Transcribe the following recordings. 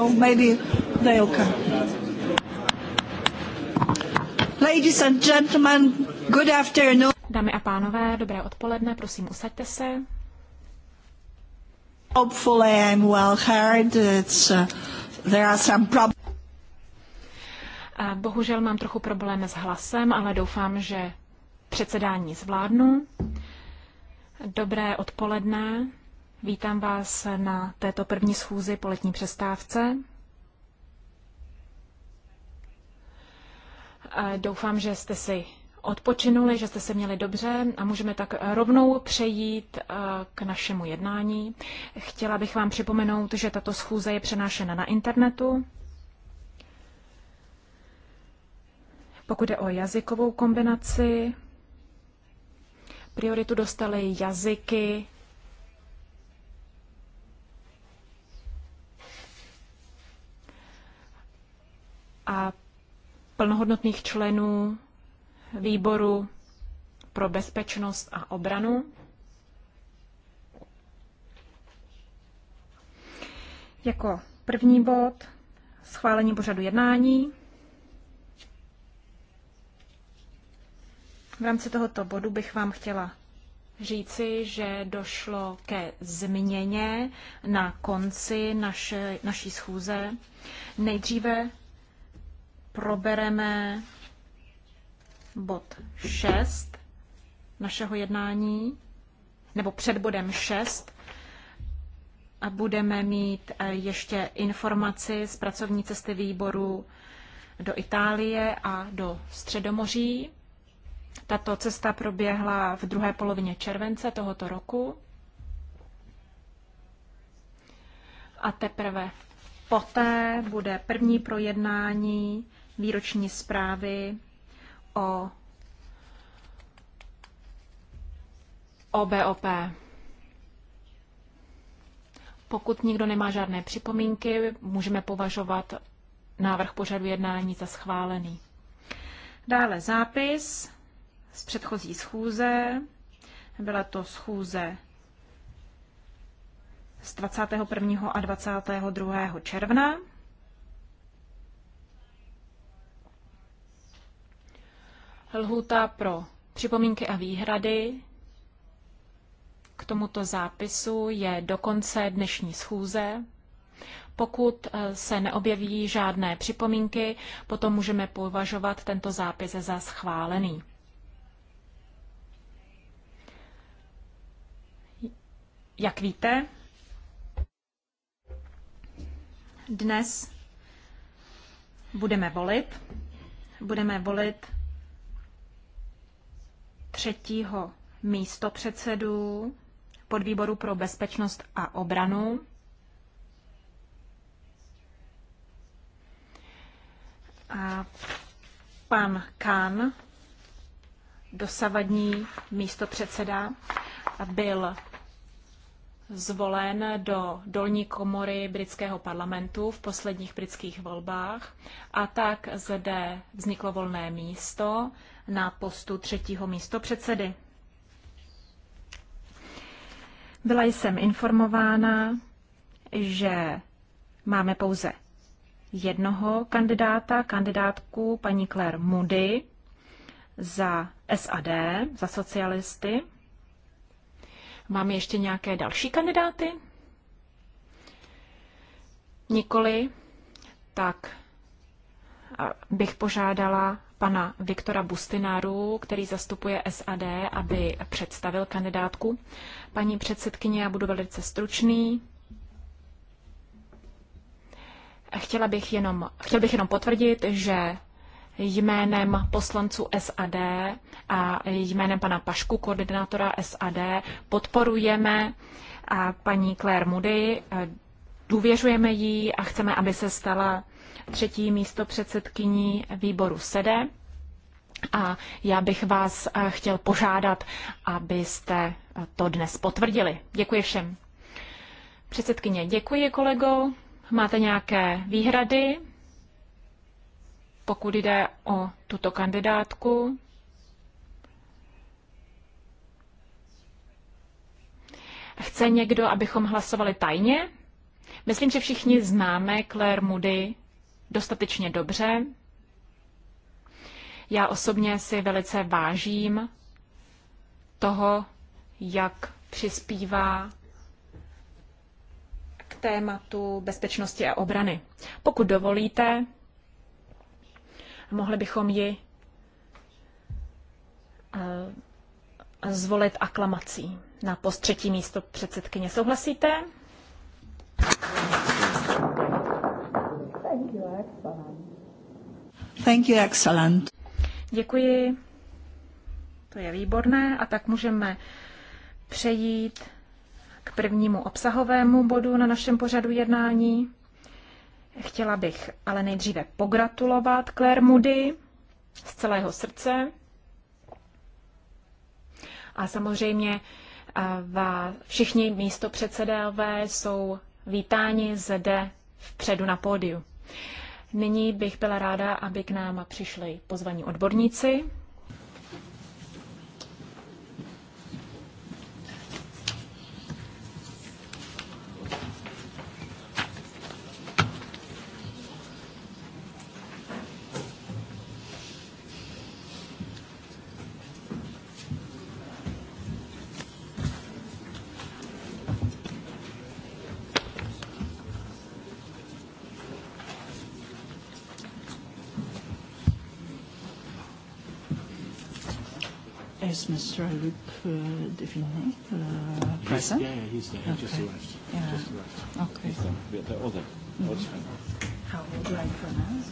Oh, maybe they'll come. Ladies and gentlemen, good afternoon. Dámy a pánové, dobré odpoledne, prosím, usaďte se. Hopefully I'm well heard. It's, uh, there are some problems. Bohužel mám trochu problém s hlasem, ale doufám, že předsedání zvládnu. Dobré odpoledne. Vítám vás na této první schůzi po letní přestávce. Doufám, že jste si odpočinuli, že jste se měli dobře a můžeme tak rovnou přejít k našemu jednání. Chtěla bych vám připomenout, že tato schůze je přenášena na internetu. Pokud je o jazykovou kombinaci, Prioritu dostaly jazyky, a plnohodnotných členů výboru pro bezpečnost a obranu. Jako první bod schválení pořadu jednání. V rámci tohoto bodu bych vám chtěla říci, že došlo ke změně na konci naše, naší schůze. Nejdříve probereme bod 6 našeho jednání, nebo před bodem 6 a budeme mít eh, ještě informaci z pracovní cesty výboru do Itálie a do Středomoří. Tato cesta proběhla v druhé polovině července tohoto roku. A teprve poté bude první projednání výroční zprávy o OBOP. Pokud nikdo nemá žádné připomínky, můžeme považovat návrh pořadu jednání za schválený. Dále zápis z předchozí schůze. Byla to schůze z 21. a 22. června. Lhůta pro připomínky a výhrady k tomuto zápisu je do konce dnešní schůze. Pokud eh, se neobjeví žádné připomínky, potom můžeme považovat tento zápis za schválený. Jak víte, dnes budeme volit. Budeme volit třetího místo podvýboru pro bezpečnost a obranu. A pan Kán, dosavadní místo byl zvolen do dolní komory britského parlamentu v posledních britských volbách a tak zde vzniklo volné místo na postu třetího místo předsedy. Byla jsem informována, že máme pouze jednoho kandidáta, kandidátku paní Claire Moody za SAD, za socialisty. Máme ještě nějaké další kandidáty? Nikoli, tak bych požádala pana Viktora Bustináru, který zastupuje SAD, aby představil kandidátku. Paní předsedkyně, já budu velice stručný. Chtěla bych jenom, chtěl bych jenom potvrdit, že jménem poslanců SAD a jménem pana Pašku, koordinátora SAD, podporujeme paní Claire Moody, důvěřujeme jí a chceme, aby se stala třetí místo předsedkyní výboru SEDE. A já bych vás chtěl požádat, abyste to dnes potvrdili. Děkuji všem. Předsedkyně, děkuji kolego. Máte nějaké výhrady? pokud jde o tuto kandidátku. Chce někdo, abychom hlasovali tajně? Myslím, že všichni známe Claire Moody dostatečně dobře. Já osobně si velice vážím toho, jak přispívá k tématu bezpečnosti a obrany. Pokud dovolíte, Mohli bychom ji eh, zvolit aklamací na postřetí místo předsedkyně. Souhlasíte? Thank you, Thank you, excellent. Děkuji. To je výborné. A tak můžeme přejít k prvnímu obsahovému bodu na našem pořadu jednání. Chtěla bych ale nejdříve pogratulovat Claire Moody z celého srdce. A samozřejmě všichni místo předsedové jsou vítáni zde vpředu na pódiu. Nyní bych byla ráda, aby k nám přišli pozvaní odborníci. Mr. Alup uh, Devine uh, present? Yeah, yeah, he's there. He okay. just arrived. Yeah. Just arrived. Okay. He's there. The other. Mm-hmm. How would I pronounce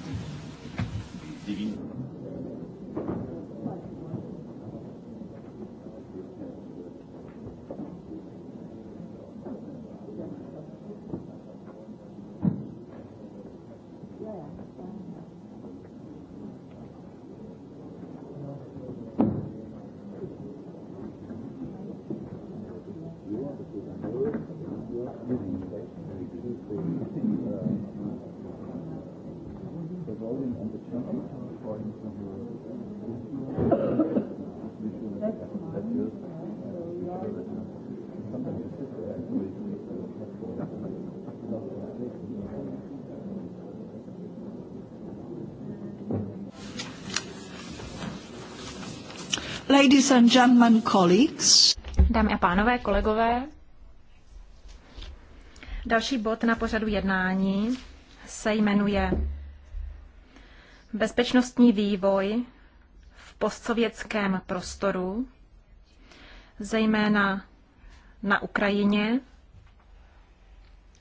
Ladies and gentlemen, colleagues. Dámy a pánové, kolegové. Další bod na pořadu jednání se jmenuje Bezpečnostní vývoj v postsovětském prostoru, zejména na Ukrajině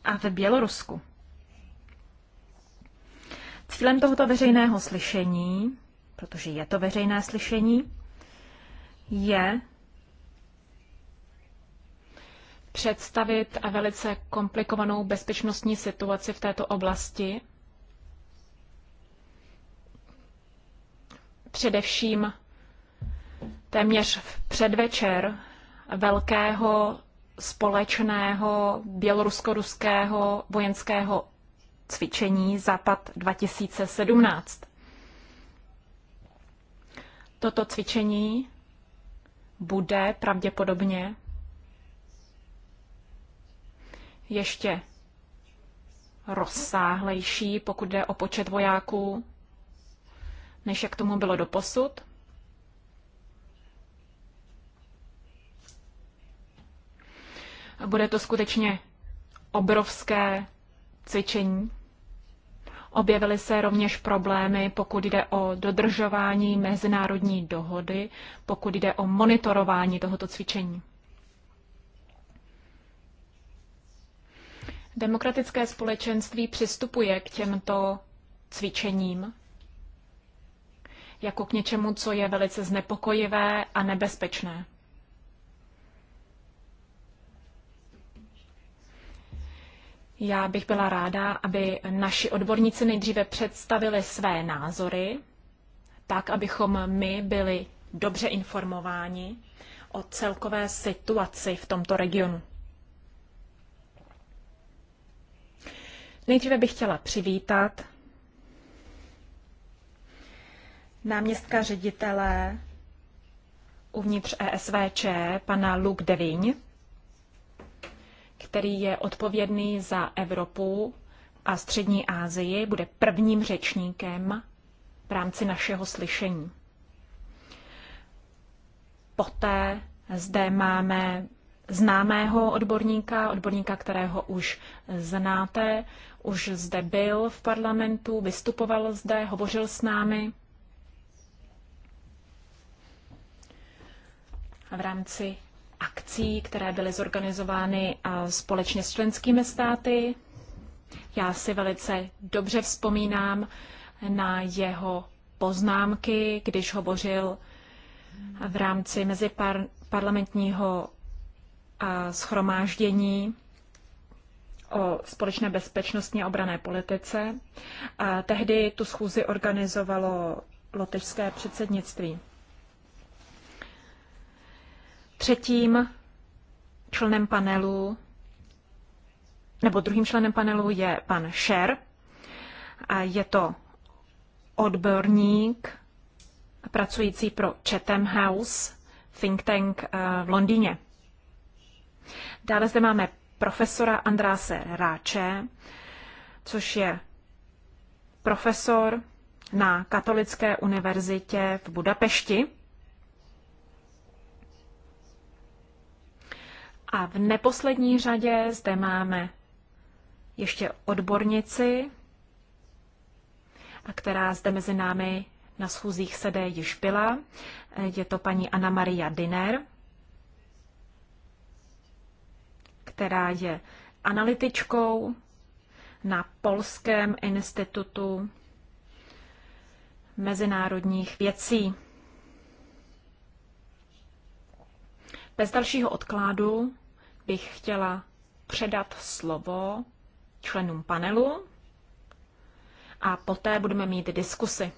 a ve Bělorusku. Cílem tohoto veřejného slyšení, protože je to veřejné slyšení, je představit velice komplikovanou bezpečnostní situaci v této oblasti, především téměř v předvečer velkého společného bělorusko-ruského vojenského cvičení Západ 2017. Toto cvičení bude pravděpodobně ještě rozsáhlejší, pokud jde o počet vojáků, než jak tomu bylo doposud. Bude to skutečně obrovské cvičení. Objevily se rovněž problémy, pokud jde o dodržování mezinárodní dohody, pokud jde o monitorování tohoto cvičení. Demokratické společenství přistupuje k těmto cvičením jako k něčemu, co je velice znepokojivé a nebezpečné. Já bych byla ráda, aby naši odborníci nejdříve představili své názory, tak abychom my byli dobře informováni o celkové situaci v tomto regionu. Nejdříve bych chtěla přivítat náměstka ředitele uvnitř ESVČ, pana Luke Deviň který je odpovědný za Evropu a Střední Asii, bude prvním řečníkem v rámci našeho slyšení. Poté zde máme známého odborníka, odborníka, kterého už znáte, už zde byl v parlamentu, vystupoval zde, hovořil s námi. A v rámci akcí, které byly zorganizovány společně s členskými státy. Já si velice dobře vzpomínám na jeho poznámky, když hovořil v rámci meziparlamentního schromáždění o společné bezpečnostní obrané politice. A tehdy tu schůzi organizovalo lotyšské předsednictví. Třetím členem panelu, nebo druhým členem panelu je pan Šer. A je to odborník pracující pro Chatham House, think tank eh, v Londýně. Dále zde máme profesora Andráse Ráče, což je profesor na Katolické univerzitě v Budapešti. A v neposlední řadě zde máme ještě odbornici, a která zde mezi námi na schůzích sede již byla. Je to paní Anna Maria Diner, která je analytičkou na Polském institutu mezinárodních věcí. Bez dalšího odkládu bych chtěla předat slovo členům panelu a poté budeme mít diskusy.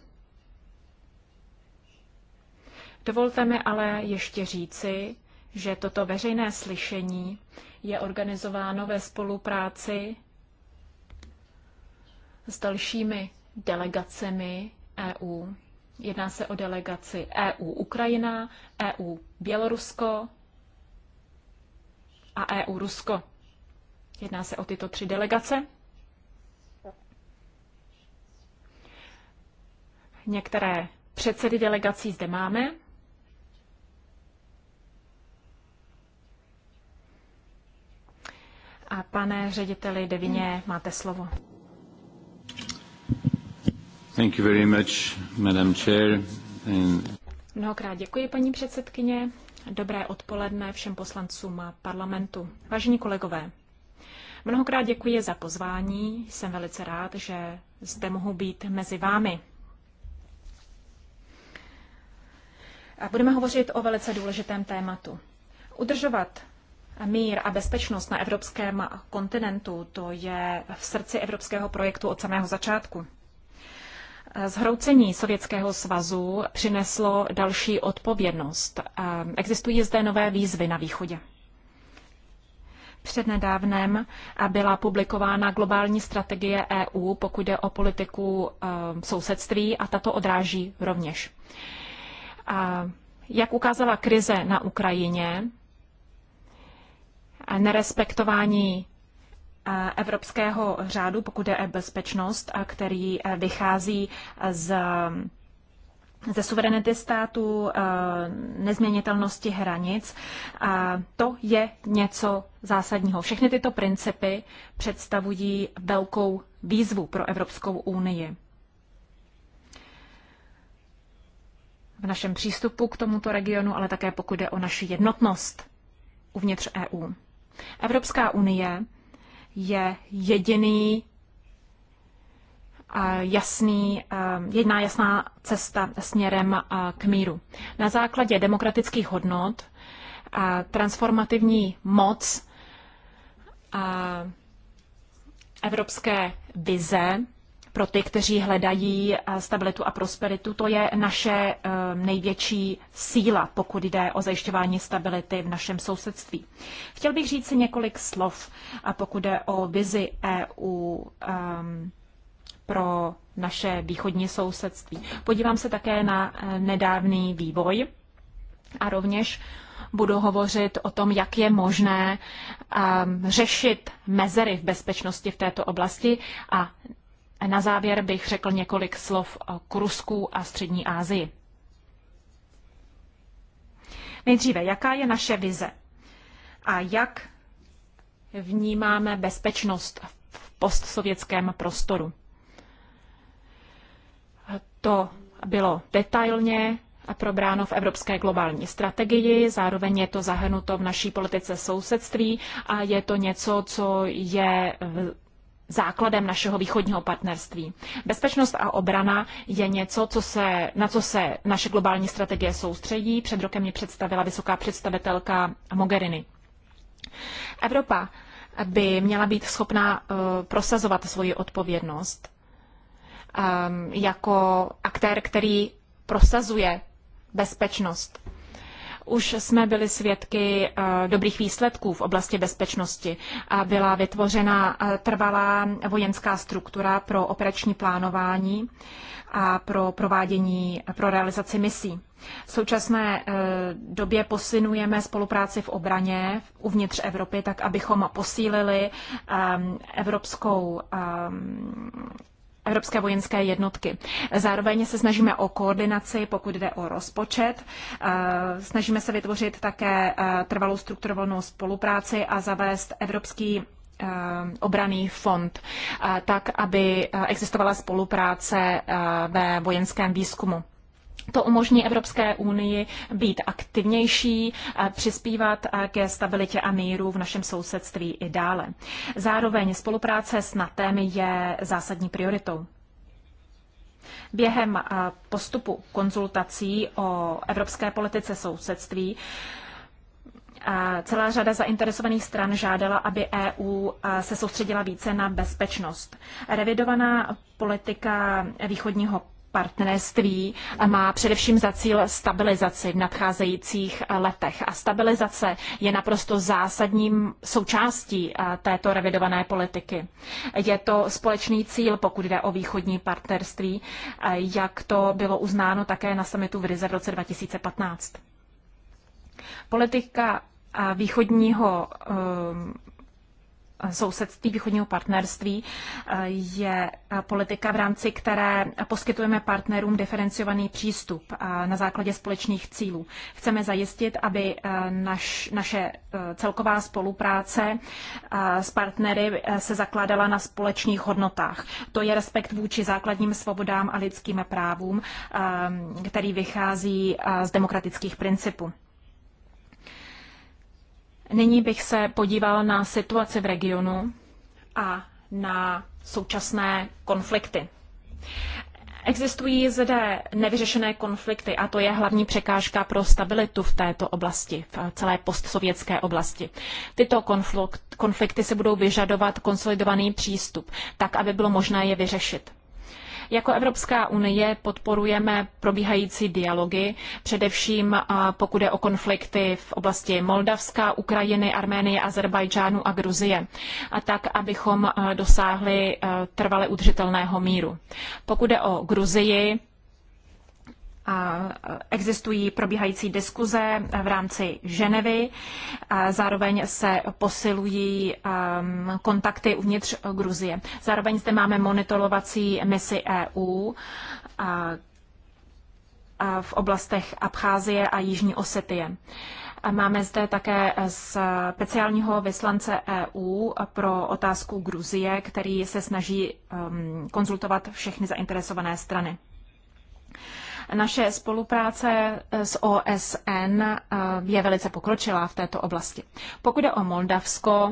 Dovolte mi ale ještě říci, že toto veřejné slyšení je organizováno ve spolupráci s dalšími delegacemi EU. Jedná se o delegaci EU Ukrajina, EU Bělorusko, a EU Rusko. Jedná se o tyto tři delegace. Některé předsedy delegací zde máme. A pane řediteli Devině, máte slovo. Thank you very much, Madam Chair. And... Mnohokrát děkuji, paní předsedkyně. Dobré odpoledne všem poslancům parlamentu. Vážení kolegové, mnohokrát děkuji za pozvání. Jsem velice rád, že zde mohu být mezi vámi. A budeme hovořit o velice důležitém tématu. Udržovat mír a bezpečnost na evropském kontinentu, to je v srdci evropského projektu od samého začátku. Zhroucení Sovětského svazu přineslo další odpovědnost. Existují zde nové výzvy na východě. Přednedávnem byla publikována globální strategie EU, pokud jde o politiku eh, sousedství, a tato odráží rovněž. Jak ukázala krize na Ukrajině, nerespektování Eh, evropského řádu, pokud je bezpečnost, a eh, který eh, vychází z ze suverenity státu, nezměnitelnosti hranic. To je něco zásadního. Všechny tyto principy představují velkou výzvu pro Evropskou unii. V našem přístupu k tomuto regionu, ale také pokud jde o naši jednotnost uvnitř EU. Evropská unie je jediný eh, jasný, eh, jedna jasná cesta směrem eh, k míru. Na základě demokratických hodnot transformativní moc evropské vize pro ty, kteří hledají eh, stabilitu a prosperitu. To je naše eh, největší síla, pokud jde o zajišťování stability v našem sousedství. Chtěl bych říct si několik slov, pokud jde o vizi EU ehm, pro naše východní sousedství. Podívám se také na eh, nedávný vývoj a rovněž budu hovořit o tom, jak je možné ehm, řešit mezery v bezpečnosti v této oblasti a na závěr bych řekl několik slov k Rusku a Střední Asii. Nejdříve, jaká je naše vize a jak vnímáme bezpečnost v postsovětském prostoru? To bylo detailně probráno v Evropské globální strategii, zároveň je to zahrnuto v naší politice sousedství a je to něco, co je základem našeho východního partnerství. Bezpečnost a obrana je něco, co se, na co se naše globální strategie soustředí. Před rokem ji představila vysoká představitelka Mogherini. Evropa by měla být schopná eh, prosazovat svoji odpovědnost ehm, jako aktér, který prosazuje bezpečnost. Už jsme byli svědky eh, dobrých výsledků v oblasti bezpečnosti. Byla vytvořena eh, trvalá vojenská struktura pro operační plánování a pro provádění, pro realizaci misí. V současné eh, době posinujeme spolupráci v obraně uvnitř Evropy, tak abychom posílili ehm, evropskou ehm, evropské vojenské jednotky. Zároveň se snažíme o koordinaci, pokud jde o rozpočet. Eh, snažíme se vytvořit také eh, trvalou strukturovanou spolupráci a zavést evropský eh, obraný fond, tak aby existovala spolupráce ve vojenském výzkumu. To umožní Evropské unii být aktivnější, eh, přispívat eh, ke stabilitě a míru v našem sousedství i dále. Zároveň spolupráce s NATO je zásadní prioritou. Během eh, postupu konzultací o evropské politice sousedství celá řada zainteresovaných stran žádala, aby EU se soustředila více na bezpečnost. Revidovaná politika východního partnerství má především za cíl stabilizaci v nadcházejících eh, letech. A stabilizace je naprosto zásadním součástí eh, této revidované politiky. Je to společný cíl, pokud jde o východní partnerství, eh, jak to bylo uznáno také na summitu v Rize v roce 2015. Politika východního sousedství východního partnerství eh, je eh, politika, v rámci které poskytujeme partnerům diferenciovaný přístup eh, na základě společných cílů. Chceme zajistit, aby naš, naše celková spolupráce s partnery se zakládala na společných hodnotách. To je respekt vůči základním svobodám a lidským právům, který vychází z demokratických principů. Nyní bych se podíval na situaci v regionu a na současné konflikty. Existují zde nevyřešené konflikty a to je hlavní překážka pro stabilitu v této oblasti, v celé postsovětské oblasti. Tyto konflikty se budou vyžadovat konsolidovaný přístup, tak aby bylo možné je vyřešit. Jako Evropská unie podporujeme probíhající dialogy, především pokud je o konflikty v oblasti Moldavska, Ukrajiny, Arménie, Azerbajdžánu a Gruzie, a tak, abychom dosáhli trvale udržitelného míru. Pokud je o Gruzii, existují probíhající diskuze v rámci Ženevy. Zároveň se posilují um, kontakty uvnitř Gruzie. Zároveň zde máme monitorovací misi EU v oblastech Abcházie a Jižní Osetie. Máme zde také speciálního vyslance EU pro otázku Gruzie, který se snaží um, konzultovat všechny zainteresované strany. Naše spolupráce eh, s OSN eh, je velice pokročilá v této oblasti. Pokud je o Moldavsko,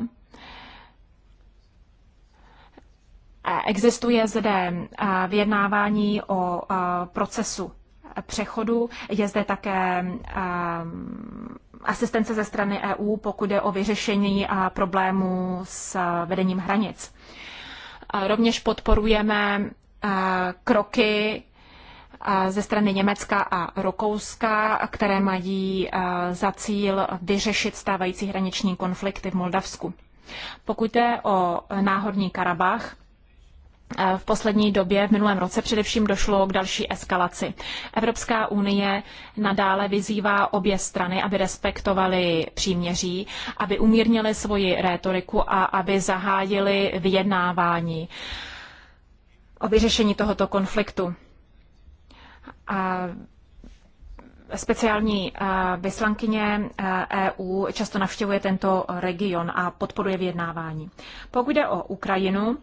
existuje zde eh, vyjednávání o procesu přechodu. Je zde také asistence ze strany EU, pokud je o vyřešení problémů s vedením hranic. Rovněž podporujeme kroky ze strany Německa a Rakouska, které mají eh, za cíl vyřešit stávající hraniční konflikty v Moldavsku. Pokud jde o eh, náhodní Karabach, eh, v poslední době, v minulém roce především, došlo k další eskalaci. Evropská unie nadále vyzývá obě strany, aby respektovali příměří, aby umírnili svoji rétoriku a aby zahájili vyjednávání o vyřešení tohoto konfliktu speciální vyslankyně EU často navštěvuje tento region a podporuje vyjednávání. Pokud jde o Ukrajinu,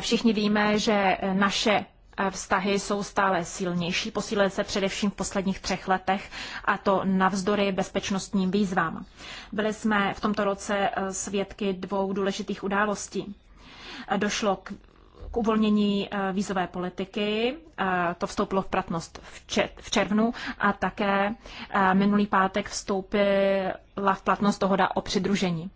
všichni víme, že naše vztahy jsou stále silnější, posílily se především v posledních třech letech a to navzdory bezpečnostním výzvám. Byli jsme v tomto roce svědky dvou důležitých událostí. Došlo k k uvolnění eh, vízové politiky. Eh, to vstoupilo v platnost v červnu a také eh, minulý pátek vstoupila v platnost dohoda o přidružení.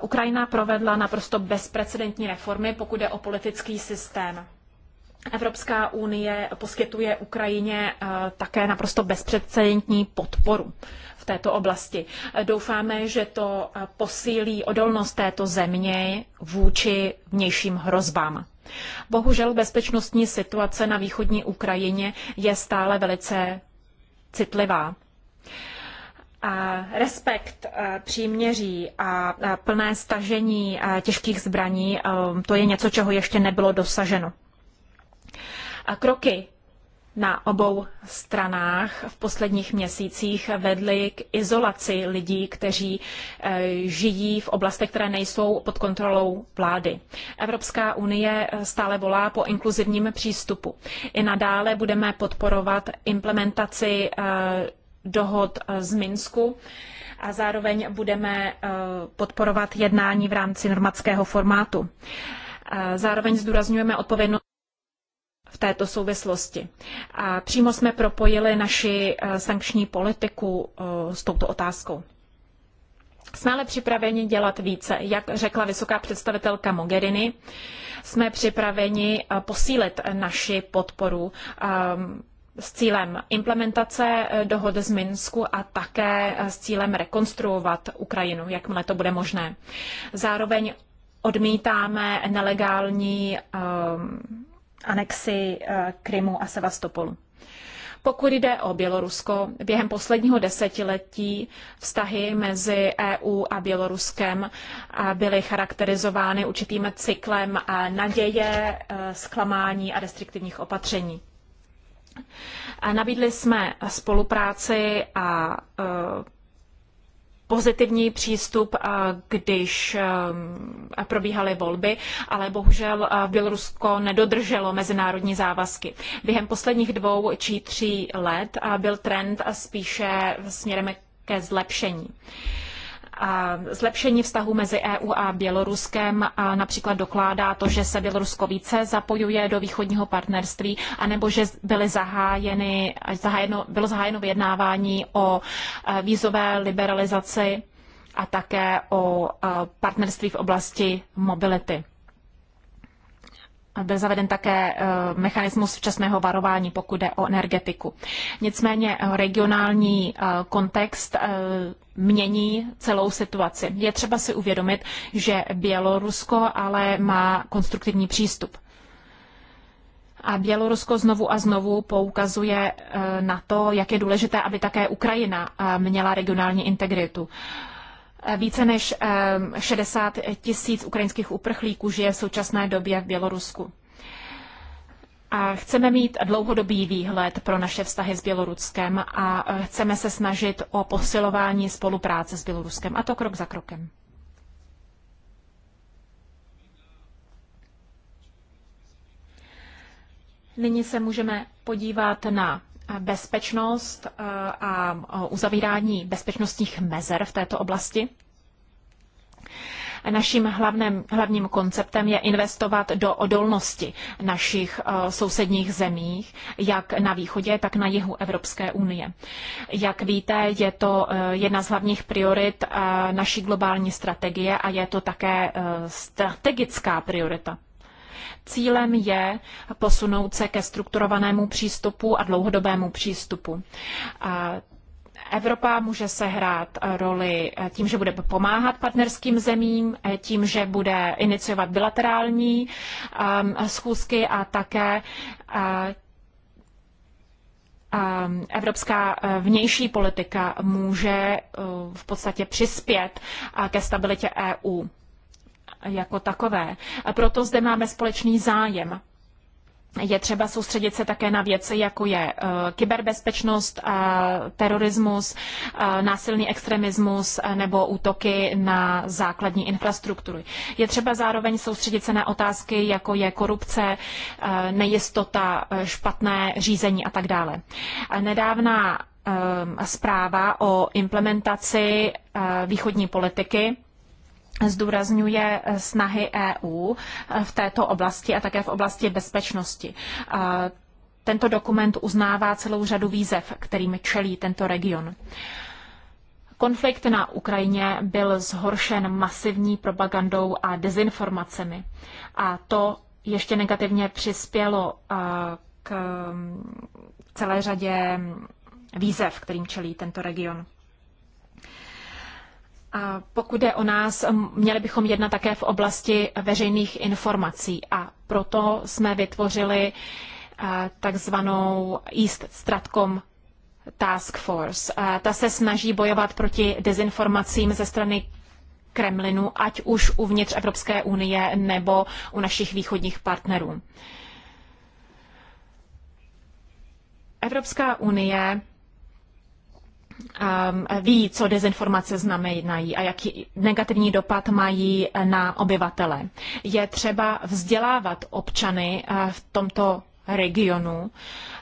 Ukrajina provedla naprosto bezprecedentní reformy, pokud je o politický systém. Evropská unie poskytuje Ukrajině také naprosto bezprecedentní podporu této oblasti. Doufáme, že to posílí odolnost této země vůči vnějším hrozbám. Bohužel bezpečnostní situace na východní Ukrajině je stále velice citlivá. A respekt příměří a plné stažení těžkých zbraní, to je něco, čeho ještě nebylo dosaženo. A kroky na obou stranách v posledních měsících vedly k izolaci lidí, kteří eh, žijí v oblastech, které nejsou pod kontrolou vlády. Evropská unie eh, stále volá po inkluzivním přístupu. I nadále budeme podporovat implementaci eh, dohod z Minsku a zároveň budeme podporovat jednání v rámci normatského formátu. Zároveň zdůrazňujeme odpovědnost v této souvislosti. A přímo jsme propojili naši eh, sankční politiku eh, s touto otázkou. Jsme ale připraveni dělat více. Jak řekla vysoká představitelka Mogherini, jsme připraveni eh, posílit naši podporu s cílem implementace dohod z Minsku a také s cílem rekonstruovat Ukrajinu, jakmile to bude možné. Zároveň odmítáme nelegální um, anexi eh, Krymu a Sevastopolu. Pokud jde o Bělorusko, během posledního desetiletí vztahy mezi EU a Běloruskem eh, byly charakterizovány určitým cyklem eh, naděje, zklamání a restriktivních opatření. Nabídli jsme spolupráci a pozitivní přístup, eh, když eh, probíhaly volby, ale bohužel eh, Bělorusko nedodrželo mezinárodní závazky. Během posledních dvou či tří let byl trend spíše směrem ke zlepšení zlepšení vztahu mezi EU a Běloruskem a například dokládá to, že se Bělorusko více zapojuje do východního partnerství, anebo že byly zahájeny, zahájeno, bylo zahájeno vyjednávání o e, vízové liberalizaci a také o e, partnerství v oblasti mobility byl zaveden také eh, mechanismus včasného varování, pokud jde o energetiku. Nicméně eh, regionální eh, kontext mění celou situaci. Je třeba si uvědomit, že Bělorusko ale má konstruktivní přístup. A Bělorusko znovu a znovu poukazuje na to, jak je důležité, aby také Ukrajina měla regionální integritu. Eh, více než 60 eh, tisíc ukrajinských uprchlíků žije v současné době v Bělorusku. A chceme mít dlouhodobý výhled pro naše vztahy s Běloruskem a eh, chceme se snažit o posilování spolupráce s Běloruskem, a to krok za krokem. Nyní se můžeme podívat na bezpečnost eh, a eh, uzavírání bezpečnostních mezer v této oblasti. Naším hlavním hlavním konceptem je investovat do odolnosti našich eh, sousedních zemích, jak na východě, tak na jihu Evropské unie. Jak víte, je to jedna z hlavních priorit naší globální strategie a je to také strategická priorita. Cílem je posunout se ke strukturovanému přístupu a dlouhodobému přístupu. Evropa může sehrát roli tím, že bude pomáhat partnerským zemím, tím, že bude iniciovat bilaterální um, schůzky a také uh, um, evropská uh, vnější politika může uh, v podstatě přispět ke stabilitě EU jako takové. A proto zde máme společný zájem. Je třeba soustředit se také na věci, jako je eh, kyberbezpečnost, eh, terorismus, eh, násilný extremismus nebo útoky na základní infrastruktury. Je třeba zároveň soustředit se na otázky, jako je korupce, nejistota, špatné řízení a tak dále. Nedávná zpráva o implementaci východní politiky zdůrazňuje eh, snahy EU eh, v této oblasti a také v oblasti bezpečnosti. Eh, tento dokument uznává celou řadu výzev, kterým čelí tento region. Konflikt na Ukrajině byl zhoršen masivní propagandou a dezinformacemi. A to ještě negativně přispělo k mm, celé řadě výzev, kterým čelí tento region pokud je o nás, měli bychom jednat také v oblasti veřejných informací a proto jsme vytvořili eh, takzvanou East Stratcom Task Force. Eh, ta se snaží bojovat proti dezinformacím ze strany Kremlinu, ať už uvnitř Evropské unie nebo u našich východních partnerů. Evropská unie Ehm, ví, co dezinformace znamenají a jaký negativní dopad mají na obyvatele. Je třeba vzdělávat občany eh, v tomto regionu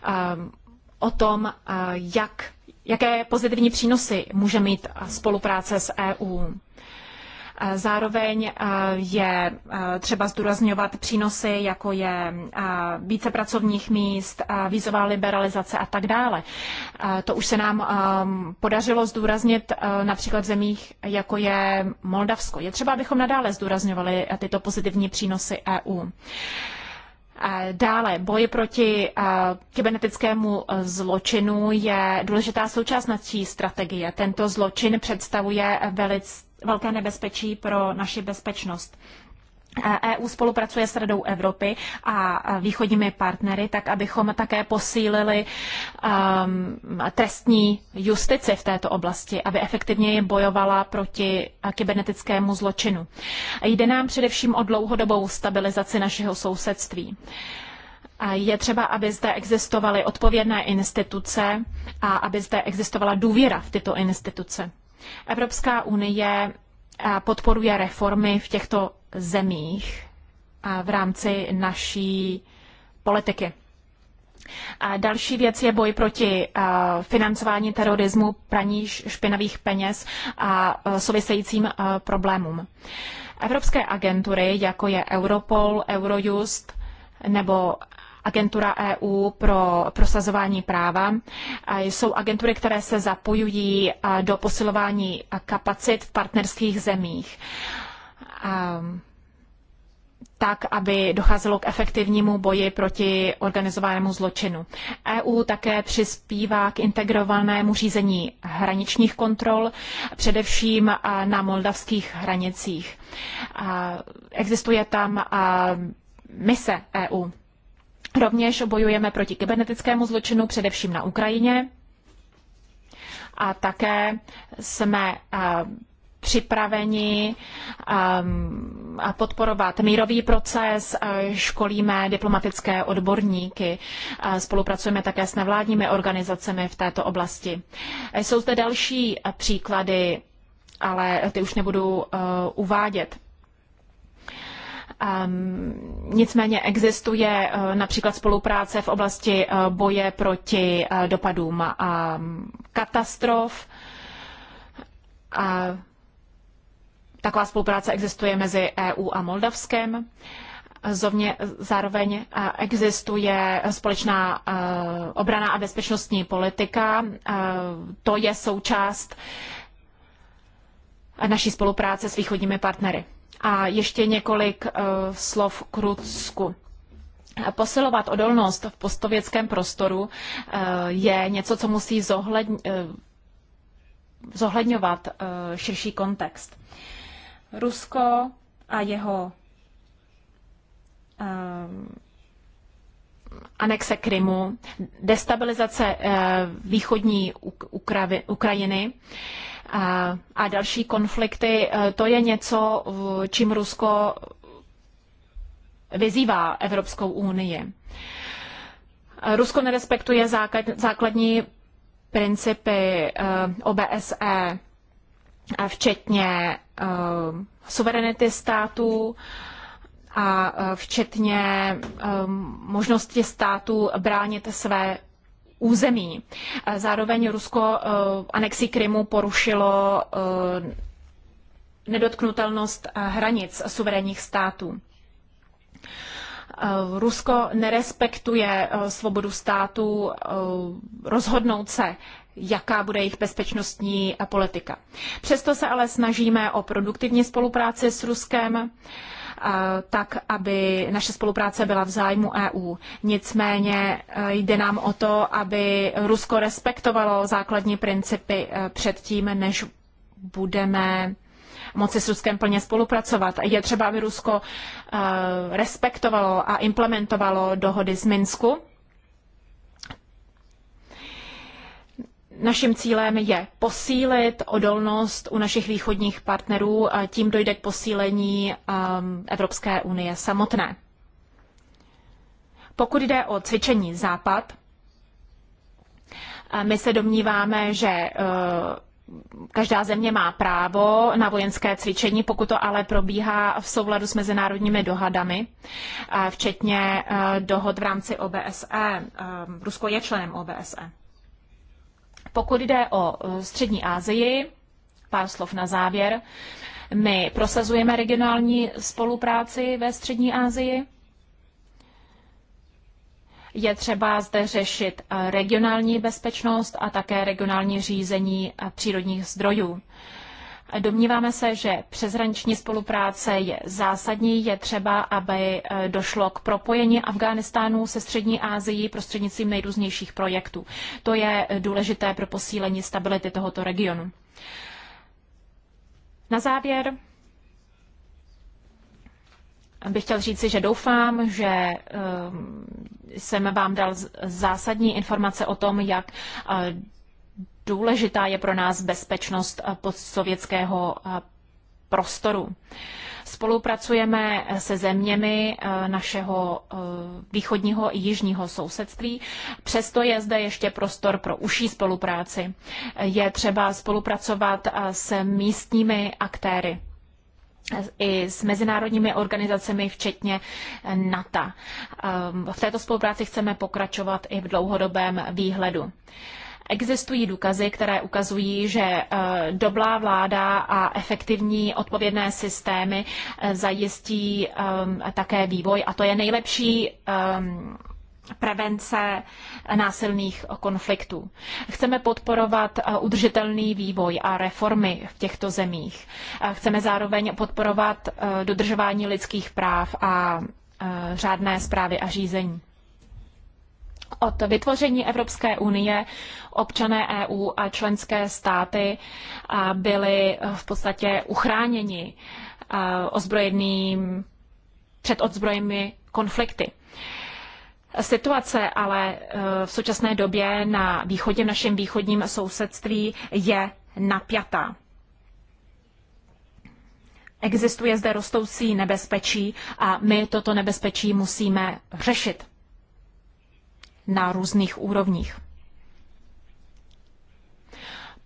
ehm, o tom, eh, jak, jaké pozitivní přínosy může mít spolupráce s EU. Zároveň je třeba zdůrazňovat přínosy, jako je více pracovních míst, vízová liberalizace a tak dále. To už se nám podařilo zdůraznit například v zemích, jako je Moldavsko. Je třeba, abychom nadále zdůrazňovali tyto pozitivní přínosy EU. Dále, boj proti kybernetickému e, zločinu je důležitá součást naší strategie. Tento zločin představuje velice velké nebezpečí pro naši bezpečnost. EU e spolupracuje s Radou Evropy a východními partnery, tak abychom také posílili um, trestní justici v této oblasti, aby efektivněji bojovala proti kybernetickému zločinu. Jde nám především o dlouhodobou stabilizaci našeho sousedství. Je třeba, aby zde existovaly odpovědné instituce a aby zde existovala důvěra v tyto instituce. Evropská unie eh, podporuje reformy v těchto zemích eh, v rámci naší politiky. A další věc je boj proti eh, financování terorismu, praní špinavých peněz a souvisejícím problémům. Evropské agentury, jako je Europol, Eurojust nebo agentura EU pro prosazování práva. Jsou agentury, které se zapojují do posilování kapacit v partnerských zemích tak, aby docházelo k efektivnímu boji proti organizovanému zločinu. EU také přispívá k integrovanému řízení hraničních kontrol, především na moldavských hranicích. Existuje tam mise EU. Rovněž bojujeme proti kybernetickému zločinu, především na Ukrajině. A také jsme eh, připraveni eh, podporovat mírový proces, eh, školíme diplomatické odborníky, spolupracujeme také s nevládními organizacemi v této oblasti. Jsou zde další příklady, ale ty už nebudu uvádět. Ehm, nicméně existuje eh, například spolupráce v oblasti eh, boje proti eh, dopadům mm, katastrof. A taková spolupráce existuje mezi EU a Moldavskem. Zovně, zároveň existuje společná obrana a bezpečnostní politika. To je součást naší spolupráce s východními partnery. A ještě několik uh, slov k Rusku. Posilovat odolnost v postověckém prostoru uh, je něco, co musí zohledň, uh, zohledňovat širší kontext. Rusko a jeho anexe Krymu, destabilizace východní Ukravi, Ukrajiny, a další konflikty, eh, to je něco, čím Rusko vyzývá Evropskou unii. Rusko nerespektuje základní principy eh, OBSE, eh, včetně suverenity států a včetně možnosti států bránit své území. Eh, zároveň Rusko eh, anexi Krymu porušilo eh, nedotknutelnost hranic suverénních států. Rusko nerespektuje svobodu států rozhodnout se, jaká bude jejich bezpečnostní politika. Přesto se ale snažíme o produktivní spolupráci s Ruskem. Eh, tak, aby naše spolupráce byla v zájmu EU. Nicméně eh, jde nám o to, aby Rusko respektovalo základní principy eh, předtím, než budeme moci s Ruskem plně spolupracovat. Je třeba, aby Rusko respektovalo a implementovalo dohody z Minsku Naším cílem je posílit odolnost u našich východních partnerů a tím dojde k posílení um, Evropské unie samotné. Pokud jde o cvičení Západ, my se domníváme, že uh, každá země má právo na vojenské cvičení, pokud to ale probíhá v souladu s mezinárodními dohadami, včetně uh, dohod v rámci OBSE. Um, Rusko je členem OBSE. Pokud jde o e, střední Asii, pár slov na závěr. My prosazujeme regionální spolupráci ve střední Asii. Je třeba zde řešit e, regionální bezpečnost a také regionální řízení e, přírodních zdrojů. Domníváme se, že přeshraniční spolupráce je zásadní, je třeba, aby e, došlo k propojení Afghánistánu se Střední Asií prostřednictvím nejrůznějších projektů. To je e, důležité pro posílení stability tohoto regionu. Na závěr bych chtěl říci, že doufám, že e, jsem vám dal zásadní informace o tom, jak důležitá je pro nás bezpečnost eh, postsovětského eh, prostoru. Spolupracujeme se zeměmi eh, našeho východního i jižního sousedství, přesto je zde ještě prostor pro užší spolupráci. Je třeba spolupracovat s místními aktéry i s mezinárodními organizacemi, včetně NATO. V této spolupráci chceme pokračovat i v dlouhodobém výhledu. Existují důkazy, které ukazují, že eh, dobrá vláda a efektivní odpovědné systémy eh, zajistí eh, také vývoj a to je nejlepší prevence násilných konfliktů. Chceme podporovat udržitelný vývoj a reformy v těchto zemích. Chceme zároveň podporovat dodržování lidských práv a řádné zprávy a řízení. Od vytvoření Evropské unie občané EU a členské státy byli v podstatě uchráněni ozbrojeným, před odzbrojenými konflikty. Situace ale e, v současné době na východě, v našem východním sousedství je napjatá. Existuje zde rostoucí nebezpečí a my toto nebezpečí musíme řešit na různých úrovních.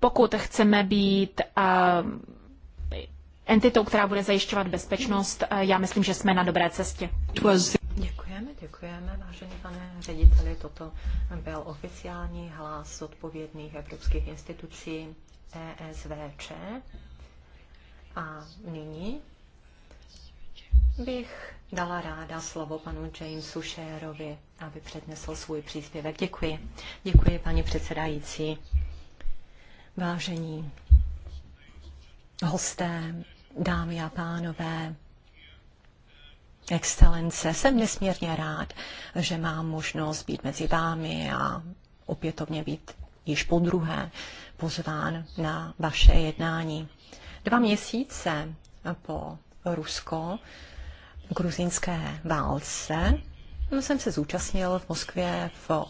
Pokud chceme být eh, entitou, která bude zajišťovat bezpečnost, eh, já myslím, že jsme na dobré cestě. Děkujeme, děkujeme, vážený pane řediteli. Toto byl oficiální hlas odpovědných evropských institucí ESVČ. A nyní bych dala ráda slovo panu Jamesu Sherovi, aby přednesl svůj příspěvek. Děkuji. Děkuji, paní předsedající. Vážení hosté, dámy a pánové, excelence, jsem nesmírně rád, že mám možnost být mezi vámi a opětovně být již po druhé pozván na vaše jednání. Dva měsíce po Rusko gruzínské válce. No, jsem se zúčastnil v Moskvě v,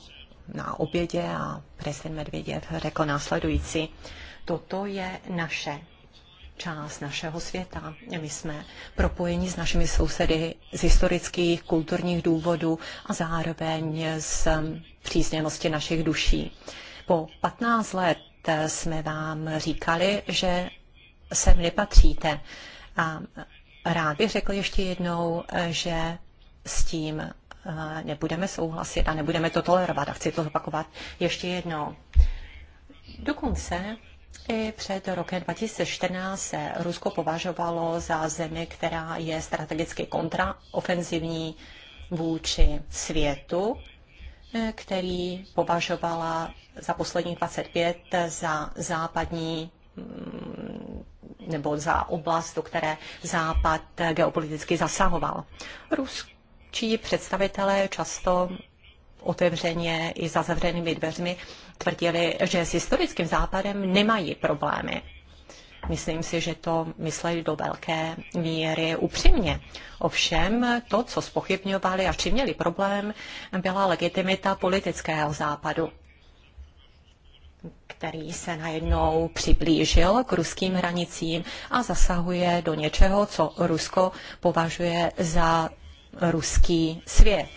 na obědě a prezident Medvěděv řekl následující. Toto je naše část našeho světa. My jsme propojeni s našimi sousedy z historických, kulturních důvodů a zároveň z přízněnosti našich duší. Po 15 let jsme vám říkali, že sem nepatříte. A Rád bych řekl ještě jednou, že s tím eh, nebudeme souhlasit a nebudeme to tolerovat. A chci to zopakovat ještě jednou. Dokonce i před rokem 2014 se Rusko považovalo za zemi, která je strategicky kontraofenzivní vůči světu, eh, který považovala za posledních 25 za západní mm, nebo za oblast, do které Západ geopoliticky zasahoval. Ruskí představitelé často otevřeně i za zavřenými dveřmi tvrdili, že s historickým západem nemají problémy. Myslím si, že to mysleli do velké míry upřímně. Ovšem to, co spochybňovali a čím měli problém, byla legitimita politického západu který se najednou přiblížil k ruským hranicím a zasahuje do něčeho, co Rusko považuje za ruský svět.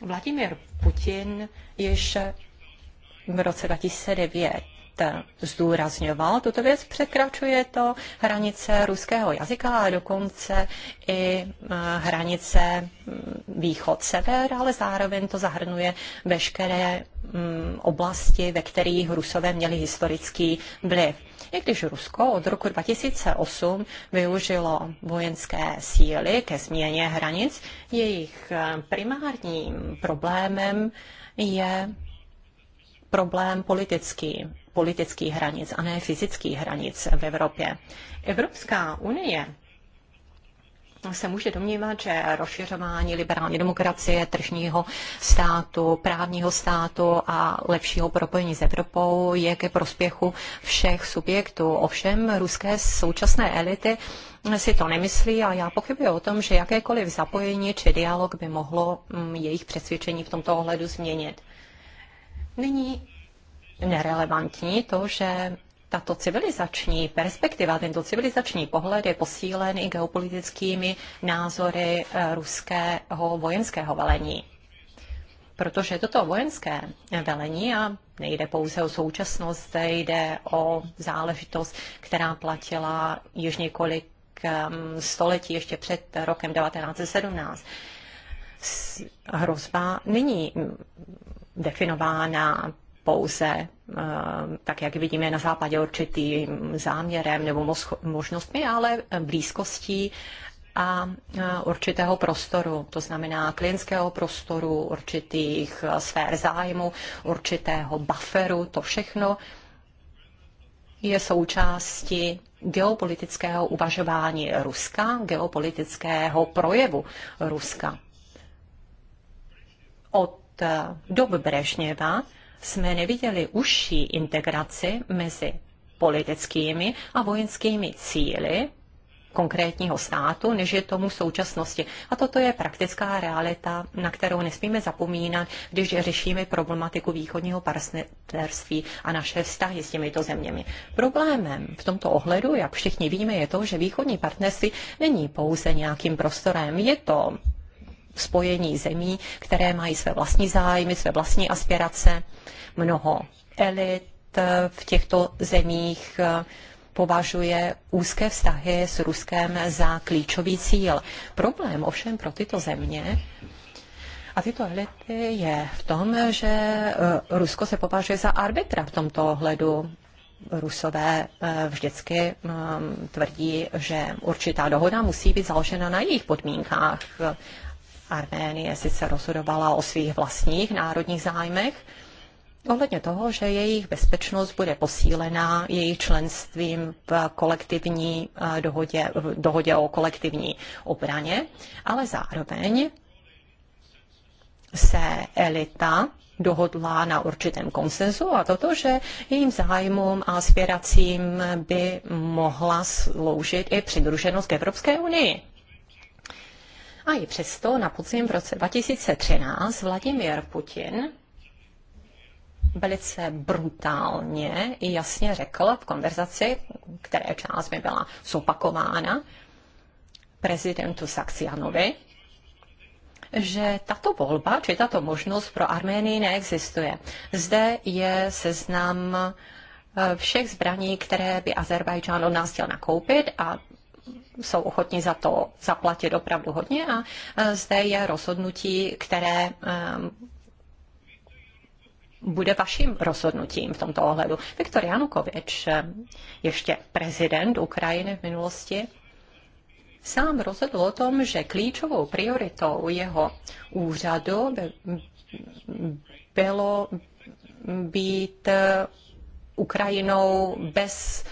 Vladimir Putin již v roce 2009 zdůrazňoval tuto věc, překračuje to hranice ruského jazyka a dokonce i e, hranice východ-sever, ale zároveň to zahrnuje veškeré oblasti, ve kterých Rusové měli historický vliv. I když Rusko od roku 2008 využilo vojenské síly ke změně hranic, jejich e, primárním problémem je problém politický politických hranic a ne fyzických hranic v Evropě. Evropská unie se může domnívat, že rozšiřování liberální demokracie, tržního státu, právního státu a lepšího propojení s Evropou je ke prospěchu všech subjektů. Ovšem ruské současné elity si to nemyslí a já pochybuji o tom, že jakékoliv zapojení či dialog by mohlo mm, jejich přesvědčení v tomto ohledu změnit. Nyní nerelevantní to, že tato civilizační perspektiva, tento civilizační pohled je posílen i geopolitickými názory eh, ruského vojenského velení. Protože toto vojenské velení, a nejde pouze o současnost, jde o záležitost, která platila již několik ehm, století, ještě před rokem 1917. Hrozba není mm, definována pouze eh, tak, jak vidíme na západě, určitým záměrem nebo možnostmi, ale blízkostí a eh, určitého prostoru, to znamená klientského prostoru, určitých eh, sfér zájmu, určitého bufferu, to všechno je součástí geopolitického uvažování Ruska, geopolitického projevu Ruska. Od dob Brežněva jsme neviděli užší integraci mezi politickými a vojenskými cíly konkrétního státu, než je tomu v současnosti. A toto je praktická realita, na kterou nesmíme zapomínat, když řešíme problematiku východního partnerství a naše vztahy s těmito zeměmi. Problémem v tomto ohledu, jak všichni víme, je to, že východní partnerství není pouze nějakým prostorem. Je to spojení zemí, které mají své vlastní zájmy, své vlastní aspirace. Mnoho elit eh, v těchto zemích eh, považuje úzké vztahy s Ruskem za klíčový cíl. Problém ovšem pro tyto země a tyto elity je v tom, že eh, Rusko se považuje za arbitra v tomto ohledu. Rusové vždycky tvrdí, že určitá dohoda musí být založena na jejich podmínkách Arménie sice rozhodovala o svých vlastních národních zájmech, ohledně toho, že jejich bezpečnost bude posílená jejich členstvím v kolektivní eh, dohodě, v dohodě o kolektivní obraně, ale zároveň se elita dohodla na určitém konsenzu a toto, že jejím zájmům a aspiracím by mohla sloužit i přidruženost k Evropské unii. A i přesto na podzim v roce 2013 Vladimir Putin velice brutálně i jasně řekl v konverzaci, které část mi byla zopakována, prezidentu Saxianovi, že tato volba, či tato možnost pro Arménii neexistuje. Zde je seznam eh, všech zbraní, které by Azerbajdžán od nás chtěl nakoupit a jsou ochotni za to zaplatit opravdu hodně a e, zde je rozhodnutí, které e, bude vaším rozhodnutím v tomto ohledu. Viktor Janukovič, e, ještě prezident Ukrajiny v minulosti, sám rozhodl o tom, že klíčovou prioritou jeho úřadu by bylo být Ukrajinou bez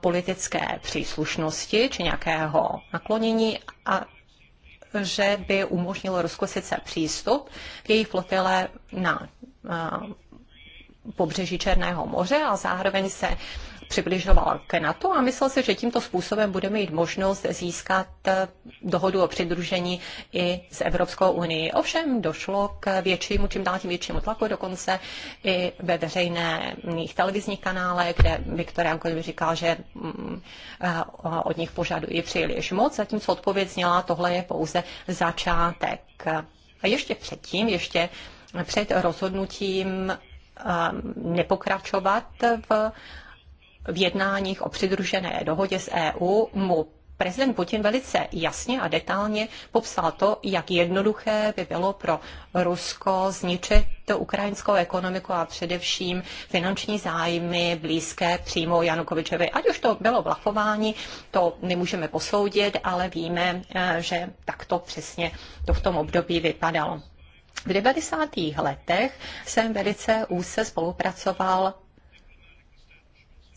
politické příslušnosti či nějakého naklonění a že by umožnilo Rusko sice přístup k její flotile na pobřeží Černého moře a zároveň se přibližoval k NATO a myslel si, že tímto způsobem bude mít možnost získat eh, dohodu o přidružení i s Evropskou unii. Ovšem došlo k většímu, čím dál tím většímu tlaku, dokonce i ve veřejných televizních kanálech, kde Viktor Jankovič říkal, že mm, eh, od nich požadují příliš moc, zatímco odpověď zněla, tohle je pouze začátek. A ještě předtím, ještě před rozhodnutím eh, nepokračovat v v jednáních o přidružené dohodě s EU mu prezident Putin velice jasně a detailně popsal to, jak jednoduché by bylo pro Rusko zničit ukrajinskou ekonomiku a především finanční zájmy blízké přímo Janukovičovi. Ať už to bylo vlachování, to nemůžeme posoudit, ale víme, eh, že takto přesně to v tom období vypadalo. V 90. letech jsem velice úzce spolupracoval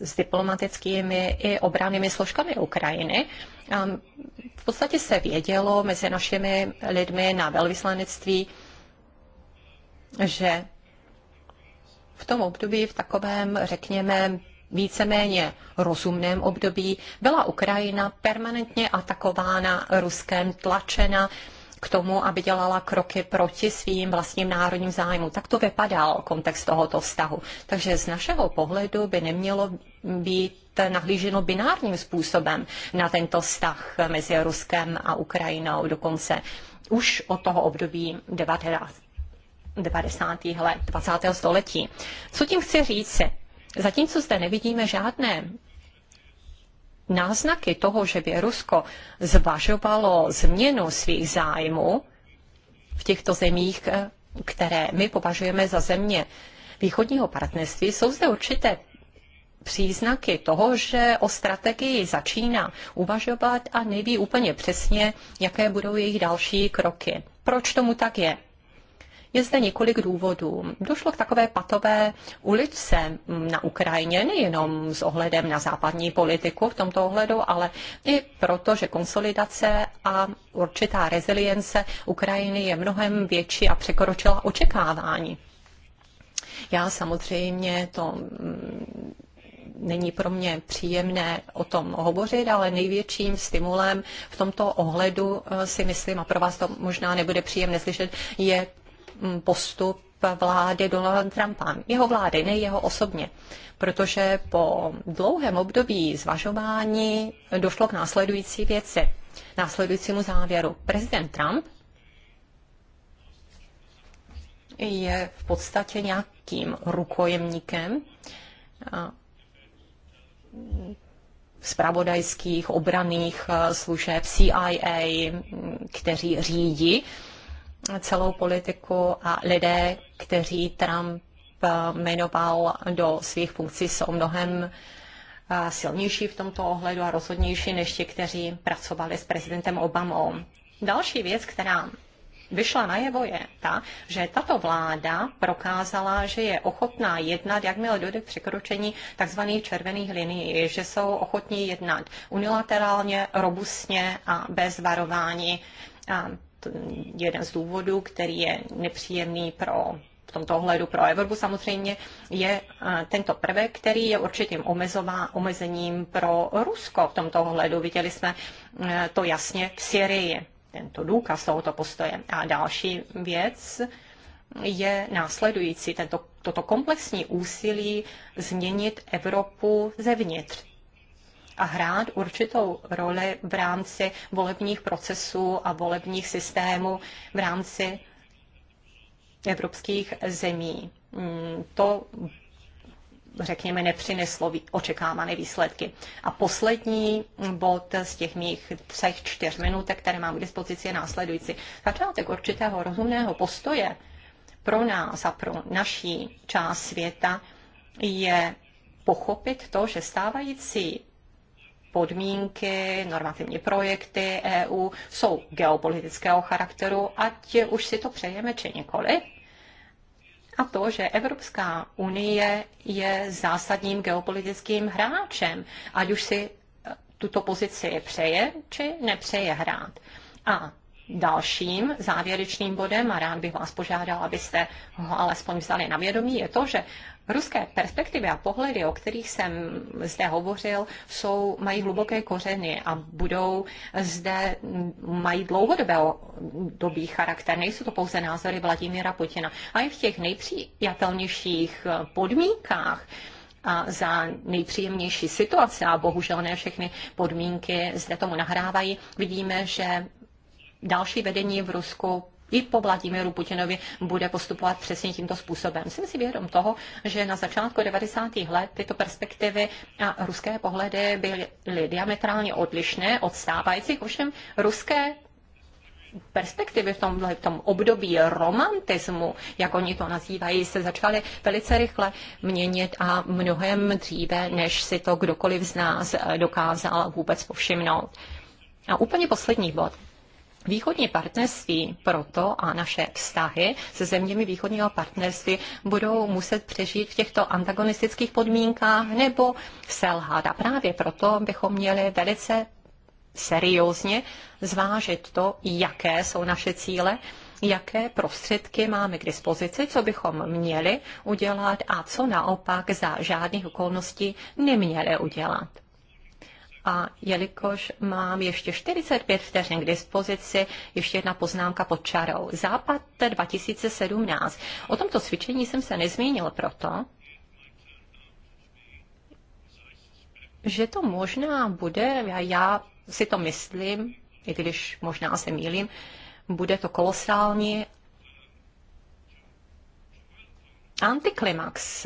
s diplomatickými i obrannými složkami Ukrajiny. V podstatě se vědělo mezi našimi lidmi na velvyslanectví, že v tom období, v takovém, řekněme, víceméně rozumném období, byla Ukrajina permanentně atakována Ruskem, tlačena k tomu, aby dělala kroky proti svým vlastním národním zájmu. Tak to vypadal kontext tohoto vztahu. Takže z našeho pohledu by nemělo být nahlíženo binárním způsobem na tento vztah mezi Ruskem a Ukrajinou dokonce už od toho období 19, 90. let 20. století. Co tím chci říci? Zatímco zde nevidíme žádné náznaky toho, že by Rusko zvažovalo změnu svých zájmů v těchto zemích, eh, které my považujeme za země východního partnerství, jsou zde určité příznaky toho, že o strategii začíná uvažovat a neví úplně přesně, jaké budou jejich další kroky. Proč tomu tak je? Je zde několik důvodů. Došlo k takové patové uličce na Ukrajině, nejenom s ohledem na západní politiku v tomto ohledu, ale i proto, že konsolidace a určitá rezilience Ukrajiny je mnohem větší a překročila očekávání. Já samozřejmě to mm, není pro mě příjemné o tom hovořit, ale největším stimulem v tomto ohledu eh, si myslím, a pro vás to možná nebude příjemné slyšet, je Mm, postup vlády Donalda Trumpa, jeho vlády, ne jeho osobně. Protože po dlouhém období zvažování došlo k následující věci, následujícímu závěru. Prezident Trump je v podstatě nějakým rukojemníkem zpravodajských obraných e, služeb CIA, kteří řídí celou politiku a lidé, kteří Trump eh, jmenoval do svých funkcí, jsou mnohem eh, silnější v tomto ohledu a rozhodnější než ti, kteří pracovali s prezidentem Obamou. Další věc, která vyšla najevo je ta, že tato vláda prokázala, že je ochotná jednat, jakmile dojde k překročení tzv. červených linií, že jsou ochotní jednat unilaterálně, robustně a bez varování jeden z důvodů, který je nepříjemný pro v tomto ohledu pro Evropu samozřejmě je tento prvek, který je určitým omezová, omezením pro Rusko v tomto ohledu. Viděli jsme e, to jasně v Syrii, tento důkaz tohoto postoje. A další věc je následující, tento, toto komplexní úsilí změnit Evropu zevnitř a hrát určitou roli v rámci volebních procesů a volebních systémů v rámci evropských zemí. Mm, to, řekněme, nepřineslo očekávané výsledky. A poslední bod z těch mých třech, čtyř minut, které mám k dispozici, je následující. Začátek určitého rozumného postoje pro nás a pro naší část světa je pochopit to, že stávající podmínky, normativní projekty EU jsou geopolitického charakteru, ať už si to přejeme či nikoli. A to, že Evropská unie je zásadním geopolitickým hráčem, ať už si eh, tuto pozici přeje či nepřeje hrát. A Dalším závěrečným bodem, a rád bych vás požádal, abyste ho alespoň vzali na vědomí, je to, že Ruské perspektivy a pohledy, o kterých jsem zde hovořil, jsou, mají hluboké kořeny a budou zde, mají dlouhodobé dobý charakter. Nejsou to pouze názory Vladimíra Putina. A i v těch nejpřijatelnějších podmínkách a za nejpříjemnější situace, a bohužel ne všechny podmínky zde tomu nahrávají, vidíme, že další vedení v Rusku i po Vladimíru Putinovi bude postupovat přesně tímto způsobem. Jsem si vědom toho, že na začátku 90. let tyto perspektivy a ruské pohledy byly diametrálně odlišné od stávajících, ovšem ruské perspektivy v tomhle v tom období romantismu, jak oni to nazývají, se začaly velice rychle měnit a mnohem dříve, než si to kdokoliv z nás dokázal vůbec povšimnout. A úplně poslední bod. Východní partnerství proto a naše vztahy se zeměmi východního partnerství budou muset přežít v těchto antagonistických podmínkách nebo selhat. A právě proto bychom měli velice seriózně zvážit to, jaké jsou naše cíle, jaké prostředky máme k dispozici, co bychom měli udělat a co naopak za žádných okolností neměli udělat. A jelikož mám ještě 45 vteřin k dispozici, ještě jedna poznámka pod čarou. Západ 2017. O tomto cvičení jsem se nezmínil proto, že to možná bude, já, já si to myslím, i když možná se mýlím, bude to kolosální antiklimax,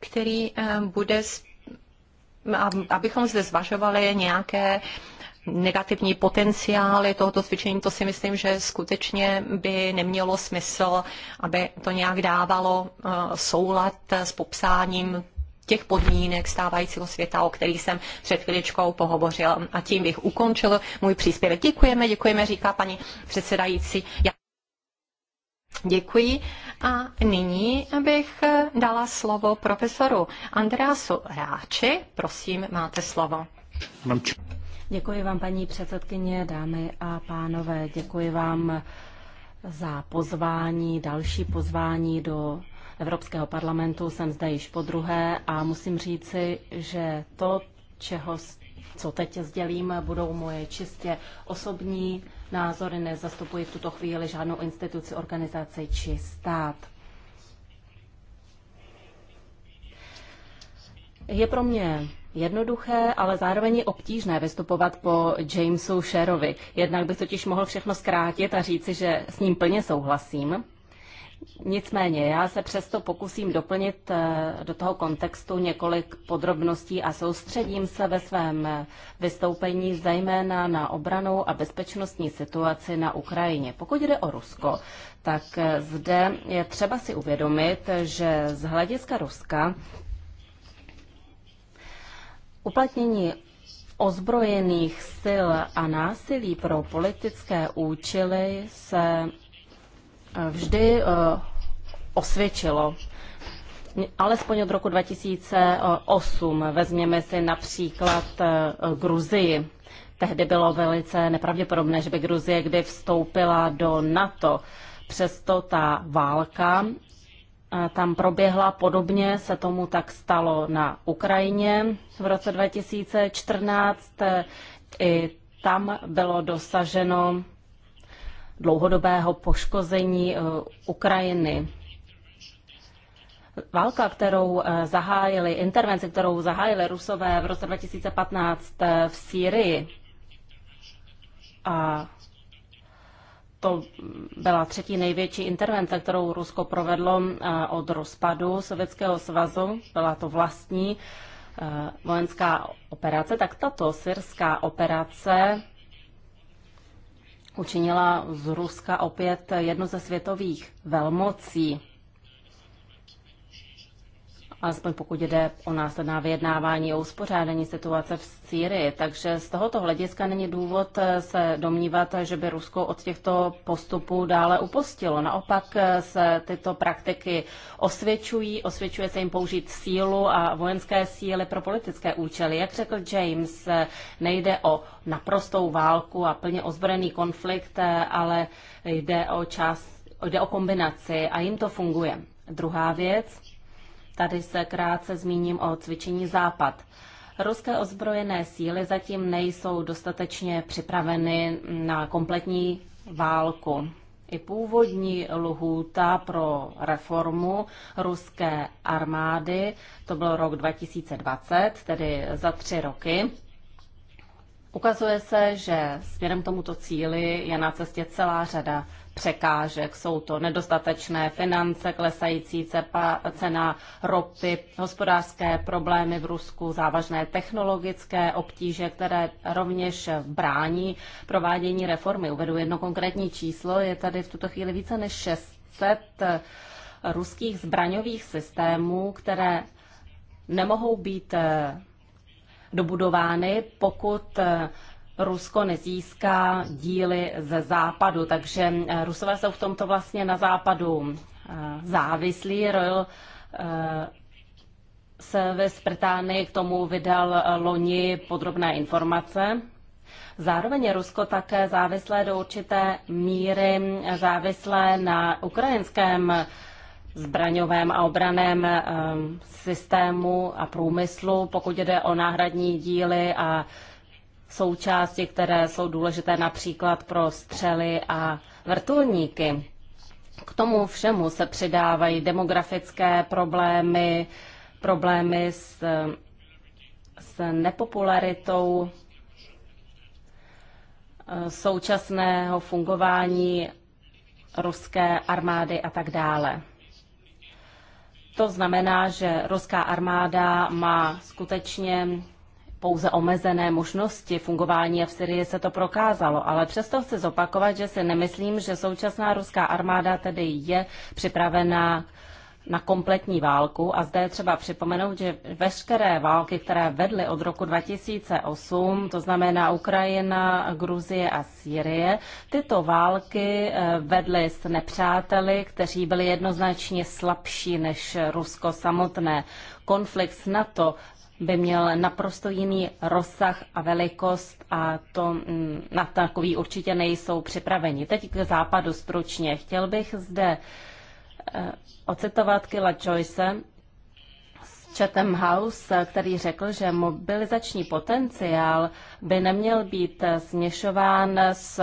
který eh, bude abychom zde zvažovali nějaké negativní potenciály tohoto cvičení, to si myslím, že skutečně by nemělo smysl, aby to nějak dávalo eh, soulad s popsáním těch podmínek stávajícího světa, o kterých jsem před chviličkou pohovořil. A tím bych ukončil můj příspěvek. Děkujeme, děkujeme, říká paní předsedající. Já... Děkuji. A nyní bych eh, dala slovo profesoru Andreasu Ráči. Prosím, máte slovo. Děkuji vám, paní předsedkyně, dámy a pánové. Děkuji vám eh, za pozvání, další pozvání do Evropského parlamentu. Jsem zde již po druhé a musím říci, že to, čeho, co teď sdělím, budou moje čistě osobní názory, nezastupuji v tuto chvíli žádnou instituci, organizaci či stát. Je pro mě jednoduché, ale zároveň je obtížné vystupovat po Jamesu Sherovi. Jednak bych totiž mohl všechno zkrátit a říci, že s ním plně souhlasím. Nicméně já se přesto pokusím doplnit eh, do toho kontextu několik podrobností a soustředím se ve svém eh, vystoupení zejména na obranu a bezpečnostní situaci na Ukrajině. Pokud jde o Rusko, tak eh, zde je třeba si uvědomit, že z hlediska Ruska uplatnění ozbrojených sil a násilí pro politické účely se vždy eh, osvědčilo. Alespoň od roku 2008 vezměme si například eh, Gruzii. Tehdy bylo velice nepravděpodobné, že by Gruzie kdy vstoupila do NATO. Přesto ta válka eh, tam proběhla. Podobně se tomu tak stalo na Ukrajině v roce 2014. I tam bylo dosaženo dlouhodobého poškození eh, Ukrajiny. Válka, kterou eh, zahájili, intervence, kterou zahájili Rusové v roce 2015 eh, v Sýrii a to byla třetí největší intervence, kterou Rusko provedlo od rozpadu Sovětského svazu. Byla to vlastní vojenská operace, tak tato syrská operace učinila z Ruska opět jednu ze světových velmocí alespoň pokud jde o následná vyjednávání o uspořádání situace v Sýrii. Takže z tohoto hlediska není důvod eh, se domnívat, že by Rusko od těchto postupů dále upostilo. Naopak eh, se tyto praktiky osvědčují, osvědčuje se jim použít sílu a vojenské síly pro politické účely. Jak řekl James, eh, nejde o naprostou válku a plně ozbrojený konflikt, ale jde o čas, jde o kombinaci a jim to funguje. Druhá věc, Tady se krátce zmíním o cvičení Západ. Ruské ozbrojené síly zatím nejsou dostatečně připraveny na kompletní válku. I původní lhůta pro reformu ruské armády, to byl rok 2020, tedy za tři roky, Ukazuje se, že směrem k tomuto cíli je na cestě celá řada překážek. Jsou to nedostatečné finance, klesající cepa, cena ropy, hospodářské problémy v Rusku, závažné technologické obtíže, které rovněž brání provádění reformy. Uvedu jedno konkrétní číslo. Je tady v tuto chvíli více než 600 ruských zbraňových systémů, které nemohou být dobudovány, pokud Rusko nezíská díly ze západu, takže eh, Rusové jsou v tomto vlastně na západu eh, závislí. Royal eh, se ve Británii k tomu vydal loni podrobné informace. Zároveň je Rusko také závislé do určité míry závislé na ukrajinském zbraňovém a obraném systému a průmyslu, pokud jde o náhradní díly a součásti, které jsou důležité například pro střely a vrtulníky. K tomu všemu se přidávají demografické problémy, problémy s, s nepopularitou eh, současného fungování ruské armády a tak dále. To znamená, že ruská armáda má skutečně pouze omezené možnosti fungování a v Syrii se to prokázalo, ale přesto chci zopakovat, že si nemyslím, že současná ruská armáda tedy je připravená na kompletní válku a zde je třeba připomenout, že veškeré války, které vedly od roku 2008, to znamená Ukrajina, Gruzie a Sýrie, tyto války eh, vedly s nepřáteli, kteří byli jednoznačně slabší než Rusko samotné. Konflikt s NATO by měl naprosto jiný rozsah a velikost a to mm, na takový určitě nejsou připraveni. Teď k západu stručně. Chtěl bych zde eh, ocitovat Killa Joyce, Chatham House, který řekl, že mobilizační potenciál by neměl být směšován s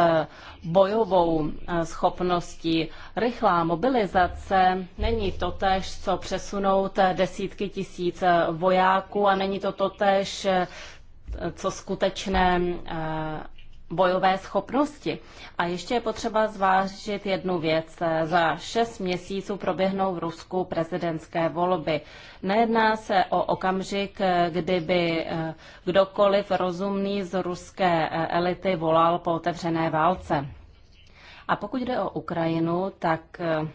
bojovou eh, schopností. Rychlá mobilizace není totéž, co přesunout desítky tisíc eh, vojáků a není to totéž, eh, co skutečné bojové schopnosti. A ještě je potřeba zvážit jednu věc. Za šest měsíců proběhnou v Rusku prezidentské volby. Nejedná se o okamžik, kdyby eh, kdokoliv rozumný z ruské eh, elity volal po otevřené válce. A pokud jde o Ukrajinu, tak eh,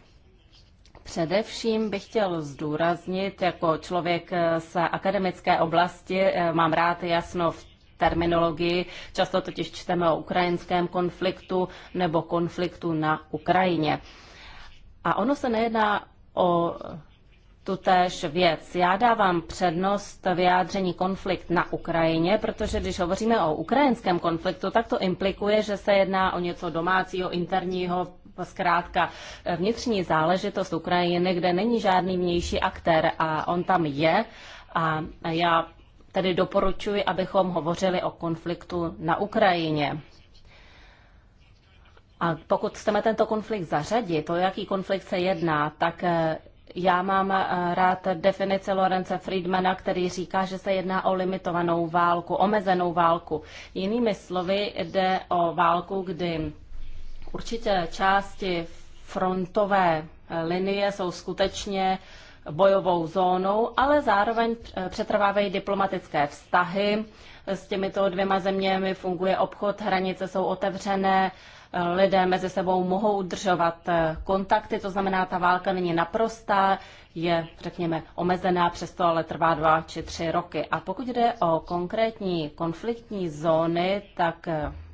Především bych chtěl zdůraznit, jako člověk z akademické oblasti, mám rád jasno v terminologii. Často totiž čteme o ukrajinském konfliktu nebo konfliktu na Ukrajině. A ono se nejedná o tutéž věc. Já dávám přednost vyjádření konflikt na Ukrajině, protože když hovoříme o ukrajinském konfliktu, tak to implikuje, že se jedná o něco domácího, interního, zkrátka vnitřní záležitost Ukrajiny, kde není žádný vnější aktér a on tam je. A já tedy doporučuji, abychom hovořili o konfliktu na Ukrajině. A pokud chceme tento konflikt zařadit, to, jaký konflikt se jedná, tak eh, já mám eh, rád definici Lorence Friedmana, který říká, že se jedná o limitovanou válku, omezenou válku. Jinými slovy jde o válku, kdy určitě části frontové eh, linie jsou skutečně uh, bojovou zónou, ale zároveň přetrvávají diplomatické vztahy. S těmito dvěma zeměmi funguje obchod, hranice jsou otevřené, lidé mezi sebou mohou udržovat kontakty, to znamená, ta válka není naprostá, je, řekněme, omezená, přesto ale trvá dva či tři roky. A pokud jde o konkrétní konfliktní zóny, tak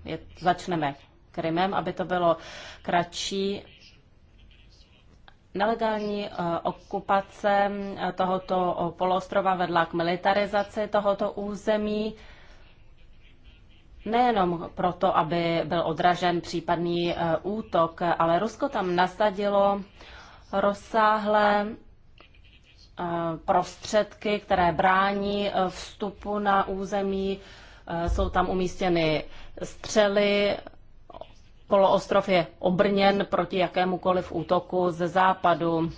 je, začneme Krymem, aby to bylo kratší. Nelegální eh, okupace eh, tohoto eh, poloostrova vedla k militarizaci tohoto území, nejenom proto, aby byl odražen případný útok, ale Rusko tam nasadilo rozsáhlé prostředky, které brání vstupu na území. Jsou tam umístěny střely, poloostrov je obrněn proti jakémukoliv útoku ze západu.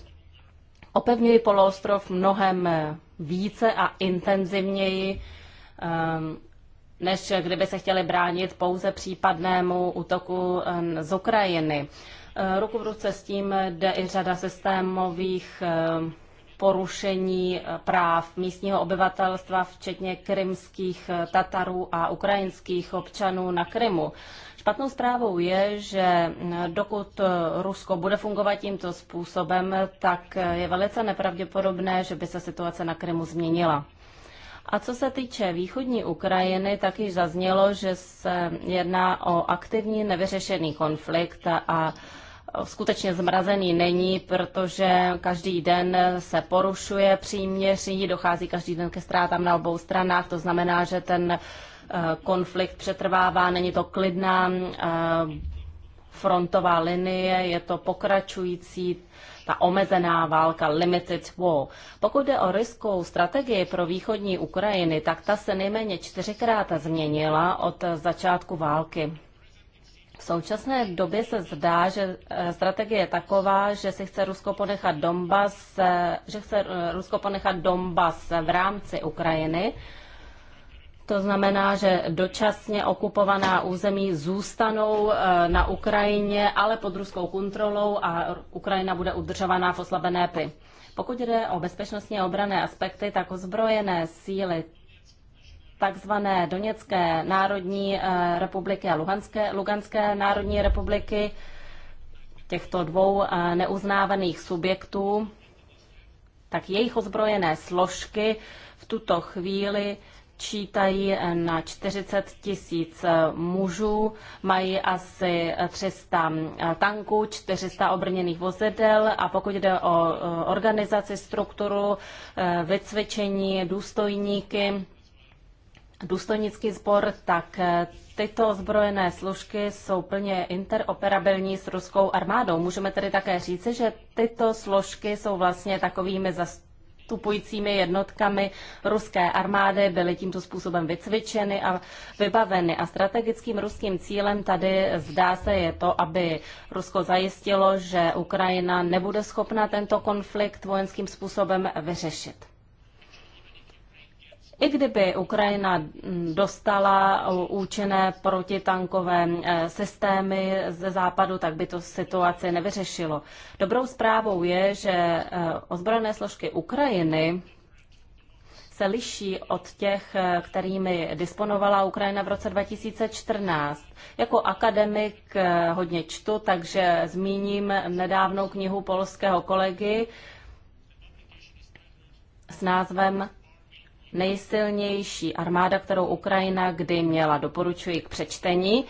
Opevňují poloostrov mnohem více a intenzivněji, ehm, než kdyby se chtěli bránit pouze případnému útoku ehm, z Ukrajiny. Eh, ruku v ruce s tím jde i řada systémových ehm, porušení eh, práv místního obyvatelstva, včetně krymských eh, Tatarů a ukrajinských občanů na Krymu. Špatnou zprávou je, že dokud Rusko bude fungovat tímto způsobem, tak je velice nepravděpodobné, že by se situace na Krymu změnila. A co se týče východní Ukrajiny, tak již zaznělo, že se jedná o aktivní nevyřešený konflikt a skutečně zmrazený není, protože každý den se porušuje příměří, dochází každý den ke ztrátám na obou stranách, to znamená, že ten Eh, konflikt přetrvává, není to klidná eh, frontová linie, je to pokračující ta omezená válka, limited war. Pokud jde o ruskou strategii pro východní Ukrajiny, tak ta se nejméně čtyřikrát změnila od začátku války. V současné době se zdá, že eh, strategie je taková, že si chce Rusko ponechat Donbas, že chce Rusko ponechat Donbas v rámci Ukrajiny, to znamená, že dočasně okupovaná území zůstanou eh, na Ukrajině, ale pod ruskou kontrolou a Ukrajina bude udržovaná v oslabené py. Pokud jde o bezpečnostně obrané aspekty, tak ozbrojené síly takzvané Doněcké národní eh, republiky a Luhanské, Luganské národní republiky, těchto dvou eh, neuznávaných subjektů, tak jejich ozbrojené složky v tuto chvíli čítají eh, na 40 tisíc eh, mužů, mají asi 300 eh, tanků, 400 obrněných vozidel a pokud jde o organizaci, strukturu, vycvičení, důstojníky, důstojnický sbor, tak tyto zbrojené složky jsou plně interoperabilní s ruskou armádou. Můžeme tedy také říci, že tyto složky jsou vlastně takovými zastupy vstupujícími jednotkami ruské armády byly tímto způsobem vycvičeny a vybaveny. A strategickým ruským cílem tady zdá se je to, aby Rusko zajistilo, že Ukrajina nebude schopna tento konflikt vojenským způsobem vyřešit. I kdyby Ukrajina mm, dostala účinné protitankové eh, systémy ze západu, tak by to situaci nevyřešilo. Dobrou zprávou je, že eh, ozbrojené složky Ukrajiny se liší od těch, eh, kterými disponovala Ukrajina v roce 2014. Jako akademik hodně čtu, takže zmíním nedávnou knihu polského kolegy s názvem nejsilnější armáda, kterou Ukrajina kdy měla. Doporučuji k přečtení.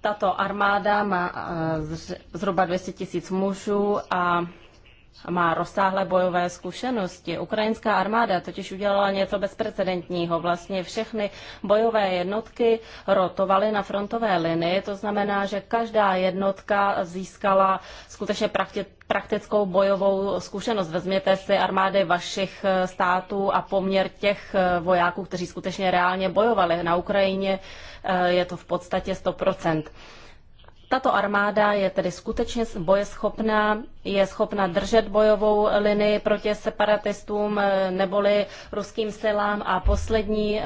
Tato armáda má eh, zhruba 200 tisíc mužů a má rozsáhlé bojové zkušenosti. Ukrajinská armáda totiž udělala něco bezprecedentního. Vlastně všechny bojové jednotky rotovaly na frontové linii, to znamená, že každá jednotka získala skutečně praktickou bojovou zkušenost. Vezměte si armády vašich eh, států a poměr těch eh, vojáků, kteří skutečně reálně bojovali na Ukrajině, eh, je to v podstatě 100%. Tato armáda je tedy skutečně bojeschopná, je schopna držet bojovou linii proti separatistům eh, neboli ruským silám a poslední eh,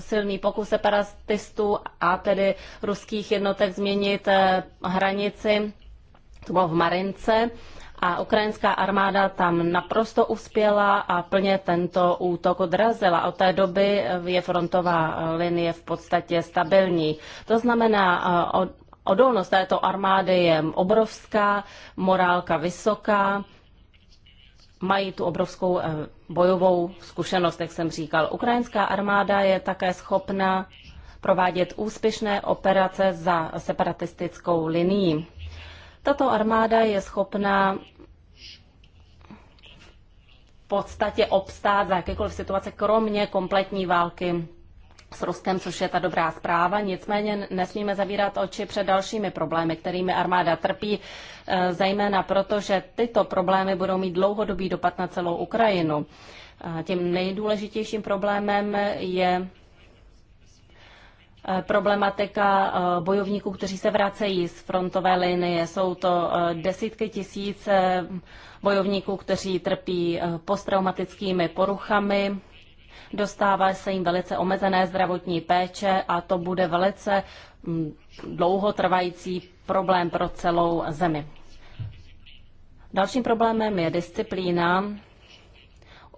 silný pokus separatistů a tedy ruských jednotek změnit eh, hranici, to bylo v Marince, a ukrajinská armáda tam naprosto uspěla a plně tento útok odrazila. Od té doby je frontová linie v podstatě stabilní. To znamená, od odolnost této armády je obrovská, morálka vysoká, mají tu obrovskou eh, bojovou zkušenost, jak jsem říkal. Ukrajinská armáda je také schopna provádět úspěšné operace za separatistickou linií. Tato armáda je schopna v podstatě obstát za jakékoliv situace, kromě kompletní války s Ruskem, což je ta dobrá zpráva. Nicméně nesmíme zavírat oči před dalšími problémy, kterými armáda trpí, eh, zejména proto, že tyto problémy budou mít dlouhodobý dopad na celou Ukrajinu. Tím nejdůležitějším problémem je eh, problematika eh, bojovníků, kteří se vracejí z frontové linie. Jsou to desítky tisíc bojovníků, kteří trpí posttraumatickými poruchami, dostává se jim velice omezené zdravotní péče a to bude velice mm, dlouhotrvající problém pro celou zemi. Dalším problémem je disciplína.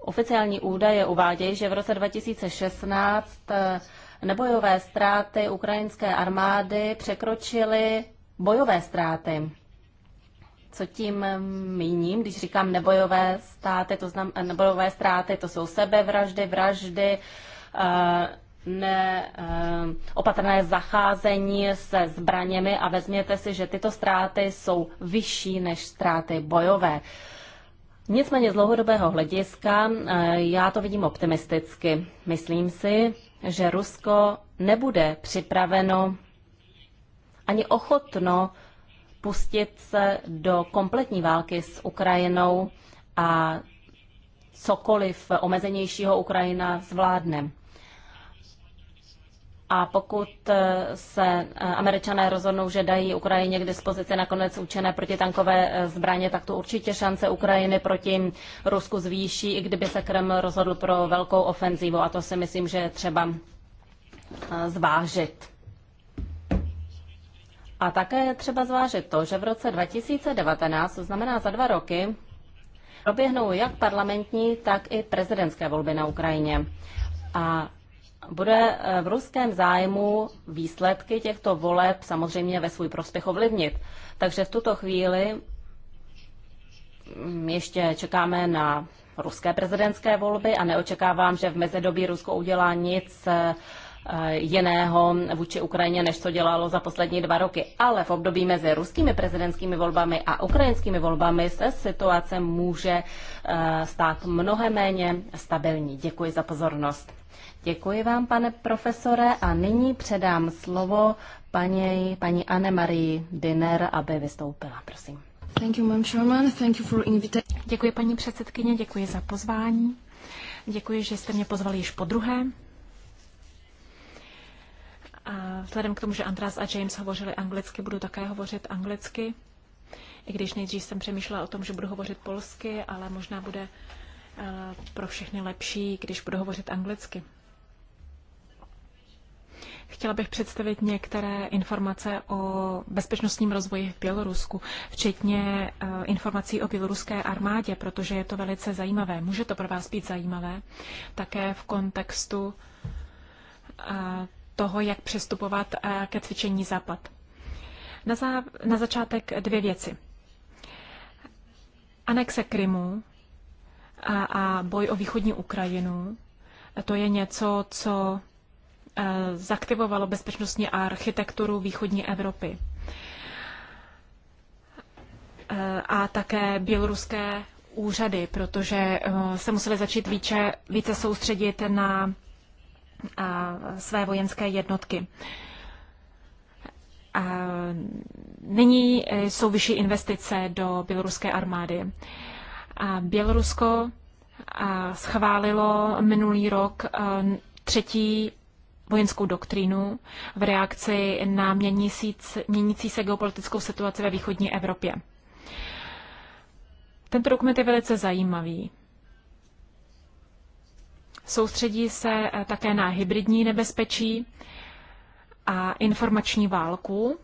Oficiální údaje uvádějí, že v roce 2016 eh, nebojové ztráty ukrajinské armády překročily bojové ztráty. Co tím eh, míním, když říkám nebojové, státy, to znam, eh, nebojové ztráty, to jsou sebevraždy, vraždy, eh, ne, opatrné zacházení se zbraněmi a vezměte si, že tyto ztráty jsou vyšší než ztráty bojové. Nicméně z dlouhodobého hlediska já to vidím optimisticky. Myslím si, že Rusko nebude připraveno ani ochotno pustit se do kompletní války s Ukrajinou a cokoliv omezenějšího Ukrajina zvládne. A pokud eh, se eh, američané rozhodnou, že dají Ukrajině k dispozici nakonec účené protitankové eh, zbraně, tak to určitě šance Ukrajiny proti Rusku zvýší, i kdyby se Kreml rozhodl pro velkou ofenzívu. A to si myslím, že je třeba zvážit. A také je třeba zvážit to, že v roce 2019, to znamená za dva roky, proběhnou jak parlamentní, tak i prezidentské volby na Ukrajině. A bude eh, v ruském zájmu výsledky těchto voleb samozřejmě ve svůj prospěch ovlivnit. Takže v tuto chvíli mm, ještě čekáme na ruské prezidentské volby a neočekávám, že v mezidobí Rusko udělá nic eh, Eh, jiného vůči Ukrajině, než to dělalo za poslední dva roky. Ale v období mezi ruskými prezidentskými volbami a ukrajinskými volbami se situace může eh, stát mnohem méně stabilní. Děkuji za pozornost. Děkuji vám, pane profesore, a nyní předám slovo paní, paní Anne-Marie Diner, aby vystoupila. Prosím. Thank you, Chairman. Thank you for Děkuji, paní předsedkyně, děkuji za pozvání. Děkuji, že jste mě pozvali již po druhé. Vzhledem k tomu, že András a James hovořili anglicky, budu také hovořit anglicky. I když nejdřív jsem přemýšlela o tom, že budu hovořit polsky, ale možná bude eh, pro všechny lepší, když budu hovořit anglicky. Chtěla bych představit některé informace o bezpečnostním rozvoji v Bělorusku, včetně eh, informací o běloruské armádě, protože je to velice zajímavé. Může to pro vás být zajímavé, také v kontextu eh, toho, jak přistupovat eh, ke cvičení západ. Na, za, na začátek dvě věci. Anexe Krymu a, a boj o východní Ukrajinu, eh, to je něco, co eh, zaktivovalo bezpečnostní architekturu východní Evropy. A také běloruské úřady, protože se museli začít více, více soustředit na své vojenské jednotky. A nyní jsou vyšší investice do běloruské armády. A Bělorusko schválilo minulý rok třetí vojenskou doktrínu v reakci na měnící, měnící se geopolitickou situaci ve východní Evropě. Tento dokument je velice zajímavý. Soustředí se eh, také na hybridní nebezpečí a informační válku.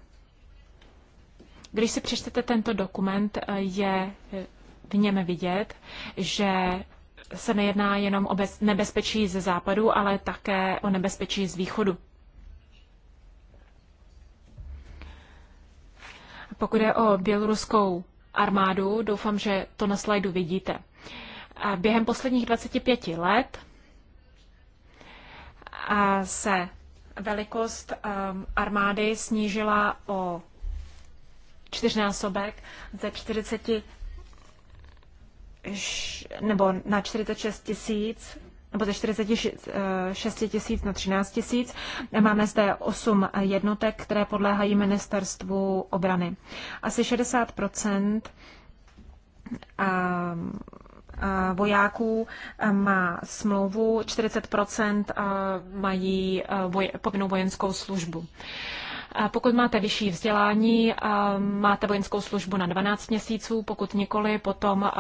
Když si přečtete tento dokument, eh, je eh, v něm vidět, že se nejedná jenom o nebezpečí ze západu, ale také o nebezpečí z východu. Pokud je o běloruskou armádu, doufám, že to na slajdu vidíte. Během posledních 25 let se velikost um, armády snížila o čtyřnásobek ze 40 nebo na 46 tisíc nebo ze 46 tisíc na 13 tisíc. Máme zde 8 jednotek, které podléhají ministerstvu obrany. Asi 60 vojáků eh, má smlouvu, 40 eh, mají eh, povinnou vojenskou službu. pokud máte vyšší vzdělání, máte vojenskou službu na 12 měsíců, pokud nikoli, potom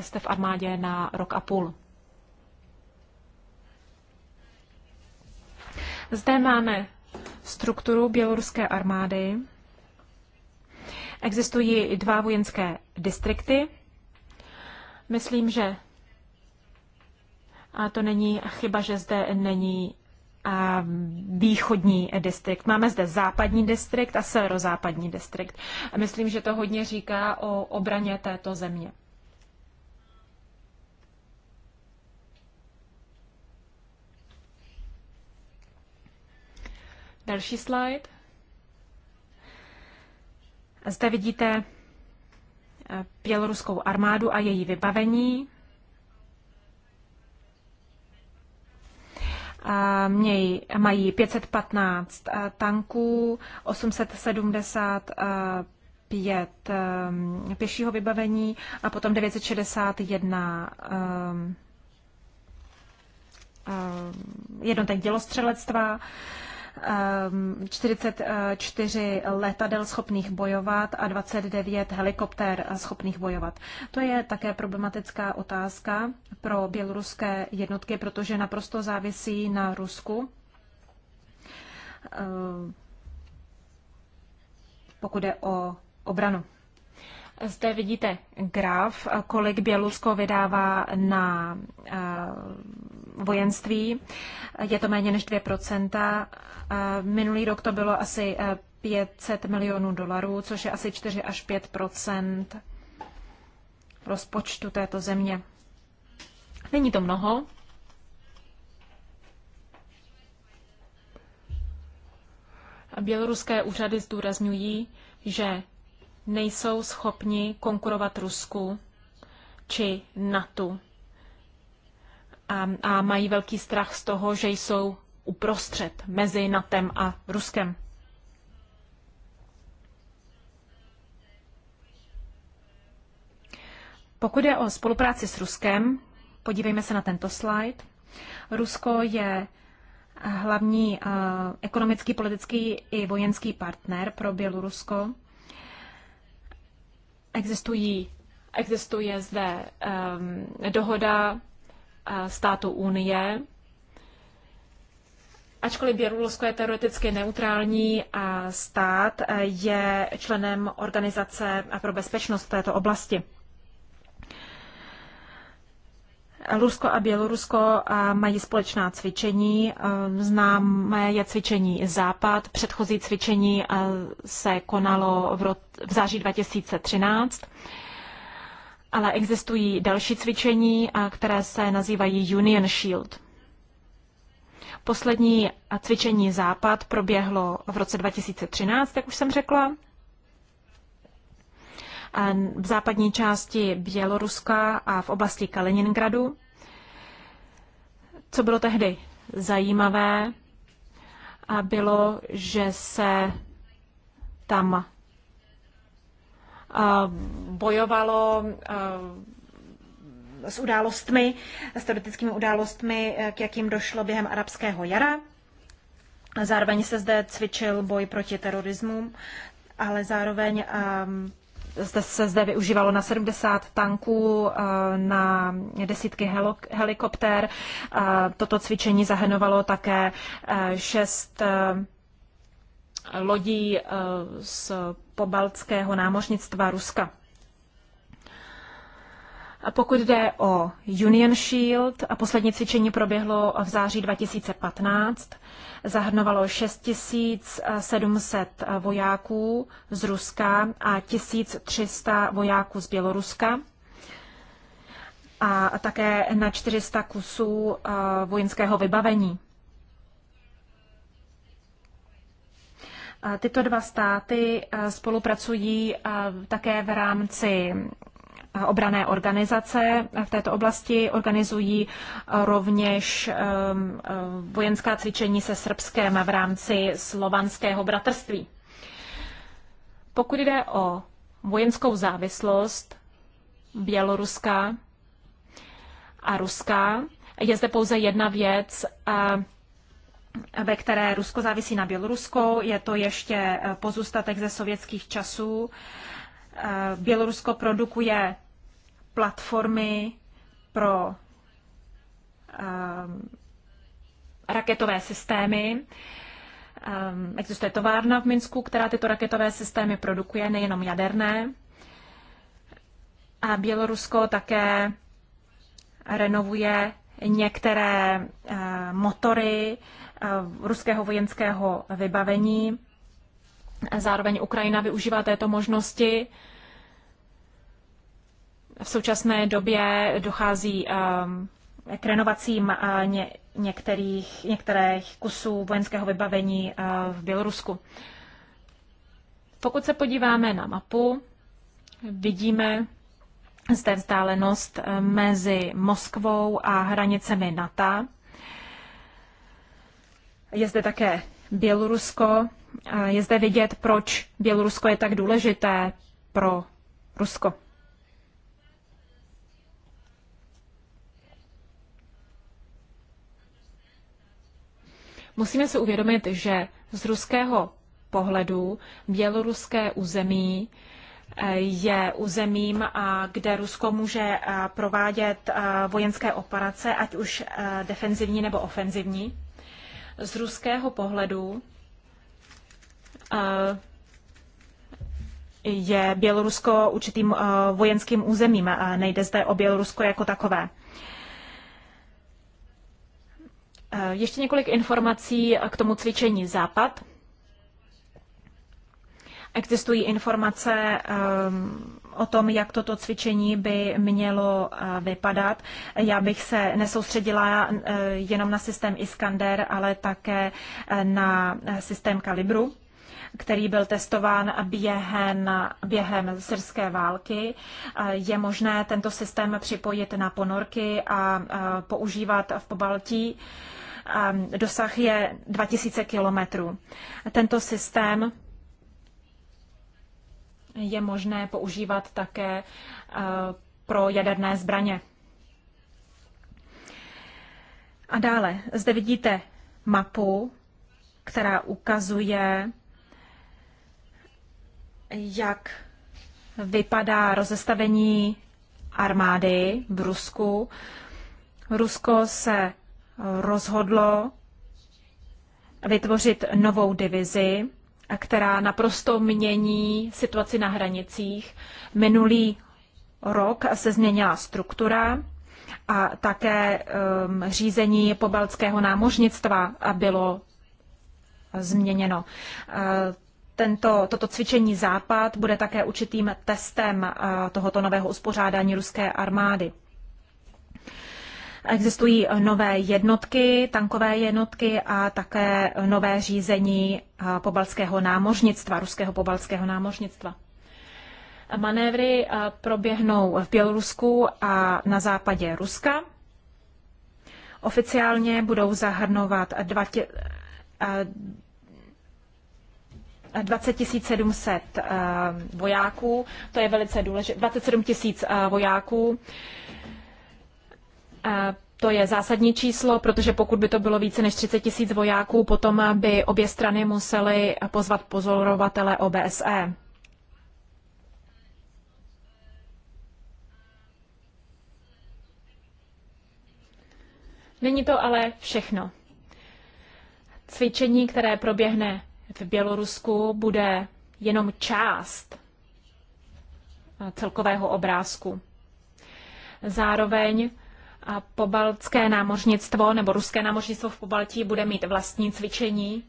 jste v armádě na rok a půl. Zde máme strukturu běloruské armády. Existují dva vojenské distrikty, Myslím, že a to není chyba, že zde není a východní distrikt. Máme zde západní distrikt a severozápadní distrikt. A myslím, že to hodně říká o obraně této země. Další slide. Zde vidíte běloruskou armádu a její vybavení. Měj, mají 515 eh, tanků, 875 eh, eh, pěšího vybavení a potom 961 jednotek dělostřelectva. 44 ehm, letadel schopných bojovat a 29 helikoptér eh, schopných bojovat. To je také problematická otázka pro běloruské jednotky, protože naprosto závisí na Rusku. Ehm, pokud je o obranu. Zde vidíte graf, kolik Bělorusko vydává na eh, vojenství. Je to méně než 2%. Eh, minulý rok to bylo asi 500 eh, milionů dolarů, což je asi 4 až 5 rozpočtu této země. Není to mnoho. Běloruské úřady zdůrazňují, že nejsou schopni konkurovat Rusku či NATO a, a mají velký strach z toho, že jsou uprostřed mezi NATEM a Ruskem. Pokud je o spolupráci s Ruskem, podívejme se na tento slide. Rusko je eh, hlavní eh, ekonomický, politický i vojenský partner pro Bělorusko. Existují, existuje zde um, dohoda států Unie. Ačkoliv Bělorusko je teoreticky neutrální a stát, je členem Organizace pro bezpečnost této oblasti. Rusko a Bělorusko mají společná cvičení. E, Znám je cvičení Západ. Předchozí cvičení e, se konalo v září 2013. Ale existují další cvičení, které se nazývají Union Shield. Poslední cvičení Západ proběhlo v roce 2013, jak už jsem řekla. V západní části Běloruska a v oblasti Kaliningradu. Co bylo tehdy zajímavé, bylo, že se tam bojovalo s událostmi, s teoretickými událostmi, e, k jakým došlo během arabského jara. Zároveň se zde cvičil boj proti terorismu, ale zároveň zde se zde využívalo na 70 tanků, na desítky helikoptér. Toto cvičení zahrnovalo také e, šest e, lodí eh, z pobaltského námořnictva Ruska. A pokud jde o Union Shield, a poslední cvičení proběhlo v září 2015, zahrnovalo 6700 eh, eh, vojáků z Ruska a 1300 vojáků z Běloruska a také na 400 kusů vojenského vybavení. Tyto dva státy eh, spolupracují eh, také v rámci eh, obrané organizace v této oblasti. Organizují rovněž vojenská cvičení se Srbskem v rámci slovanského bratrství. Pokud jde o vojenskou závislost Běloruska a Ruska, je zde pouze jedna věc, ve které Rusko závisí na Bělorusko. Je to ještě eh, pozůstatek ze sovětských časů. Eh, Bělorusko produkuje platformy pro eh, raketové systémy. Existuje továrna v Minsku, která tyto raketové systémy produkuje, nejenom jaderné. A Bělorusko také renovuje některé motory Eh, ruského vojenského vybavení. Zároveň Ukrajina využívá této možnosti. V současné době dochází eh, k renovacím eh, některých, některých kusů vojenského vybavení v Bělorusku. Pokud se podíváme na mapu, vidíme zde vzdálenost mezi Moskvou a hranicemi NATO. Je zde také Bělorusko. Je zde vidět, proč Bělorusko je tak důležité pro Rusko. Musíme si uvědomit, že z ruského pohledu běloruské území eh, je územím, kde Rusko může eh, provádět eh, vojenské operace, ať už defenzivní nebo ofenzivní. Z ruského pohledu eh, je Bělorusko určitým eh, vojenským územím a nejde zde o Bělorusko jako takové. Eh, ještě několik informací k tomu cvičení Západ. Existují informace ehm, o tom, jak toto cvičení by mělo eh, vypadat. Já bych se nesoustředila eh, jenom na systém Iskander, ale také eh, na systém Kalibru který byl testován během, během syrské války. Je možné tento systém připojit na ponorky a používat v Pobaltí. Ehm, dosah je 2000 kilometrů. Tento systém je možné používat také eh, pro jaderné zbraně. A dále, zde vidíte mapu, která ukazuje, jak vypadá rozestavení armády v Rusku. Rusko se rozhodlo vytvořit novou divizi která naprosto mění situaci na hranicích. Minulý rok se změnila struktura a také um, řízení pobaltského námořnictva bylo změněno. Uh, tento, toto cvičení Západ bude také určitým testem uh, tohoto nového uspořádání ruské armády. Existují nové jednotky, tankové jednotky a také nové řízení eh, pobalského námořnictva, ruského pobalského námořnictva. Manévry eh, proběhnou v Bělorusku a na západě Ruska. Oficiálně budou zahrnovat 20 700 eh, vojáků, to je velice důležité, 27 000 vojáků to je zásadní číslo, protože pokud by to bylo více než 30 tisíc vojáků, potom by obě strany musely pozvat pozorovatele OBSE. Není to ale všechno. Cvičení, které proběhne v Bělorusku, bude jenom část celkového obrázku. Zároveň pobaltské námořnictvo nebo ruské námořnictvo v Pobaltí bude mít vlastní cvičení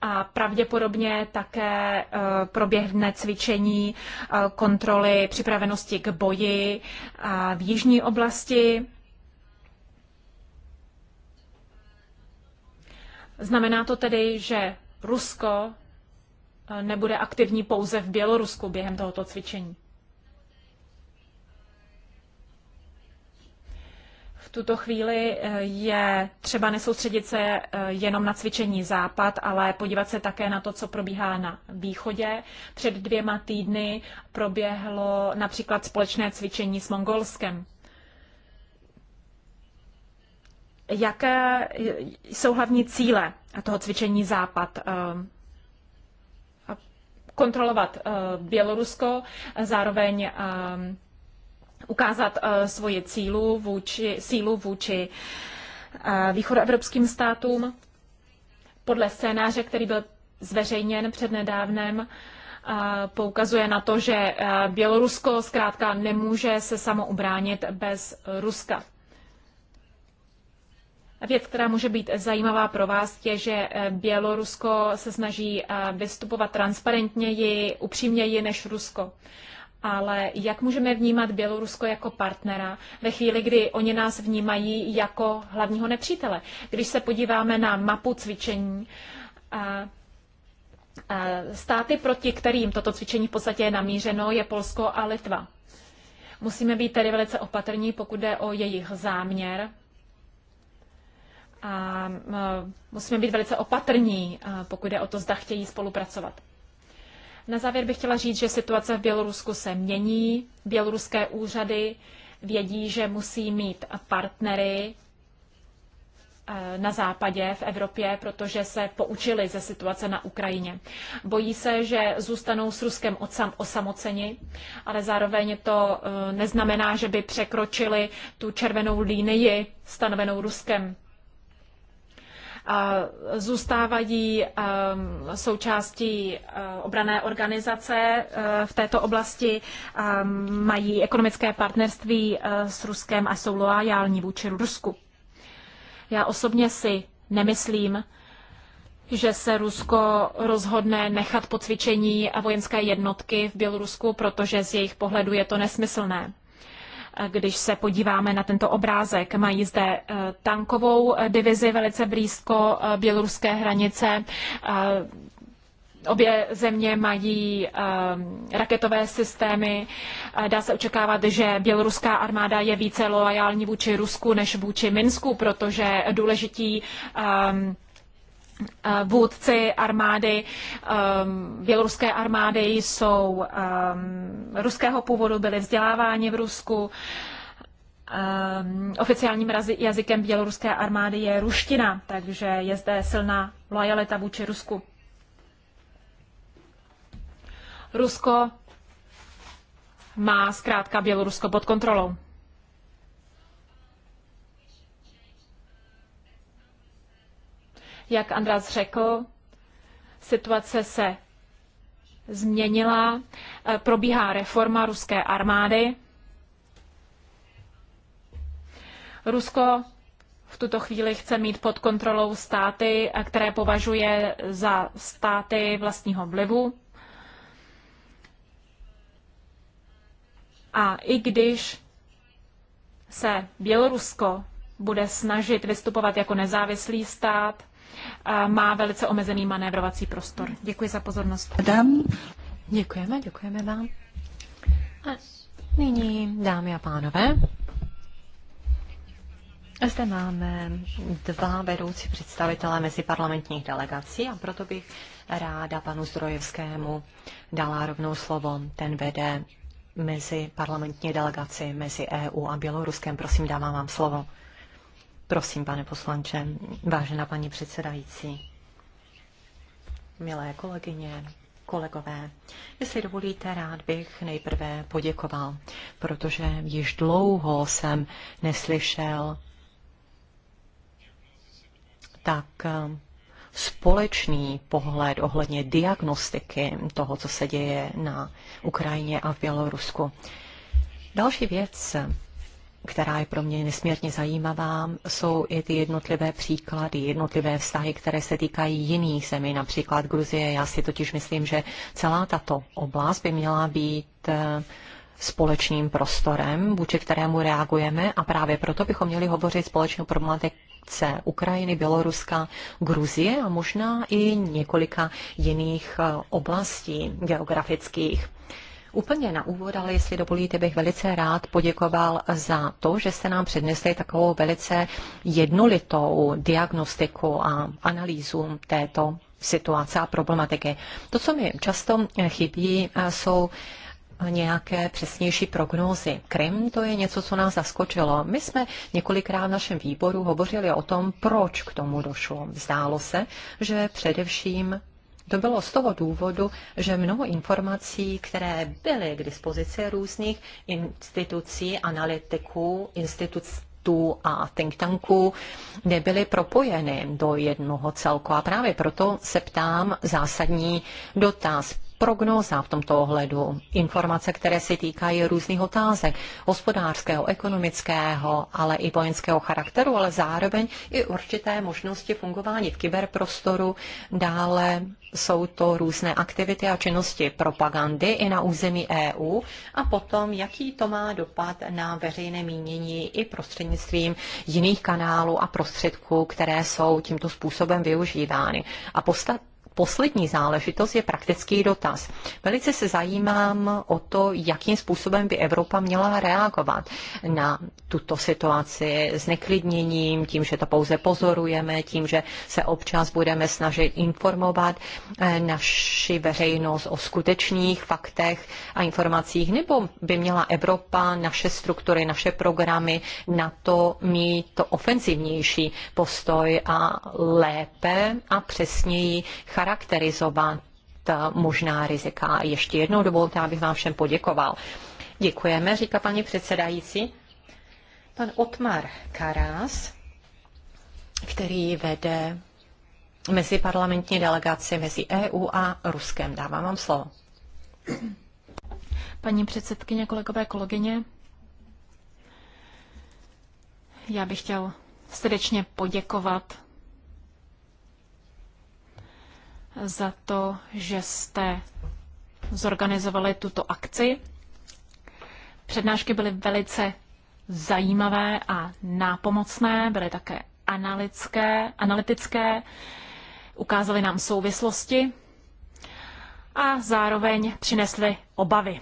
a pravděpodobně také eh, proběhne cvičení eh, kontroly připravenosti k boji eh, v jižní oblasti. Znamená to tedy, že Rusko nebude aktivní pouze v Bělorusku během tohoto cvičení. tuto chvíli eh, je třeba nesoustředit se eh, jenom na cvičení západ, ale podívat se také na to, co probíhá na východě. Před dvěma týdny proběhlo například společné cvičení s Mongolskem. Jaké jsou hlavní cíle toho cvičení západ? Eh, kontrolovat Bělorusko, zároveň ukázat eh, svoji cílu vůči, sílu vůči eh, východoevropským státům. Podle scénáře, který byl zveřejněn přednedávnem, eh, poukazuje na to, že Bělorusko zkrátka nemůže se samo ubránit bez Ruska. Věc, která může být zajímavá pro vás, je, že Bělorusko se snaží vystupovat transparentněji, upřímněji než Rusko ale jak můžeme vnímat Bělorusko jako partnera ve chvíli, kdy oni nás vnímají jako hlavního nepřítele? Když se podíváme na mapu cvičení, a, státy, proti kterým toto cvičení v podstatě je namířeno, je Polsko a Litva. Musíme být tedy velice opatrní, pokud jde o jejich záměr. a musíme být velice opatrní, pokud jde o to, zda chtějí spolupracovat. Na závěr bych chtěla říct, že situace v Bělorusku se mění. Běloruské úřady vědí, že musí mít partnery eh, na západě, v Evropě, protože se poučili ze situace na Ukrajině. Bojí se, že zůstanou s Ruskem odsam, osamoceni, ale zároveň to eh, neznamená, že by překročili tu červenou línii stanovenou Ruskem zůstávají ehm, součástí eh, obrané organizace eh, v této oblasti, ehm, mají ekonomické partnerství eh, s Ruskem a jsou loajální vůči Rusku. Já osobně si nemyslím, že se Rusko rozhodne nechat po cvičení vojenské jednotky v Bělorusku, protože z jejich pohledu je to nesmyslné když se podíváme na tento obrázek. Mají zde eh, tankovou eh, divizi velice blízko eh, běloruské hranice. Obě země mají raketové systémy. Dá se očekávat, že běloruská armáda je více loajální vůči Rusku než vůči Minsku, protože důležití Eh, vůdci armády, um, běloruské armády jsou um, ruského původu, byli vzděláváni v Rusku. Um, oficiálním jazykem běloruské armády je ruština, takže je zde silná lojalita vůči Rusku. Rusko má zkrátka Bělorusko pod kontrolou. Jak András řekl, situace se změnila, eh, probíhá reforma ruské armády. Rusko v tuto chvíli chce mít pod kontrolou státy, eh, které považuje za státy vlastního vlivu. A i když se Bělorusko bude snažit vystupovat jako nezávislý stát, má velice omezený manévrovací prostor. Děkuji za pozornost. Dám. Děkujeme, děkujeme vám. A nyní, dámy a pánové, zde máme dva vedoucí představitele meziparlamentních delegací a proto bych ráda panu Zdrojevskému dala rovnou slovo. Ten vede mezi parlamentní delegaci mezi EU a Běloruskem. Prosím, dávám vám slovo. Prosím, pane poslanče, vážená paní předsedající, milé kolegyně, kolegové. Jestli dovolíte, rád bych nejprve poděkoval, protože již dlouho jsem neslyšel tak eh, společný pohled ohledně diagnostiky toho, co se děje na Ukrajině a v Bělorusku. Další věc, která je pro mě nesmírně zajímavá, jsou i ty jednotlivé příklady, jednotlivé vztahy, které se týkají jiných zemí, například Gruzie. Já si totiž myslím, že celá tato oblast by měla být eh, společným prostorem, vůči kterému reagujeme a právě proto bychom měli hovořit společnou problematice Ukrajiny, Běloruska, Gruzie a možná i několika jiných eh, oblastí geografických. Úplně na úvod, ale jestli dovolíte, bych velice rád poděkoval za to, že jste nám přednesli takovou velice jednolitou diagnostiku a analýzu této situace a problematiky. To, co mi často chybí, jsou nějaké přesnější prognózy. Krym to je něco, co nás zaskočilo. My jsme několikrát v našem výboru hovořili o tom, proč k tomu došlo. Zdálo se, že především to bylo z toho důvodu, že mnoho informací, které byly k dispozici různých institucí, analytiků, institucí, a think tanků nebyly propojeny do jednoho celku. A právě proto se ptám zásadní dotaz prognóza v tomto ohledu, informace, které se týkají různých otázek, hospodářského, ekonomického, ale i vojenského charakteru, ale zároveň i určité možnosti fungování v kyberprostoru. Dále jsou to různé aktivity a činnosti propagandy i na území EU a potom, jaký to má dopad na veřejné mínění i prostřednictvím jiných kanálů a prostředků, které jsou tímto způsobem využívány. A postat, poslední záležitost je praktický dotaz. Velice se zajímám o to, jakým způsobem by Evropa měla reagovat na tuto situaci s neklidněním, tím, že to pouze pozorujeme, tím, že se občas budeme snažit informovat eh, naši veřejnost o skutečných faktech a informacích, nebo by měla Evropa naše struktury, naše programy na to mít to ofenzivnější postoj a lépe a přesněji charakterizovat eh, možná rizika. Ještě jednou dovolte, abych vám všem poděkoval. Děkujeme, říká paní předsedající. Pan Otmar Karás, který vede mezi parlamentní delegaci mezi EU a Ruskem. Dávám vám slovo. Paní předsedkyně, kolegové, kolegyně, já bych chtěl srdečně poděkovat za to, že jste zorganizovali tuto akci. Přednášky byly velice zajímavé a nápomocné, byly také analytické, analytické ukázaly nám souvislosti a zároveň přinesly obavy.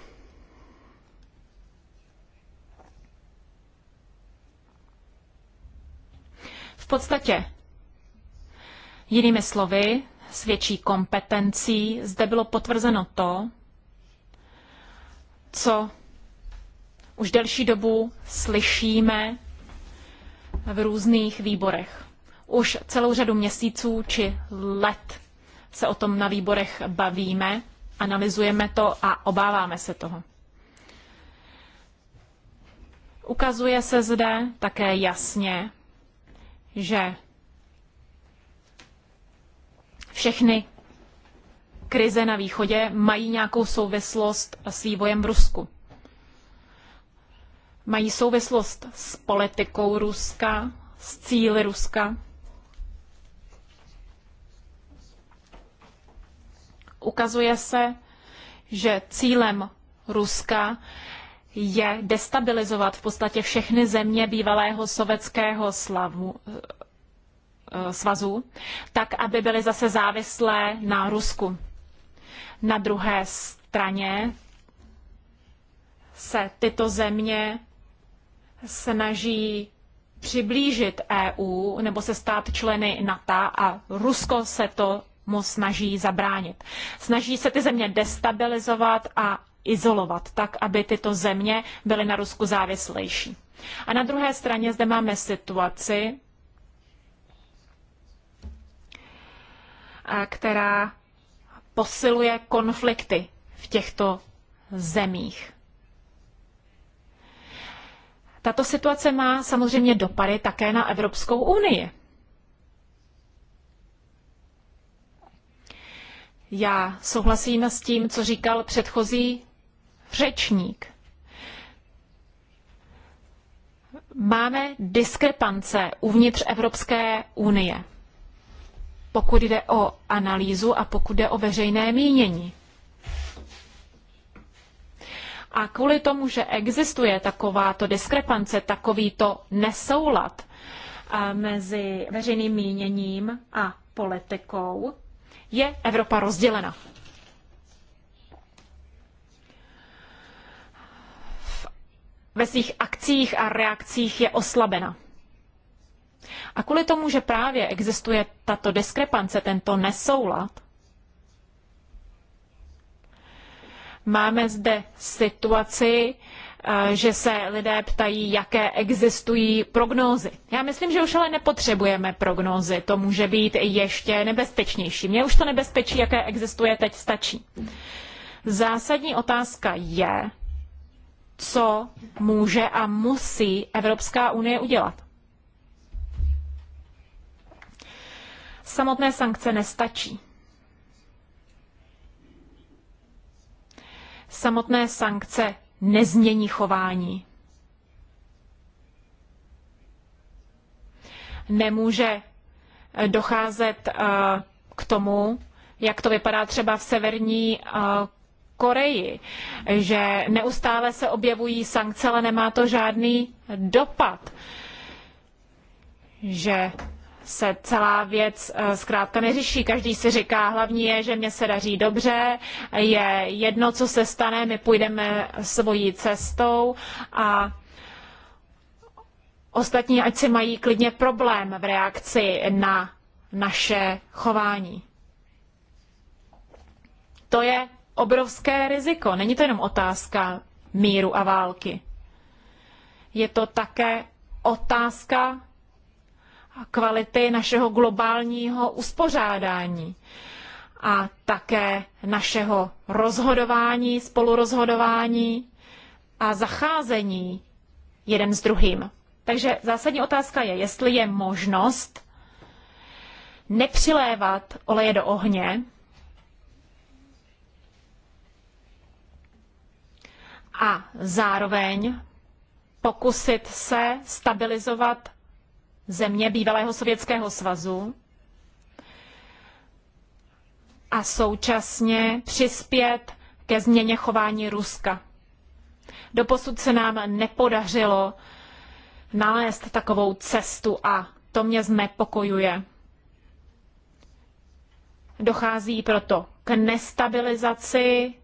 V podstatě, jinými slovy, s větší kompetencí, zde bylo potvrzeno to, co už delší dobu slyšíme v různých výborech. Už celou řadu měsíců či let se o tom na výborech bavíme, analyzujeme to a obáváme se toho. Ukazuje se zde také jasně, že všechny krize na východě mají nějakou souvislost s vývojem v Rusku. Mají souvislost s politikou Ruska, s cíly Ruska. Ukazuje se, že cílem Ruska je destabilizovat v podstatě všechny země bývalého sovětského slavu, Eh, svazu, tak aby byly zase závislé na Rusku. Na druhé straně se tyto země snaží přiblížit EU nebo se stát členy NATO a Rusko se to mu snaží zabránit. Snaží se ty země destabilizovat a izolovat tak, aby tyto země byly na Rusku závislejší. A na druhé straně zde máme situaci, která posiluje konflikty v těchto zemích. Tato situace má samozřejmě dopady také na Evropskou unii. Já souhlasím s tím, co říkal předchozí řečník. Máme diskrepance uvnitř Evropské unie pokud jde o analýzu a pokud jde o veřejné mínění. A kvůli tomu, že existuje takováto diskrepance, takovýto nesoulad eh, mezi veřejným míněním a politikou, je Evropa rozdělena. Ve svých akcích a reakcích je oslabena. A kvůli tomu, že právě existuje tato diskrepance, tento nesoulad, máme zde situaci, eh, že se lidé ptají, jaké existují prognózy. Já myslím, že už ale nepotřebujeme prognózy, to může být ještě nebezpečnější. Mně už to nebezpečí, jaké existuje teď, stačí. Zásadní otázka je, co může a musí Evropská unie udělat. samotné sankce nestačí. Samotné sankce nezmění chování. Nemůže eh, docházet eh, k tomu, jak to vypadá třeba v severní eh, Koreji, že neustále se objevují sankce, ale nemá to žádný dopad, že se celá věc eh, zkrátka neřeší. Každý si říká, hlavní je, že mě se daří dobře, je jedno, co se stane, my půjdeme svojí cestou a ostatní, ať si mají klidně problém v reakci na naše chování. To je obrovské riziko. Není to jenom otázka míru a války. Je to také otázka kvality našeho globálního uspořádání a také našeho rozhodování, spolurozhodování a zacházení jeden s druhým. Takže zásadní otázka je, jestli je možnost nepřilévat oleje do ohně a zároveň pokusit se stabilizovat země bývalého Sovětského svazu a současně přispět ke změně chování Ruska. Doposud se nám nepodařilo nalézt takovou cestu a to mě znepokojuje. Dochází proto k nestabilizaci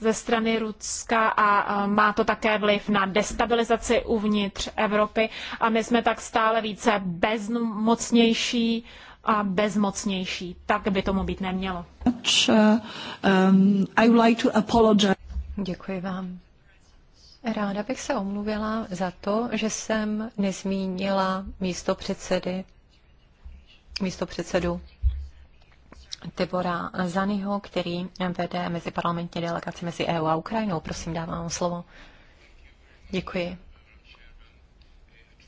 ze strany Ruska a má to také vliv na destabilizaci uvnitř Evropy a my jsme tak stále více bezmocnější a bezmocnější. Tak by tomu být nemělo. Uh, um, Děkuji vám. Ráda bych se omluvila za to, že jsem nezmínila místo předsedy, místo předsedu Tibora Zanyho, který vede mezi parlamentní delegaci mezi EU a Ukrajinou. Prosím, dávám slovo. Děkuji.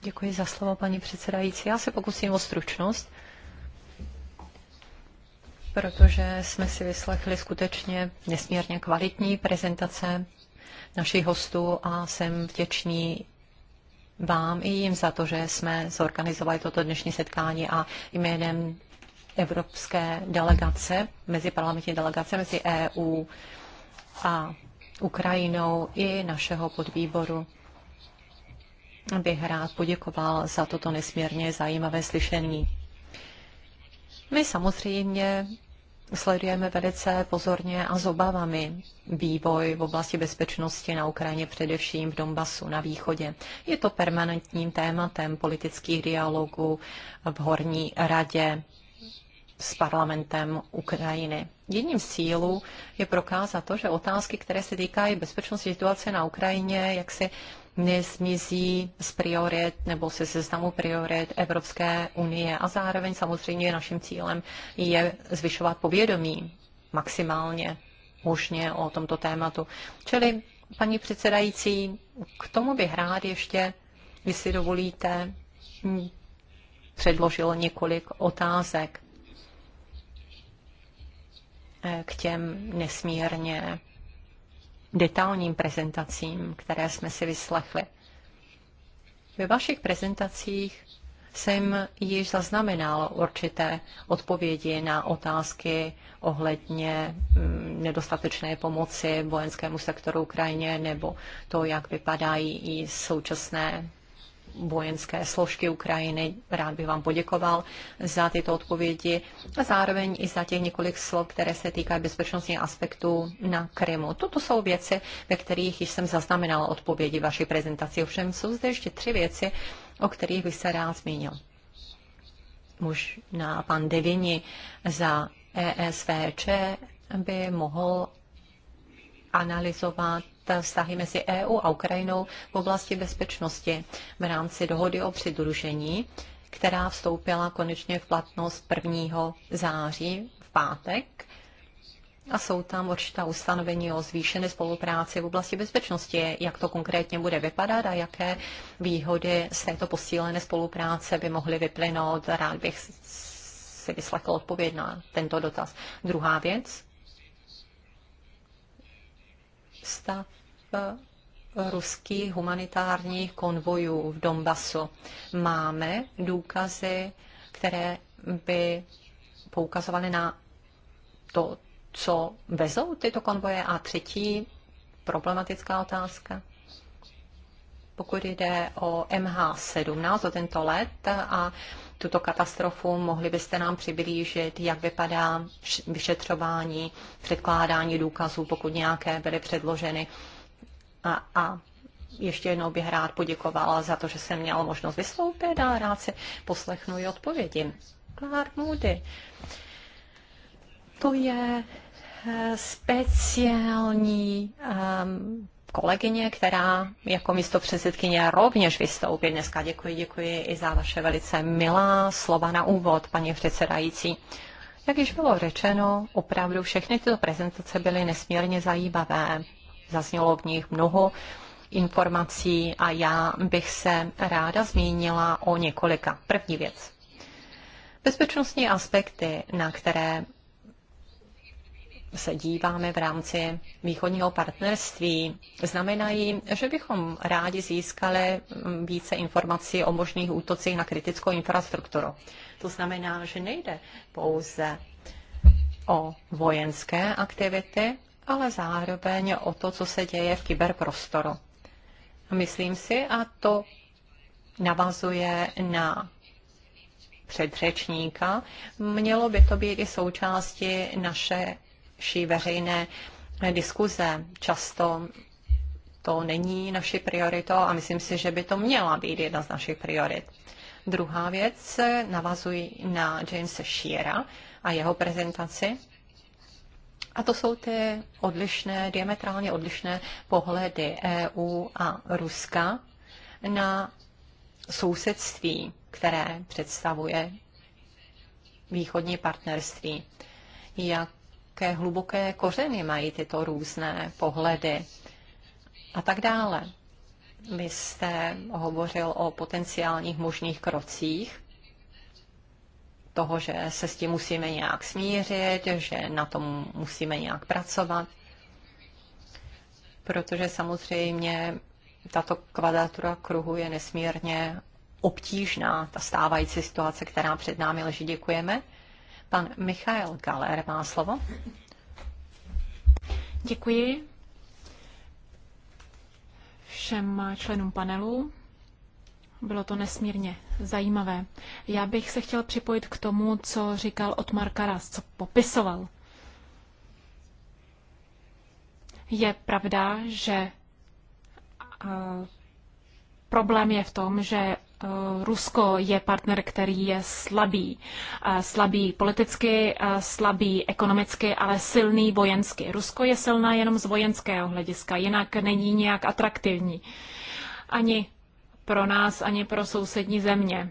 Děkuji za slovo, paní předsedající. Já se pokusím o stručnost, protože jsme si vyslechli skutečně nesmírně kvalitní prezentace našich hostů a jsem vděčný vám i jim za to, že jsme zorganizovali toto dnešní setkání a jménem evropské delegace, mezi parlamentní delegace, mezi EU a Ukrajinou i našeho podvýboru. Bych rád poděkoval za toto nesmírně zajímavé slyšení. My samozřejmě sledujeme velice pozorně a s obavami vývoj v oblasti bezpečnosti na Ukrajině, především v Donbasu na východě. Je to permanentním tématem politických dialogů v Horní radě s parlamentem Ukrajiny. Jedním z cílů je prokázat to, že otázky, které se týkají bezpečnosti situace na Ukrajině, jak se nezmizí z priorit nebo se seznamu priorit Evropské unie a zároveň samozřejmě naším cílem je zvyšovat povědomí maximálně možně o tomto tématu. Čili, paní předsedající, k tomu bych rád ještě, jestli dovolíte, předložil několik otázek k těm nesmírně detailním prezentacím, které jsme si vyslechli. Ve vašich prezentacích jsem již zaznamenal určité odpovědi na otázky ohledně mm, nedostatečné pomoci vojenskému sektoru Ukrajině nebo to, jak vypadají i současné vojenské složky Ukrajiny. Rád bych vám poděkoval za tyto odpovědi a zároveň i za těch několik slov, které se týkají bezpečnostních aspektů na Krymu. Toto jsou věci, ve kterých již jsem zaznamenala odpovědi vaší prezentaci. Ovšem jsou zde ještě tři věci, o kterých bych se rád zmínil. na pan Devini za ESVČ by mohl analyzovat vztahy mezi EU a Ukrajinou v oblasti bezpečnosti v rámci dohody o přidružení, která vstoupila konečně v platnost 1. září v pátek a jsou tam určitá ustanovení o zvýšené spolupráci v oblasti bezpečnosti, jak to konkrétně bude vypadat a jaké výhody z této posílené spolupráce by mohly vyplynout. Rád bych si vyslechl odpověď na tento dotaz. Druhá věc, stav eh, ruských humanitárních konvojů v Donbasu. Máme důkazy, které by poukazovaly na to, co vezou tyto konvoje. A třetí problematická otázka. Pokud jde o MH17, o tento let a tuto katastrofu. Mohli byste nám přiblížit, jak vypadá vyšetřování, předkládání důkazů, pokud nějaké byly předloženy. A, a ještě jednou bych rád poděkovala za to, že jsem měla možnost vystoupit a rád si poslechnu i odpovědi. Clark Moody. To je eh, speciální um, kolegyně, která jako místo předsedkyně rovněž vystoupí dneska. Děkuji, děkuji i za vaše velice milá slova na úvod, paní předsedající. Jak již bylo řečeno, opravdu všechny tyto prezentace byly nesmírně zajímavé. Zaznělo v nich mnoho informací a já bych se ráda zmínila o několika. První věc. Bezpečnostní aspekty, na které se díváme v rámci východního partnerství, znamenají, že bychom rádi získali mm, více informací o možných útocích na kritickou infrastrukturu. To znamená, že nejde pouze o vojenské aktivity, ale zároveň o to, co se děje v kyberprostoru. Myslím si, a to navazuje na předřečníka, mělo by to být i součástí naše naší veřejné diskuze. Často to není naši prioritou a myslím si, že by to měla být jedna z našich priorit. Druhá věc navazují na Jamesa Sheera a jeho prezentaci. A to jsou ty odlišné, diametrálně odlišné pohledy EU a Ruska na sousedství, které představuje východní partnerství. Jak jaké hluboké kořeny mají tyto různé pohledy a tak dále. Vy jste hovořil o potenciálních možných krocích, toho, že se s tím musíme nějak smířit, že na tom musíme nějak pracovat, protože samozřejmě tato kvadratura kruhu je nesmírně obtížná, ta stávající situace, která před námi leží. Děkujeme. Pan Michal Galer má slovo. Děkuji všem členům panelu. Bylo to nesmírně zajímavé. Já bych se chtěl připojit k tomu, co říkal Otmar Karas, co popisoval. Je pravda, že problém je v tom, že Eh, Rusko je partner, který je slabý. Eh, slabý politicky, eh, slabý ekonomicky, ale silný vojensky. Rusko je silná jenom z vojenského hlediska, jinak není nějak atraktivní. Ani pro nás, ani pro sousední země.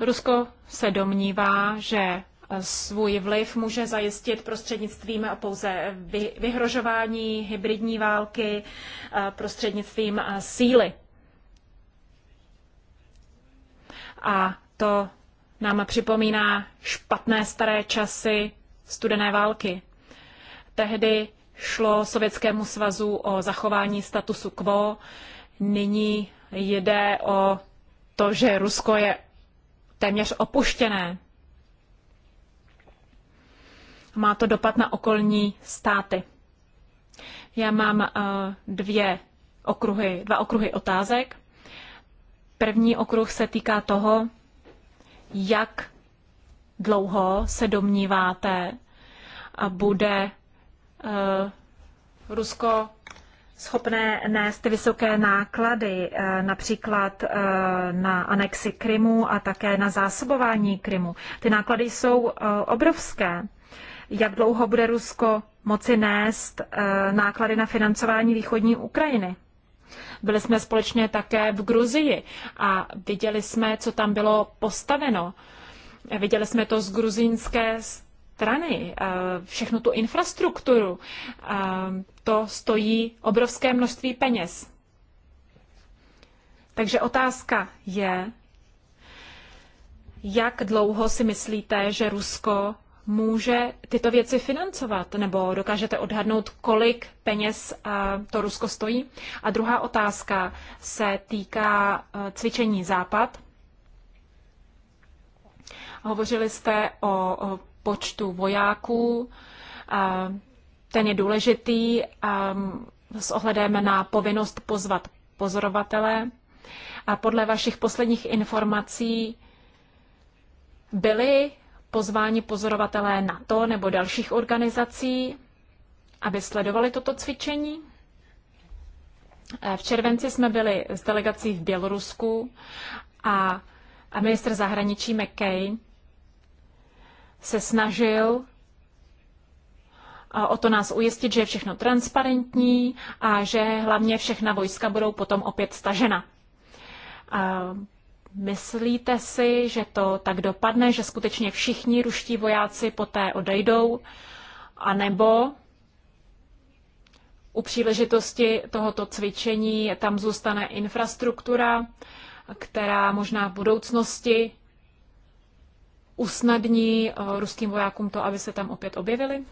Rusko se domnívá, že svůj vliv může zajistit prostřednictvím pouze vyhrožování, hybridní války, eh, prostřednictvím eh, síly. A to nám připomíná špatné staré časy studené války. Tehdy šlo Sovětskému svazu o zachování statusu quo, nyní jde o to, že Rusko je téměř opuštěné má to dopad na okolní státy. Já mám eh, dvě okruhy, dva okruhy otázek. První okruh se týká toho, jak dlouho se domníváte, a bude eh, Rusko schopné nést vysoké náklady, eh, například na anexi Krymu a také na zásobování Krymu. Ty náklady jsou obrovské jak dlouho bude Rusko moci nést eh, náklady na financování východní Ukrajiny. Byli jsme společně také v Gruzii a viděli jsme, co tam bylo postaveno. Viděli jsme to z gruzínské strany, eh, všechnu tu infrastrukturu. Eh, to stojí obrovské množství peněz. Takže otázka je, jak dlouho si myslíte, že Rusko může tyto věci financovat? Nebo dokážete odhadnout, kolik peněz to Rusko stojí? A druhá otázka se týká e, cvičení Západ. Hovořili jste o, počtu vojáků. E, ten je důležitý e, s ohledem na povinnost pozvat pozorovatele. A podle vašich posledních informací byly pozváni pozorovatelé NATO nebo dalších organizací, aby sledovali toto cvičení. Eh, v červenci jsme byli s delegací v Bělorusku a ministr zahraničí McCain se snažil eh, o to nás ujistit, že je všechno transparentní a že hlavně všechna vojska budou potom opět stažena. Eh, Myslíte si, že to tak dopadne, že skutečně všichni ruští vojáci poté odejdou? A nebo u příležitosti tohoto cvičení tam zůstane infrastruktura, která možná v budoucnosti usnadní eh, ruským vojákům to, aby se tam opět objevili?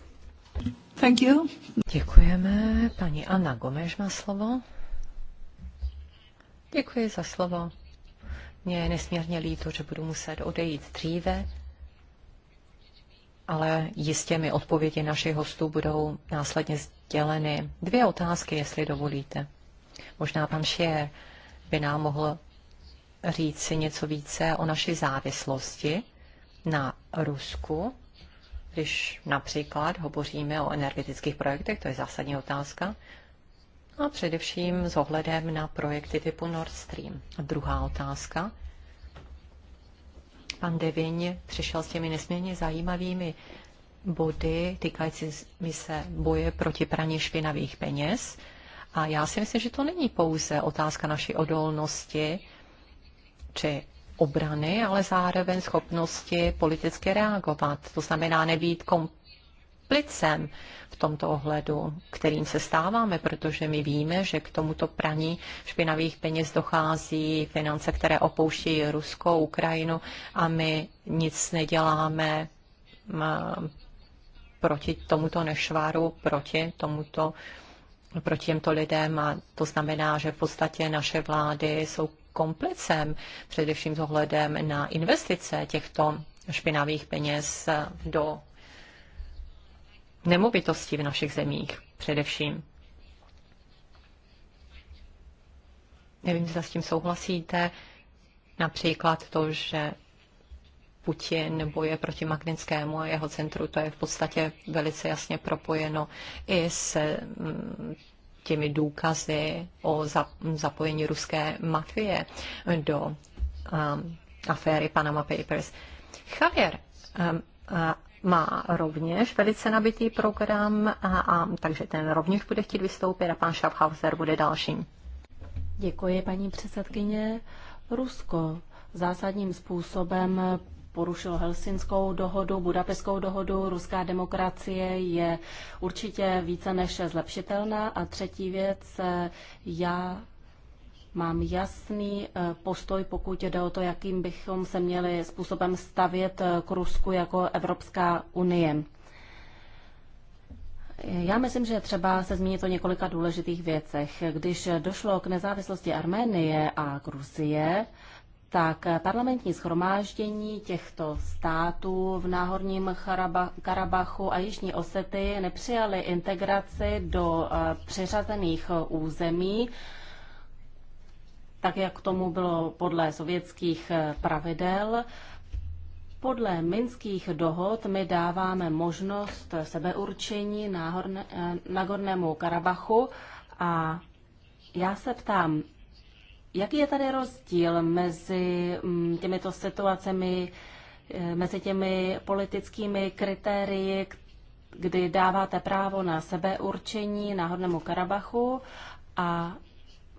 Thank you. Děkujeme. Paní Anna Gomeš má slovo. Děkuji za slovo. Mně je nesmírně líto, že budu muset odejít dříve, ale jistě mi odpovědi našich hostů budou následně sděleny. Dvě otázky, jestli dovolíte. Možná pan Šie by nám mohl říct si něco více o naší závislosti na Rusku, když například hovoříme o energetických projektech, to je zásadní otázka, a především s ohledem na projekty typu Nord Stream. A druhá otázka. Pan Devin přišel s těmi nesmírně zajímavými body týkajícími se boje proti praní špinavých peněz. A já si myslím, že to není pouze otázka naší odolnosti či obrany, ale zároveň schopnosti politicky reagovat. To znamená nebýt kom- komplicem v tomto ohledu, kterým se stáváme, protože my víme, že k tomuto praní špinavých peněz dochází finance, které opouští Rusko, Ukrajinu a my nic neděláme mm, proti tomuto nešváru, proti tomuto proti těmto lidem a to znamená, že v podstatě naše vlády jsou komplicem, především s ohledem na investice těchto špinavých peněz do nemovitostí v našich zemích především. Nevím, zda s tím souhlasíte. Například to, že Putin boje proti Magnickému a jeho centru, to je v podstatě velice jasně propojeno i s mm, těmi důkazy o zapojení ruské mafie do um, aféry Panama Papers. Javier um, má rovněž velice nabitý program, a, a, takže ten rovněž bude chtít vystoupit a pan Schaffhauser bude dalším. Děkuji, paní předsedkyně. Rusko zásadním způsobem porušilo Helsinskou dohodu, Budapeskou dohodu. Ruská demokracie je určitě více než zlepšitelná. A třetí věc, já Mám jasný eh, postoj, pokud jde o to, jakým bychom se měli způsobem stavět eh, k Rusku jako Evropská unie. Já myslím, že třeba se zmínit o několika důležitých věcech. Když došlo k nezávislosti Arménie a Gruzie, tak parlamentní schromáždění těchto států v Náhorním Karabachu a Jižní Osety nepřijali integraci do eh, přiřazených území, tak jak tomu bylo podle sovětských pravidel. Podle minských dohod my dáváme možnost sebeurčení na Gornému Karabachu a já se ptám, jaký je tady rozdíl mezi mm, těmito situacemi, eh, mezi těmi politickými kritérii, kdy dáváte právo na sebeurčení Hornému Karabachu a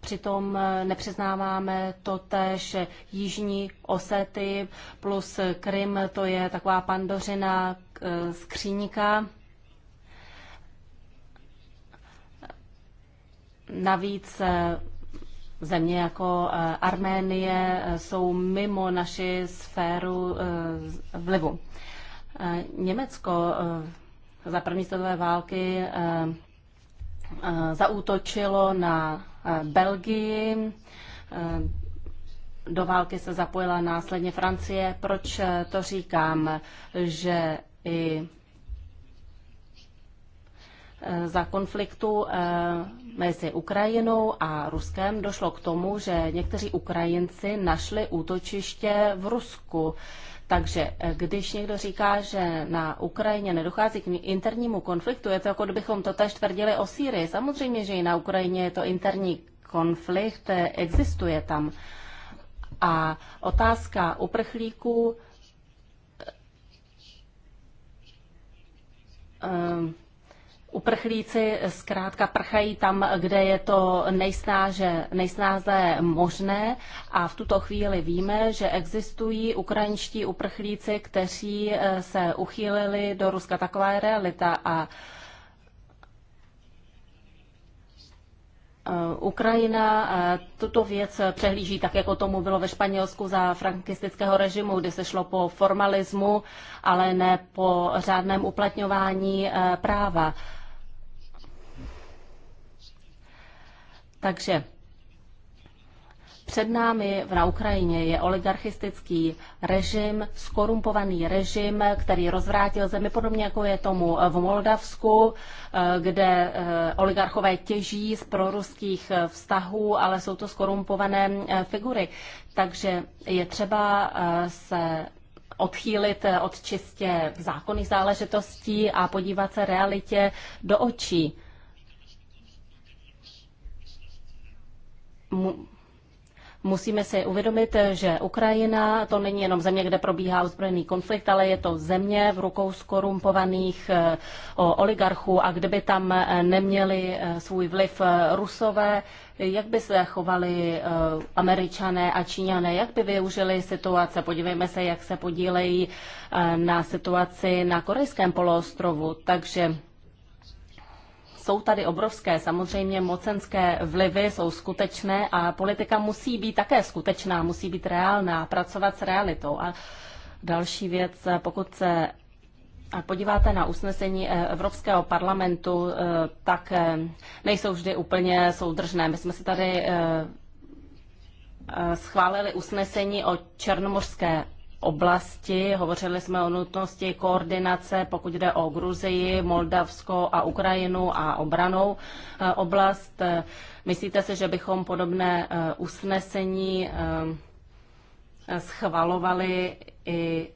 přitom eh, nepřiznáváme to tež Jižní Osety plus Krym, to je taková pandořina eh, skříníka. Navíc eh, země jako Arménie jsou mimo naši sféru vlivu. Německo za první světové války zaútočilo na Eh, Belgii. Eh, do války se zapojila následně Francie. Proč eh, to říkám, že i za konfliktu mezi Ukrajinou a Ruskem došlo k tomu, že někteří Ukrajinci našli útočiště v Rusku. Takže eh, když někdo říká, že na Ukrajině nedochází k internímu konfliktu, je to jako kdybychom to tež tvrdili o Sýrii. Samozřejmě, že i na Ukrajině je to interní konflikt, eh, existuje tam. A otázka uprchlíků um, Uprchlíci zkrátka prchají tam, kde je to nejsnáže, nejsnáze možné a v tuto chvíli víme, že existují ukrajinští uprchlíci, kteří eh, se uchýlili do Ruska. Taková je realita a eh, Ukrajina eh, tuto věc přehlíží tak, jako tomu bylo ve Španělsku za frankistického režimu, kdy se šlo po formalismu, ale ne po řádném uplatňování práva. Takže před námi na Ukrajině je oligarchistický režim, skorumpovaný režim, který rozvrátil zemi, podobně jako je tomu v Moldavsku, eh, kde eh, oligarchové těží z proruských eh, vztahů, ale jsou to skorumpované figury. Takže je třeba se odchýlit od čistě zákonných záležitostí a podívat se realitě do očí. mu, musíme si uvědomit, že Ukrajina to není jenom země, kde probíhá ozbrojený konflikt, ale je to země v rukou skorumpovaných eh, oligarchů a kdyby tam eh, neměli eh, svůj vliv rusové, jak by se chovali američané a číňané, jak by využili situace. Podívejme se, jak se podílejí na situaci na korejském poloostrovu. Takže jsou tady obrovské, samozřejmě mocenské vlivy jsou skutečné a politika musí být také skutečná, musí být reálná, pracovat s realitou. A další věc, pokud se a podíváte na usnesení eh, Evropského parlamentu, eh, tak eh, nejsou vždy úplně soudržné. My jsme si tady schválili usnesení o černomořské oblasti. Hovořili jsme o nutnosti koordinace, pokud jde o Gruzii, Moldavsko a Ukrajinu a obranou eh, oblast. Eh, myslíte si, že bychom podobné eh, usnesení schvalovali i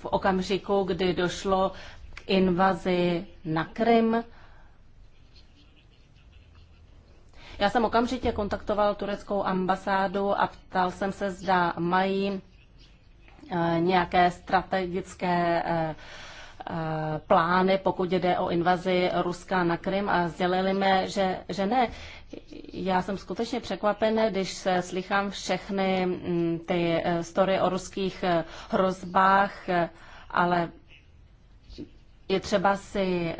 v okamžiku, kdy došlo k invazi na Krym? Já jsem okamžitě kontaktoval tureckou ambasádu a ptal jsem se, zda mají Eh, nějaké strategické eh, eh, plány, pokud jde o invazi Ruska na Krym a sdělili mi, že, že ne. Já jsem skutečně překvapená, když se slychám všechny mm, ty story o ruských hrozbách, ale je třeba si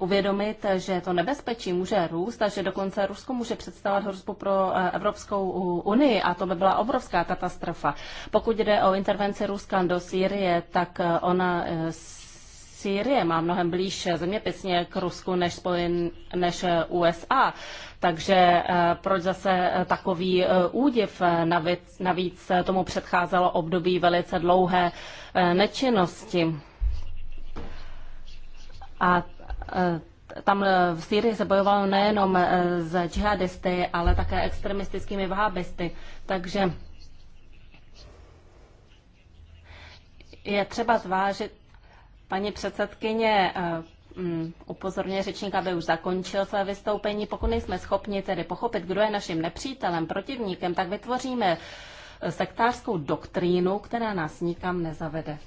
uvědomit, že to nebezpečí může růst a že dokonce Rusko může představovat hrozbu pro eh, Evropskou unii a to by byla obrovská katastrofa. Pokud jde o intervenci Ruska do Sýrie, tak eh, ona eh, Sýrie má mnohem blíž zeměpisně k Rusku než, spojen, než USA. Takže proč zase takový údiv? Navíc, navíc tomu předcházelo období velice dlouhé nečinnosti. A Eh, tam eh, v Syrii se bojovalo nejenom eh, s džihadisty, ale také extremistickými vahabisty. Takže je třeba zvážit, paní předsedkyně mm, upozorně řečník, aby už zakončil své vystoupení. Pokud nejsme schopni tedy pochopit, kdo je naším nepřítelem, protivníkem, tak vytvoříme sektářskou doktrínu, která nás nikam nezavede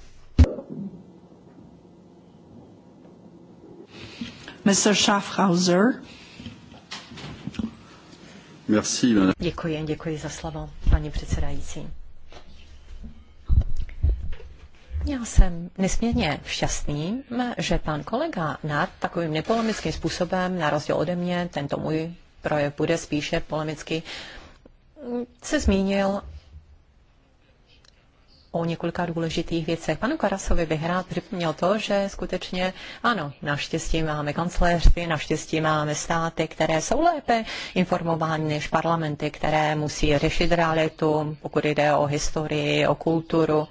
děkuji, děkuji za slovo, paní předsedající. Já jsem nesmírně šťastný, že pan kolega nad takovým nepolemickým způsobem, na rozdíl ode mě, tento můj projev bude spíše polemický, se zmínil o několika důležitých věcech. Panu Karasovi bych rád připomněl to, že skutečně ano, naštěstí máme kancléřství, naštěstí máme státy, které jsou lépe informovány než parlamenty, které musí řešit realitu, pokud jde o historii, o kulturu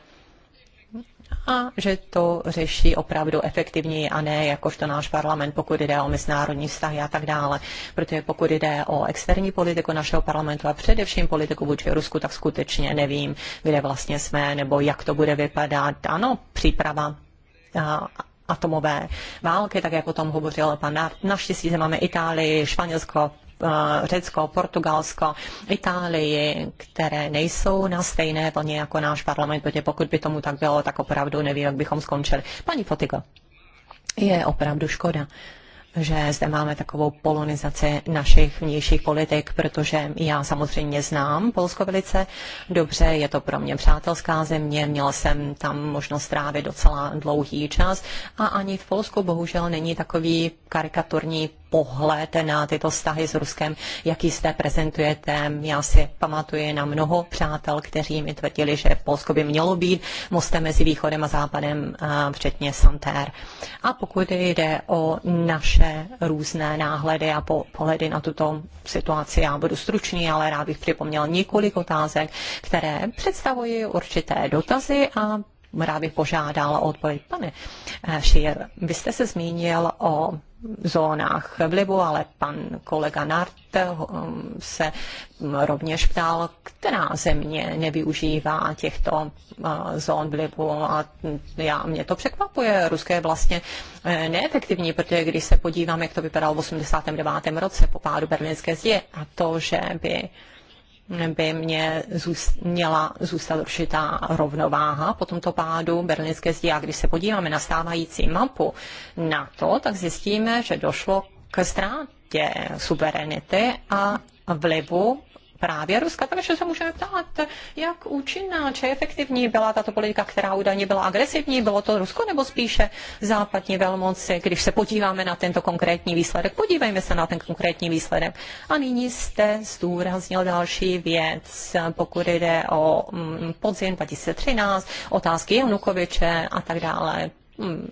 a že to řeší opravdu efektivněji a ne jakožto náš parlament, pokud jde o mezinárodní vztahy a tak dále. Protože pokud jde o externí politiku našeho parlamentu a především politiku vůči Rusku, tak skutečně nevím, kde vlastně jsme nebo jak to bude vypadat. Ano, příprava a, atomové války, tak jak o tom hovořil pan Naštěstí zde máme Itálii, Španělsko, Eh, Řecko, Portugalsko, Itálii, které nejsou na stejné vlně jako náš parlament, protože pokud by tomu tak bylo, tak opravdu nevím, jak bychom skončili. Paní Fotiga, je opravdu škoda že zde máme takovou polonizaci našich vnějších politik, protože já samozřejmě znám Polsko velice dobře, je to pro mě přátelská země, měl jsem tam možnost trávit docela dlouhý čas a ani v Polsku bohužel není takový karikaturní pohled na tyto vztahy s Ruskem, jaký jste prezentujete. Já si pamatuju na mnoho přátel, kteří mi tvrdili, že Polsko by mělo být mostem mezi východem a západem, včetně Santér. A pokud jde o naše různé náhledy a pohledy na tuto situaci, já budu stručný, ale rád bych připomněl několik otázek, které představují určité dotazy a rád bych požádala o odpověď. Pane eh, Šir, vy jste se zmínil o zónách vlivu, ale pan kolega Nart um, se rovněž ptal, která země nevyužívá těchto uh, zón vlivu a já, mě to překvapuje. Rusko je vlastně eh, neefektivní, protože když se podívám, jak to vypadalo v 89. roce po pádu berlínské zdi a to, že by by mě zůst, měla zůstat určitá rovnováha po tomto pádu berlínské zdi. A když se podíváme na stávající mapu na to, tak zjistíme, že došlo k ztrátě suverenity a vlivu právě Ruska. Takže se můžeme ptát, jak účinná či efektivní byla tato politika, která údajně byla agresivní, bylo to Rusko nebo spíše západní velmoci, když se podíváme na tento konkrétní výsledek. Podívejme se na ten konkrétní výsledek. A nyní jste zdůraznil další věc, pokud jde o mm, podzim 2013, otázky Janukoviče a tak dále. Mm,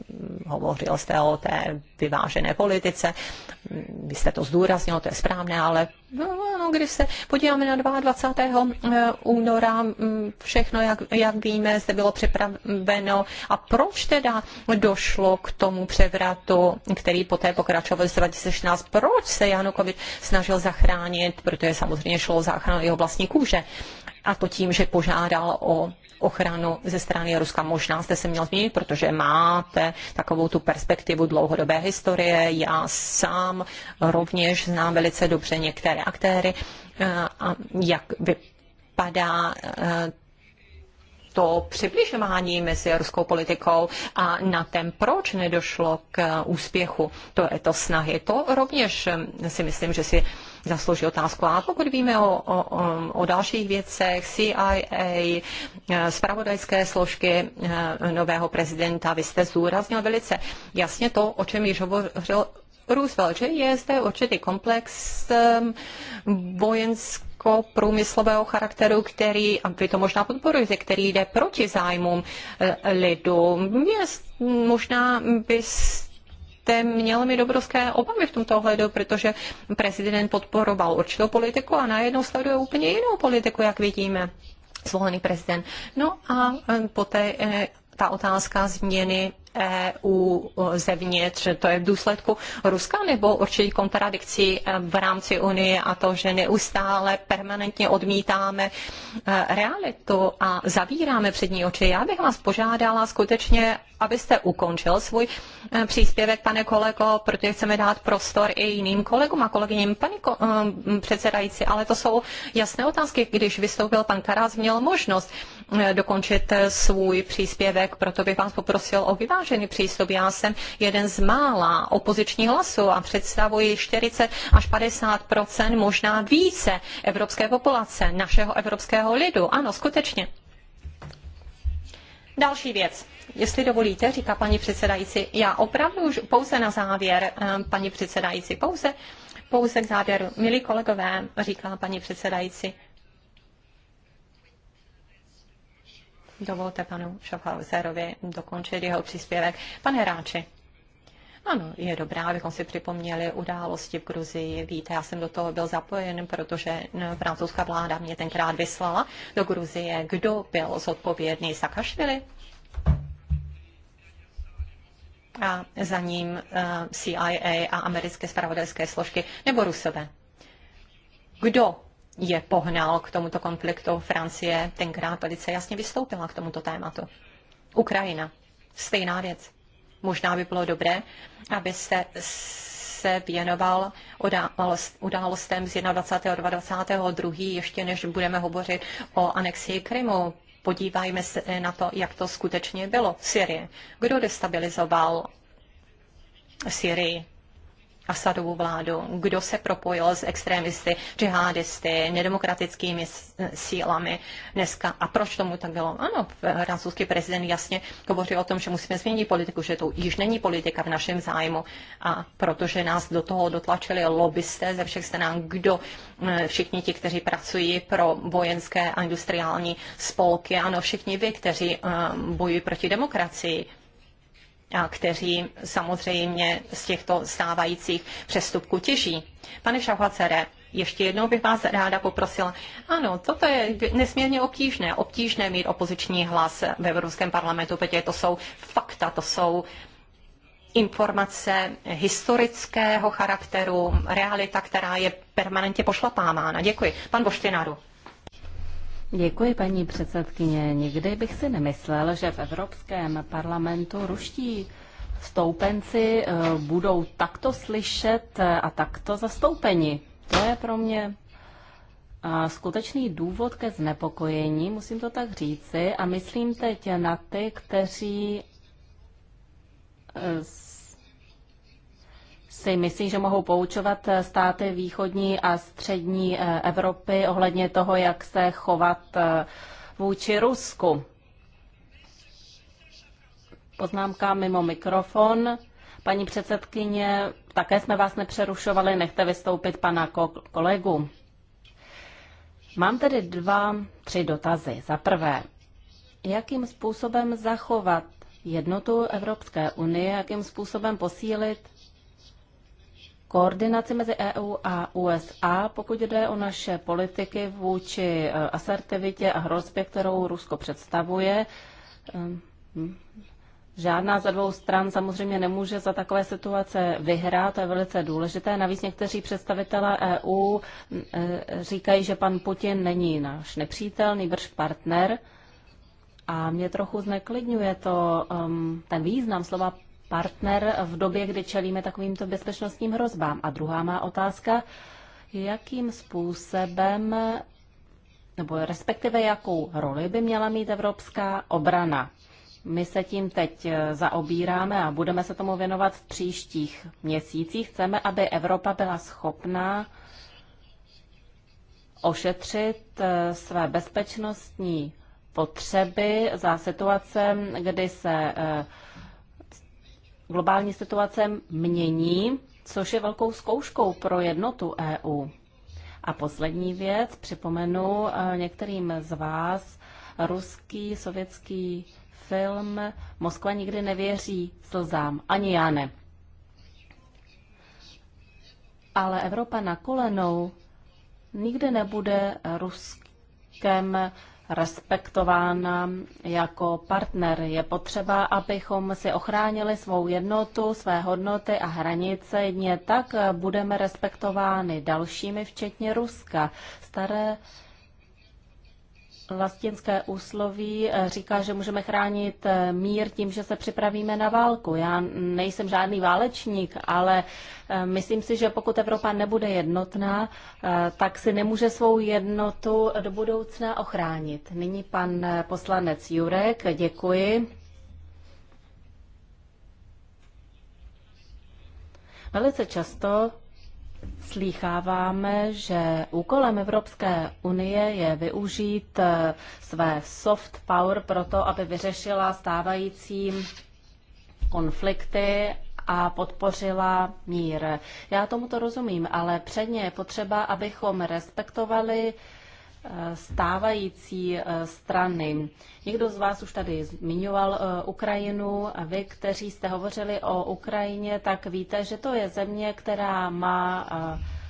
hovořil jste o té vyvážené politice, mm, vy jste to zdůraznil, to je správné, ale no, když se podíváme na 22. Eh, února, mm, všechno, jak, jak víme, se bylo připraveno a proč teda došlo k tomu převratu, který poté pokračoval v 2016, proč se Janukovič snažil zachránit, protože samozřejmě šlo o záchranu jeho vlastní kůže a to tím, že požádal o ochranu ze strany Ruska. Možná jste se měl zmínit, protože máte takovou tu perspektivu dlouhodobé historie. Já sám rovněž znám velice dobře některé aktéry eh, a jak vypadá eh, to přibližování mezi ruskou politikou a na ten, proč nedošlo k úspěchu to, je to snahy. To rovněž eh, si myslím, že si zaslouží otázku. A pokud víme o, o, o dalších věcech, CIA, spravodajské složky eh, nového prezidenta, vy jste zúraznil velice jasně to, o čem již hovořil Roosevelt, že je zde určitý komplex ehm, vojenský průmyslového charakteru, který, a vy to možná podporujete, který jde proti zájmům eh, lidu. Je, možná bys jste měl mi dobrovské obavy v tomto ohledu, protože prezident podporoval určitou politiku a najednou sleduje úplně jinou politiku, jak vidíme zvolený prezident. No a eh, poté eh, ta otázka změny EU eh, zevnitř, to je v důsledku Ruska nebo určitě kontradikcí v rámci Unie a to, že neustále permanentně odmítáme realitu a zavíráme před ní oči. Já bych vás požádala skutečně abyste ukončil svůj eh, příspěvek, pane kolego, protože chceme dát prostor i jiným kolegům a kolegyním. Paní ko- eh, předsedající, ale to jsou jasné otázky. Když vystoupil pan Karas, měl možnost eh, dokončit svůj příspěvek, proto bych vás poprosil o vyvážený přístup. Já jsem jeden z mála opozičních hlasů a představuji 40 až 50 možná více evropské populace, našeho evropského lidu. Ano, skutečně. Další věc. Jestli dovolíte, říká paní předsedající, já opravdu už pouze na závěr, eh, paní předsedající, pouze, pouze k závěru. Milí kolegové, říká paní předsedající, dovolte panu Schaffhauserovi dokončit jeho příspěvek. Pane Ráči, ano, je dobré, abychom si připomněli události v Gruzii. Víte, já jsem do toho byl zapojen, protože francouzská vláda mě tenkrát vyslala do Gruzie. Kdo byl zodpovědný za Kašvili? A za ním e, CIA a americké spravodajské složky nebo Rusové. Kdo je pohnal k tomuto konfliktu? Francie tenkrát velice jasně vystoupila k tomuto tématu. Ukrajina. Stejná věc možná by bylo dobré, abyste se věnoval událostem z 21. a 22. ještě než budeme hovořit o anexii Krymu. Podívejme se na to, jak to skutečně bylo v Syrii. Kdo destabilizoval Syrii? Asadovou vládu, kdo se propojil s extremisty, džihadisty, nedemokratickými sílami dneska a proč tomu tak bylo. Ano, francouzský prezident jasně hovořil o tom, že musíme změnit politiku, že to již není politika v našem zájmu a protože nás do toho dotlačili lobbysté ze všech stran, kdo eh, všichni ti, kteří pracují pro vojenské a industriální spolky, ano, všichni vy, kteří eh, bojují proti demokracii, a kteří samozřejmě z těchto stávajících přestupků těží. Pane Šahvacere, ještě jednou bych vás ráda poprosila. Ano, toto je nesmírně obtížné. Obtížné mít opoziční hlas v Evropském parlamentu, protože to jsou fakta, to jsou informace historického charakteru, realita, která je permanentně pošlapávána. Děkuji. Pan Boštinaru. Děkuji, paní předsedkyně. Nikdy bych si nemyslel, že v Evropském parlamentu ruští stoupenci eh, budou takto slyšet eh, a takto zastoupeni. To je pro mě skutečný důvod ke znepokojení, musím to tak říci, a myslím teď na ty, kteří eh, si myslí, že mohou poučovat eh, státy východní a střední eh, Evropy ohledně toho, jak se chovat eh, vůči Rusku. Poznámka mimo mikrofon. Paní předsedkyně, také jsme vás nepřerušovali, nechte vystoupit pana kolegu. Mám tedy dva, tři dotazy. Za prvé, jakým způsobem zachovat jednotu Evropské unie, jakým způsobem posílit koordinaci mezi EU a USA, pokud jde o naše politiky vůči eh, asertivitě a hrozbě, kterou Rusko představuje. Ehm, hm, žádná ze dvou stran samozřejmě nemůže za takové situace vyhrát, to je velice důležité. Navíc někteří představitelé EU hm, eh, říkají, že pan Putin není náš nepřítel, nýbrž partner. A mě trochu zneklidňuje to, ehm, ten význam slova partner v době, kdy čelíme takovýmto bezpečnostním hrozbám. A druhá má otázka, jakým způsobem nebo respektive jakou roli by měla mít evropská obrana. My se tím teď eh, zaobíráme a budeme se tomu věnovat v příštích měsících. Chceme, aby Evropa byla schopná ošetřit eh, své bezpečnostní potřeby za situace, kdy se eh, globální situace mění, což je velkou zkouškou pro jednotu EU. A poslední věc, připomenu eh, některým z vás, ruský, sovětský film Moskva nikdy nevěří slzám, ani já ne. Ale Evropa na kolenou nikdy nebude ruským respektována jako partner. Je potřeba, abychom si ochránili svou jednotu, své hodnoty a hranice. Jedně tak budeme respektovány dalšími, včetně Ruska. Staré Vlastinské úsloví eh, říká, že můžeme chránit eh, mír tím, že se připravíme na válku. Já nejsem žádný válečník, ale eh, myslím si, že pokud Evropa nebude jednotná, tak si nemůže svou jednotu do budoucna ochránit. Nyní pan poslanec Jurek, děkuji. Velice často slýcháváme, že úkolem Evropské unie je využít eh, své soft power pro to, aby vyřešila stávající konflikty a podpořila mír. Já tomuto rozumím, ale předně je potřeba, abychom respektovali stávající eh, strany. Někdo z vás už tady zmiňoval eh, Ukrajinu a vy, kteří jste hovořili o Ukrajině, tak víte, že to je země, která má eh,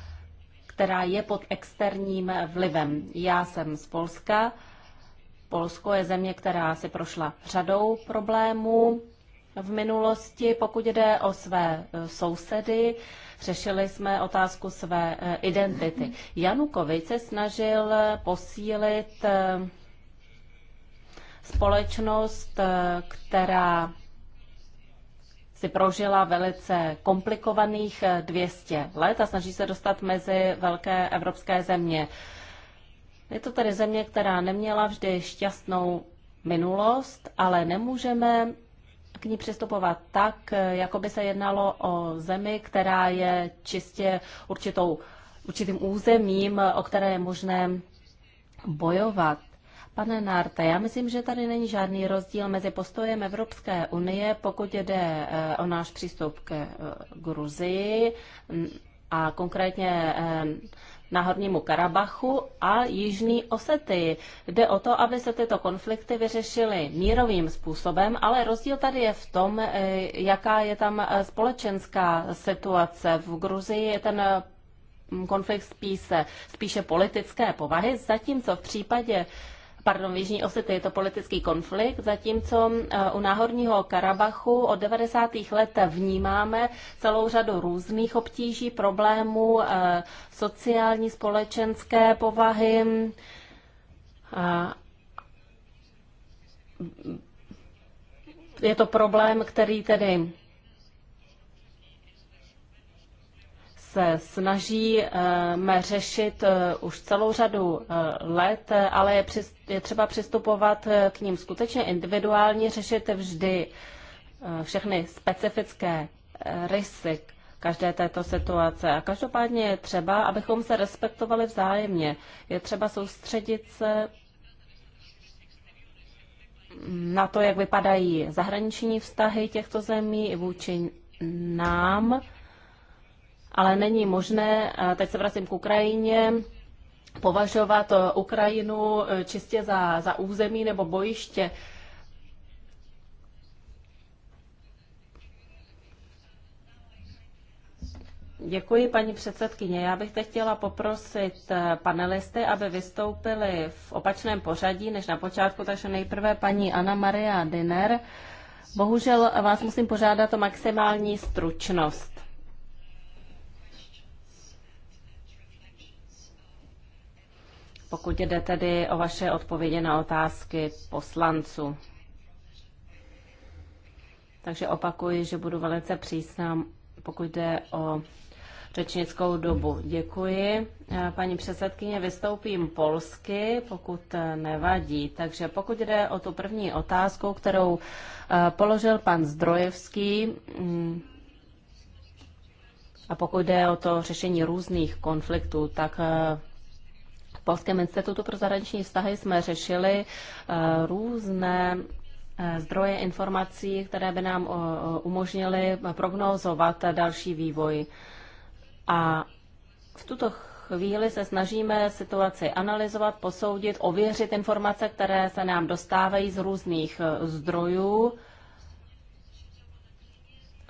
která je pod externím vlivem. Já jsem z Polska. Polsko je země, která si prošla řadou problémů v minulosti, pokud jde o své sousedy. Řešili jsme otázku své eh, identity. Janukovič se snažil eh, posílit eh, společnost, která si prožila velice komplikovaných 200 let a snaží se dostat mezi velké evropské země. Je to tedy země, která neměla vždy šťastnou minulost, ale nemůžeme k ní přistupovat tak, jako by se jednalo o zemi, která je čistě určitou, určitým územím, o které je možné bojovat. Pane Narte, já myslím, že tady není žádný rozdíl mezi postojem Evropské unie, pokud jde eh, o náš přístup k eh, Gruzii a konkrétně eh, hornímu Karabachu a Jižní Osety. Jde o to, aby se tyto konflikty vyřešily mírovým způsobem, ale rozdíl tady je v tom, eh, jaká je tam eh, společenská situace. V Gruzii je ten mm, konflikt spíše, spíše politické povahy, zatímco v případě pardon, v Jižní Osety je to politický konflikt, zatímco eh, u náhorního Karabachu od 90. let vnímáme celou řadu různých obtíží, problémů, eh, sociální, společenské povahy. je to problém, který tedy se snažíme eh, řešit eh, už celou řadu eh, let, ale je, je třeba přistupovat k ním skutečně individuálně, řešit vždy všechny specifické rysy každé této situace. A každopádně je třeba, abychom se respektovali vzájemně. Je třeba soustředit se na to, jak vypadají zahraniční vztahy těchto zemí i vůči nám ale není možné, teď se vracím k Ukrajině, považovat eh, Ukrajinu eh, čistě za, za území nebo bojiště. Děkuji, paní předsedkyně. Já bych teď chtěla poprosit eh, panelisty, aby vystoupili v opačném pořadí než na počátku, takže nejprve paní Anna Maria Diner. Bohužel vás musím požádat o maximální stručnost. pokud jde tedy o vaše odpovědi na otázky poslanců. Takže opakuji, že budu velice přísná, pokud jde o řečnickou dobu. Děkuji. Eh, paní předsedkyně, vystoupím polsky, pokud eh, nevadí. Takže pokud jde o tu první otázku, kterou eh, položil pan Zdrojevský, mm, a pokud jde o to řešení různých konfliktů, tak v Polském institutu pro zahraniční vztahy jsme řešili eh, různé eh, zdroje informací, které by nám eh, umožnily prognozovat další vývoj. A v tuto chvíli se snažíme situaci analyzovat, posoudit, ověřit informace, které se nám dostávají z různých zdrojů.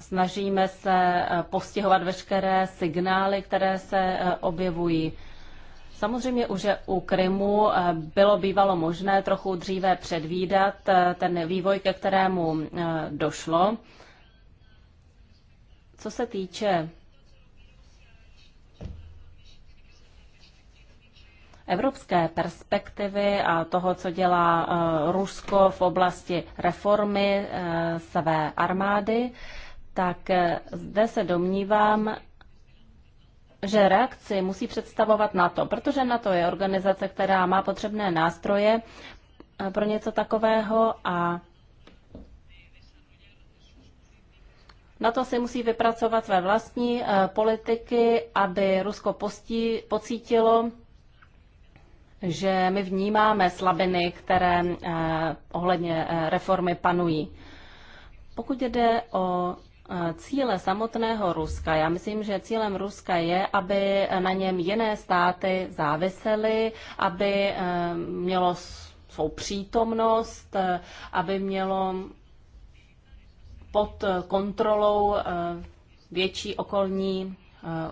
Snažíme se postihovat veškeré signály, které se objevují. Samozřejmě už u Krymu eh, bylo bývalo možné trochu dříve předvídat eh, ten vývoj, ke kterému eh, došlo. Co se týče evropské perspektivy a toho, co dělá Rusko v oblasti reformy své armády, tak zde se domnívám, že reakci musí představovat NATO, protože NATO je organizace, která má potřebné nástroje eh, pro něco takového a Na to si musí vypracovat své vlastní eh, politiky, aby Rusko postí, pocítilo, že my vnímáme slabiny, které eh, ohledně reformy panují. Pokud jde o Eh, cíle samotného Ruska. Já myslím, že cílem Ruska je, aby na něm jiné státy závisely, aby eh, mělo svou přítomnost, eh, aby mělo pod kontrolou větší okolní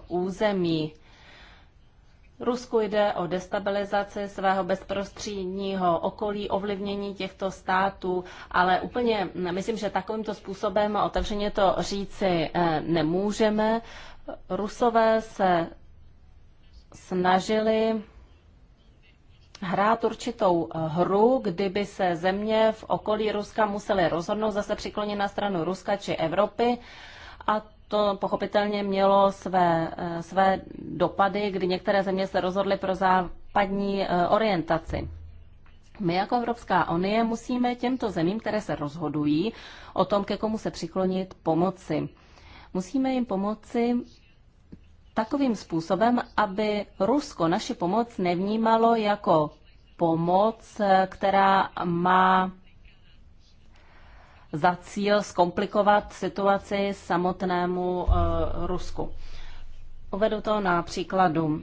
území. Rusku jde o destabilizaci svého bezprostředního okolí, ovlivnění těchto států, ale úplně myslím, že takovýmto způsobem otevřeně to říci eh, nemůžeme. Rusové se snažili hrát určitou eh, hru, kdyby se země v okolí Ruska musely rozhodnout zase přiklonit na stranu Ruska či Evropy. A to pochopitelně mělo své, eh, své dopady, kdy některé země se rozhodly pro západní eh, orientaci. My jako Evropská unie musíme těmto zemím, které se rozhodují o tom, ke komu se přiklonit, pomoci. Musíme jim pomoci takovým způsobem, aby Rusko naši pomoc nevnímalo jako pomoc, eh, která má za cíl zkomplikovat situaci samotnému eh, Rusku. Uvedu to na příkladu.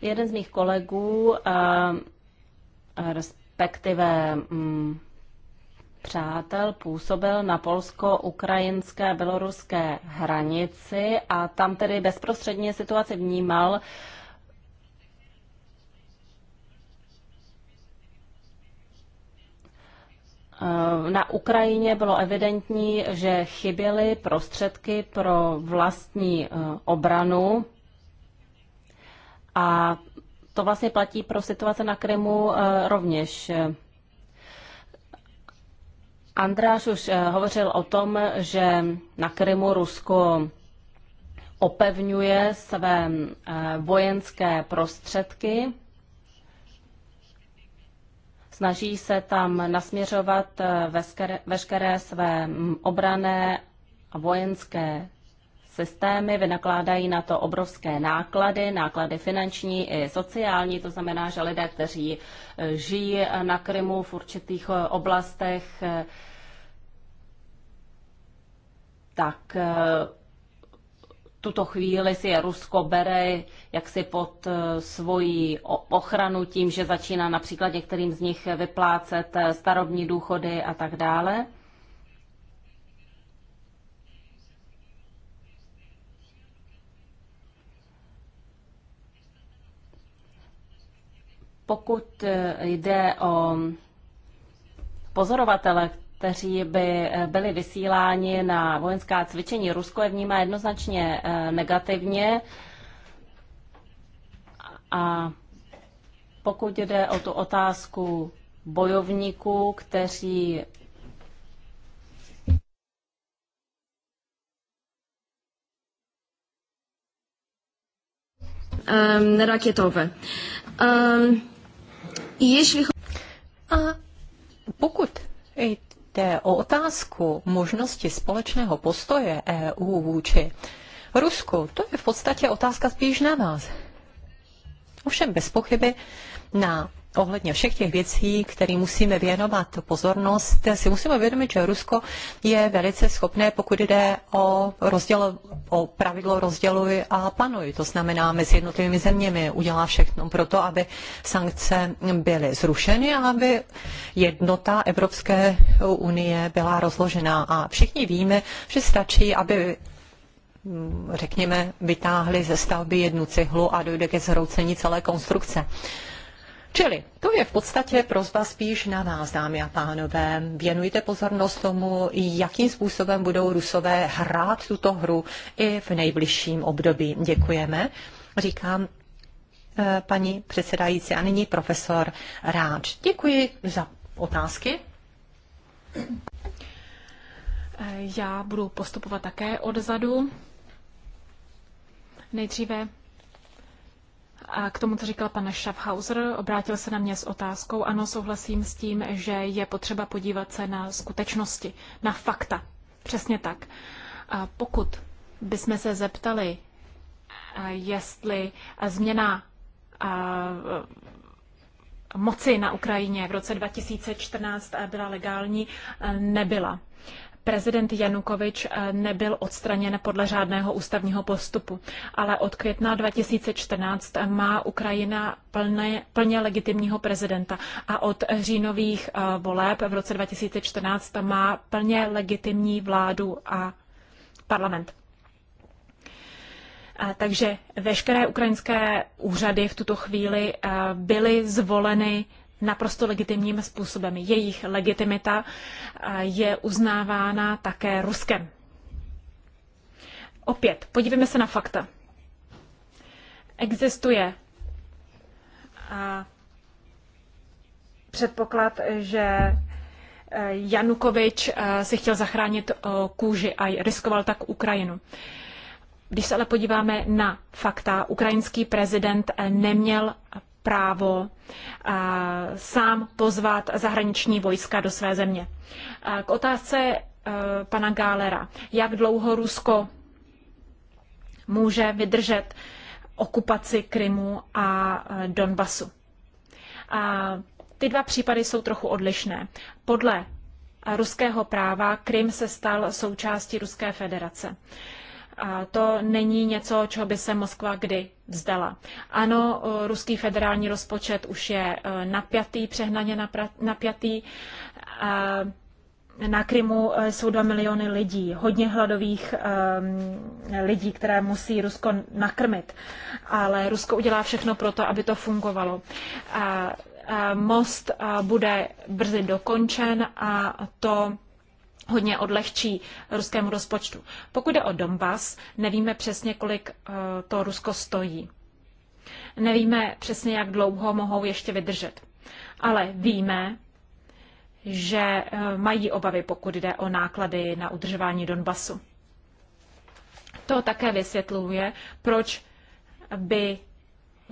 Jeden z mých kolegů, eh, respektive mm, přátel, působil na polsko-ukrajinské beloruské hranici a tam tedy bezprostředně situaci vnímal na Ukrajině bylo evidentní, že chyběly prostředky pro vlastní e, obranu a to vlastně platí pro situace na Krymu e, rovněž. Andráš už e, hovořil o tom, že na Krymu Rusko opevňuje své vojenské prostředky Snaží se tam nasměřovat eh, veškeré, své mm, obrané a vojenské systémy, vynakládají na to obrovské náklady, náklady finanční i sociální, to znamená, že lidé, kteří eh, žijí na Krymu v určitých eh, oblastech, tak tuto chvíli si je Rusko bere jaksi pod eh, svoji ochranu tím, že začíná například některým z nich vyplácet eh, starobní důchody a tak dále. Pokud eh, jde o pozorovatele, kteří by eh, byli vysíláni na vojenská cvičení. Rusko je vnímá jednoznačně eh, negativně. A pokud jde o tu otázku bojovníků, kteří um, raketové. Um, ehm, jeśli... A pokud jde o otázku možnosti společného postoje EU vůči Rusku, to je v podstatě otázka spíš na vás. Ovšem bez pochyby na ohledně všech těch věcí, které musíme věnovat pozornost, si musíme uvědomit, že Rusko je velice schopné, pokud jde o, rozděl, o pravidlo rozděluj a panuj. To znamená, mezi jednotlivými zeměmi udělá všechno pro to, aby sankce byly zrušeny a aby jednota Evropské unie byla rozložená. A všichni víme, že stačí, aby řekněme, vytáhli ze stavby jednu cihlu a dojde ke zhroucení celé konstrukce. Čili to je v podstatě prozba spíš na vás, dámy a pánové. Věnujte pozornost tomu, jakým způsobem budou rusové hrát tuto hru i v nejbližším období. Děkujeme. Říkám eh, paní předsedající a nyní profesor Ráč. Děkuji za otázky. Já budu postupovat také odzadu. Nejdříve a k tomu, co říkal pan Schaffhauser, obrátil se na mě s otázkou. Ano, souhlasím s tím, že je potřeba podívat se na skutečnosti, na fakta. Přesně tak. A pokud bychom se zeptali, jestli změna moci na Ukrajině v roce 2014 byla legální, nebyla prezident Janukovič eh, nebyl odstraněn podle žádného ústavního postupu, ale od května 2014 má Ukrajina plné, plně legitimního prezidenta a od říjnových eh, voleb v roce 2014 má plně legitimní vládu a parlament. Eh, takže veškeré ukrajinské úřady v tuto chvíli byly zvoleny naprosto legitimním způsobem. Jejich legitimita eh, je uznávána také Ruskem. Opět, podívejme se na fakta. Existuje eh, předpoklad, že eh, Janukovič si chtěl zachránit kůži a riskoval tak Ukrajinu. Když se ale podíváme na fakta, ukrajinský prezident neměl právo sám pozvat zahraniční vojska do své země. K otázce e, pana Gálera, jak dlouho Rusko může vydržet okupaci Krymu a e, Donbasu. A ty dva případy jsou trochu odlišné. Podle ruského práva Krym se stal součástí Ruské federace. A to není něco, čeho by se Moskva kdy vzdala. Ano, ruský federální rozpočet už je e, napjatý, přehnaně napjatý. E, na Krymu e, jsou dva miliony lidí, hodně hladových lidí, které musí Rusko nakrmit. Ale Rusko udělá všechno pro to, aby to fungovalo. Most bude brzy dokončen a to hodně odlehčí ruskému rozpočtu. Pokud jde o Donbass, nevíme přesně, kolik eh, to Rusko stojí. Nevíme přesně, jak dlouho mohou ještě vydržet. Ale víme, že eh, mají obavy, pokud jde o náklady na udržování Donbasu. To také vysvětluje, proč by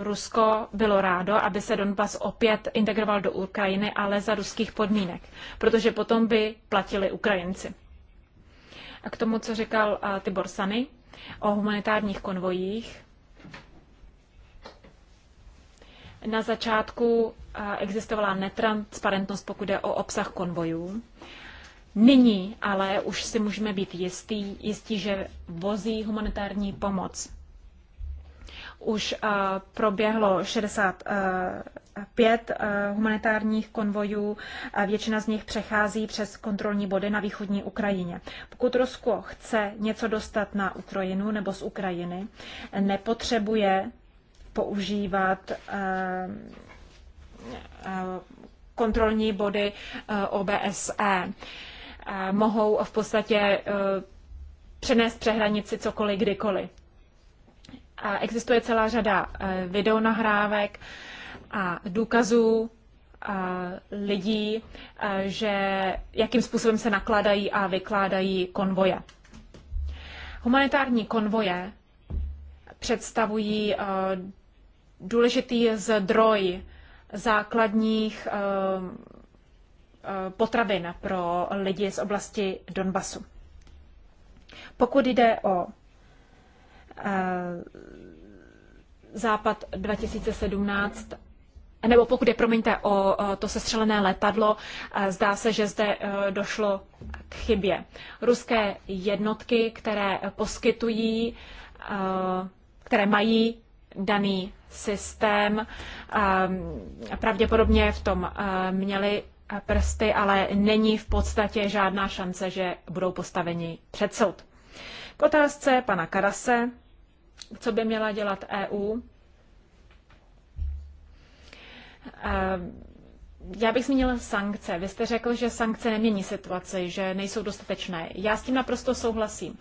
Rusko bylo rádo, aby se Donbas opět integroval do Ukrajiny, ale za ruských podmínek, protože potom by platili Ukrajinci. A k tomu, co říkal eh, Tibor Sany o humanitárních konvojích, na začátku eh, existovala netransparentnost, pokud jde o obsah konvojů. Nyní ale už si můžeme být jistí, jistí, že vozí humanitární pomoc už eh, proběhlo 65 eh, eh, humanitárních konvojů, většina z nich přechází přes kontrolní body na východní Ukrajině. Pokud Rusko chce něco dostat na Ukrajinu nebo z Ukrajiny, nepotřebuje používat kontrolní body OBSE. Mohou v podstatě přenést přehranici cokoliv kdykoliv. Existuje celá řada eh, videonahrávek a důkazů eh, lidí, eh, že jakým způsobem se nakladají a vykládají konvoje. Humanitární konvoje představují důležitý zdroj základních potravin pro lidi z oblasti Donbasu. Pokud jde o Eh, západ 2017 nebo pokud je, promiňte, o to sestřelené letadlo, eh, zdá se, že zde eh, došlo k chybě. Ruské jednotky, které poskytují, které mají daný systém, pravděpodobně v tom měli prsty, ale není v podstatě žádná šance, že budou postaveni před soud. K otázce pana Karase co by měla dělat EU. Eh, já bych zmínila sankce. Vy jste řekl, že sankce nemění situaci, že nejsou dostatečné. Já s tím naprosto souhlasím,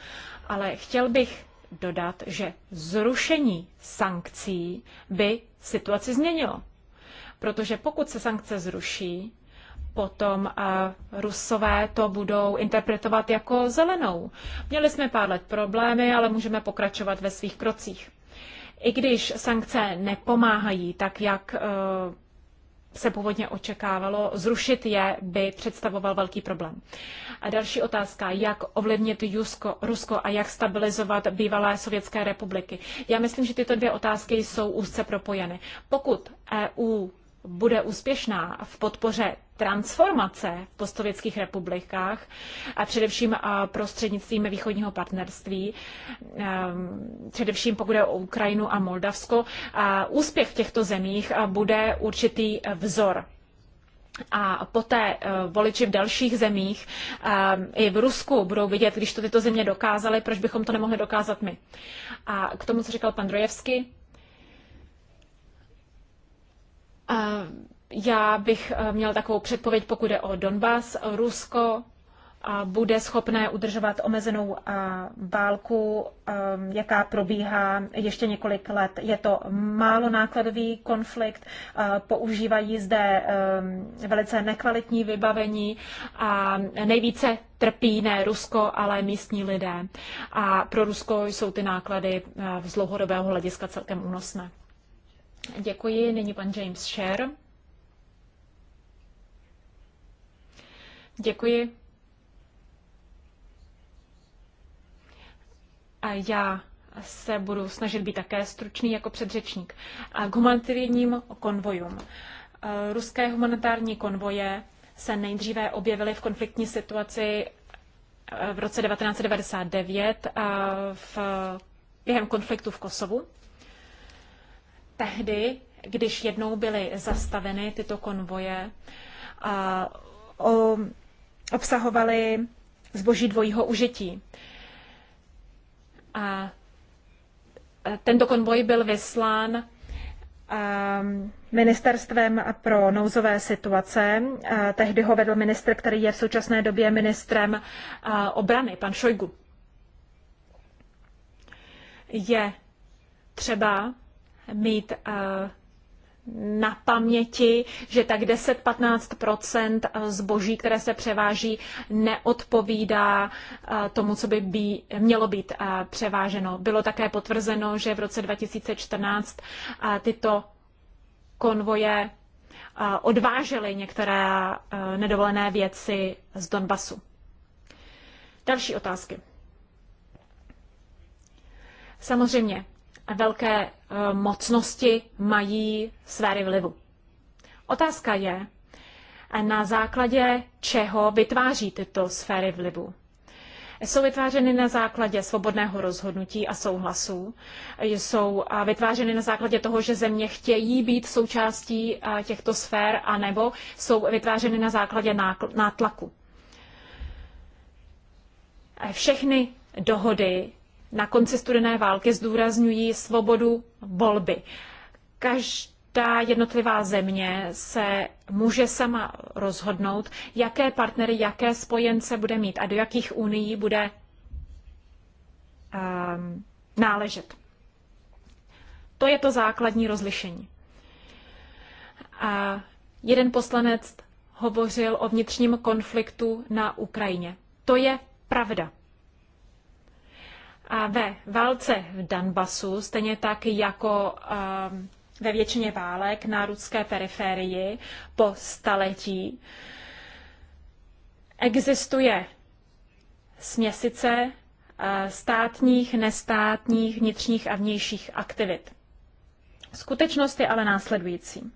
ale chtěl bych dodat, že zrušení sankcí by situaci změnilo. Protože pokud se sankce zruší, potom rusové to budou interpretovat jako zelenou. Měli jsme pár let problémy, ale můžeme pokračovat ve svých krocích. I když sankce nepomáhají, tak jak eh, se původně očekávalo, zrušit je by představoval velký problém. A další otázka, jak ovlivnit Jusko, Rusko a jak stabilizovat bývalé sovětské republiky. Já myslím, že tyto dvě otázky jsou úzce propojeny. Pokud EU bude úspěšná v podpoře transformace v postsovětských republikách a především prostřednictvím východního partnerství, ehm, především pokud je o Ukrajinu a Moldavsko, a úspěch v těchto zemích bude určitý vzor. A poté e, voliči v dalších zemích e, i v Rusku budou vidět, když to tyto země dokázaly, proč bychom to nemohli dokázat my. A k tomu, co říkal pan Drojevsky, Já bych eh, měl takovou předpověď, pokud je o Donbass. Rusko bude schopné udržovat omezenou eh, válku, eh, jaká probíhá ještě několik let. Je to málo nákladový konflikt, používají zde velice nekvalitní vybavení a nejvíce trpí ne Rusko, ale místní lidé. A pro Rusko jsou ty náklady z dlouhodobého hlediska celkem únosné. Děkuji. Nyní pan James Sher. Děkuji. A já se budu snažit být také stručný jako předřečník. A k humanitárním konvojům. Eh, ruské humanitární konvoje se nejdříve objevily v konfliktní situaci eh, v roce 1999 eh, v, během konfliktu v Kosovu tehdy, když jednou byly zastaveny tyto konvoje, a o, obsahovaly zboží dvojího užití. A tento konvoj byl vyslán ministerstvem pro nouzové situace. Tehdy ho vedl ministr, který je v současné době ministrem obrany, pan Šojgu. Je třeba mít eh, na paměti, že tak 10-15 eh, zboží, které se převáží, neodpovídá eh, tomu, co by bý, mělo být převáženo. Bylo také potvrzeno, že v roce 2014 tyto konvoje odvážely některé nedovolené věci z Donbasu. Další otázky. Samozřejmě, velké eh, mocnosti mají sféry vlivu. Otázka je, eh, na základě čeho vytváří tyto sféry vlivu. Jsou vytvářeny na základě svobodného rozhodnutí a souhlasu. Eh, jsou vytvářeny na základě toho, že země chtějí být součástí těchto sfér, anebo jsou vytvářeny na základě nátlaku. Všechny dohody na konci studené války zdůrazňují svobodu volby. Každá jednotlivá země se může sama rozhodnout, jaké partnery, jaké spojence bude mít a do jakých unií bude um, náležet. To je to základní rozlišení. A jeden poslanec hovořil o vnitřním konfliktu na Ukrajině. To je pravda ve válce v Donbasu, stejně tak jako ehm, ve většině válek na ruské periferii po staletí, existuje směsice eh, státních, nestátních, vnitřních a vnějších aktivit. Skutečnost je ale následující.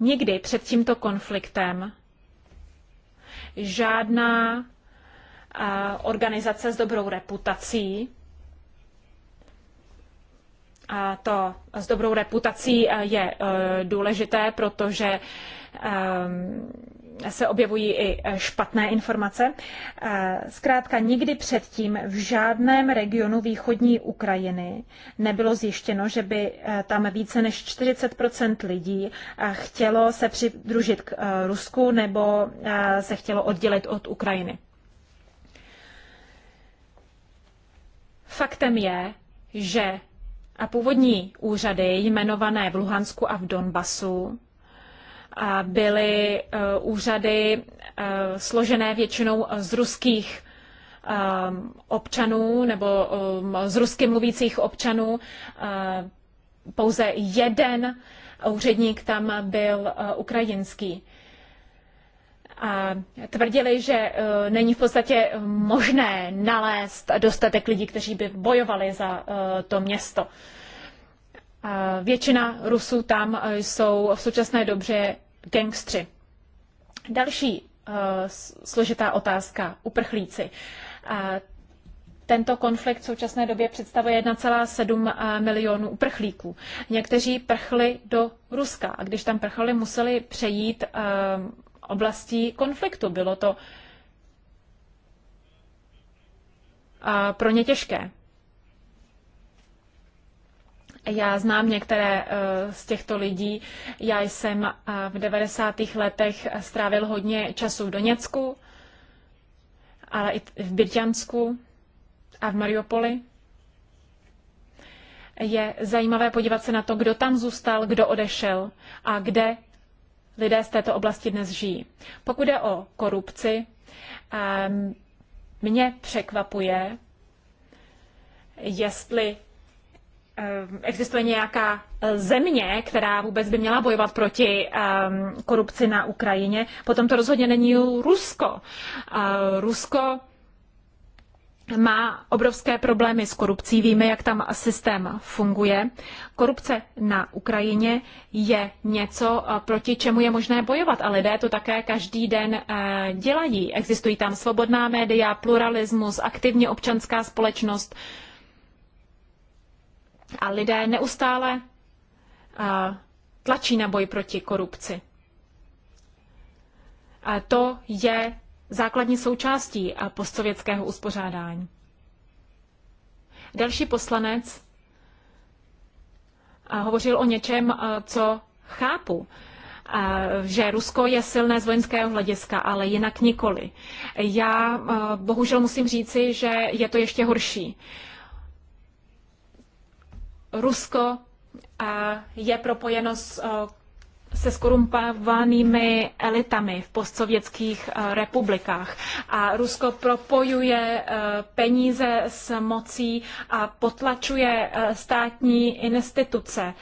Nikdy před tímto konfliktem žádná organizace s dobrou reputací. A to s dobrou reputací eh, je eh, důležité, protože eh, se objevují i špatné informace. Zkrátka nikdy předtím v žádném regionu východní Ukrajiny nebylo zjištěno, že by tam více než 40 lidí chtělo se přidružit k Rusku nebo se chtělo oddělit od Ukrajiny. Faktem je, že a původní úřady jmenované v Luhansku a v Donbasu byly eh, úřady eh, složené většinou z ruských eh, občanů nebo z rusky mluvících občanů. Pouze jeden úředník tam byl ukrajinský tvrdili, že e, není v podstatě možné nalézt dostatek lidí, kteří by bojovali za e, to město. Většina Rusů tam e, jsou v současné době gangstři. Další složitá otázka, uprchlíci. Tento konflikt v současné době představuje 1,7 milionů uprchlíků. Někteří prchli do Ruska a když tam prchali, museli přejít oblastí konfliktu. Bylo to pro ně těžké. Já znám některé e, z těchto lidí. Já jsem e, v 90. letech strávil hodně času v Doněcku, ale i v Byrťansku a v Mariupoli. Je zajímavé podívat se na to, kdo tam zůstal, kdo odešel a kde lidé z této oblasti dnes žijí. Pokud je o korupci, mě překvapuje, jestli existuje nějaká e, země, která vůbec by měla bojovat proti korupci na Ukrajině. Potom to rozhodně není Rusko. E, Rusko má obrovské problémy s korupcí. Víme, jak tam systém funguje. Korupce na Ukrajině je něco, eh, proti čemu je možné bojovat a lidé to také každý den eh, dělají. Existují tam svobodná média, pluralismus, aktivně občanská společnost a lidé neustále eh, tlačí na boj proti korupci. A to je základní součástí postsovětského uspořádání. Další poslanec hovořil o něčem, co chápu, že Rusko je silné z vojenského hlediska, ale jinak nikoli. Já bohužel musím říci, že je to ještě horší. Rusko je propojeno s se skorumpovanými elitami v postsovětských eh, republikách. A Rusko propojuje eh, peníze s mocí a potlačuje eh, státní instituce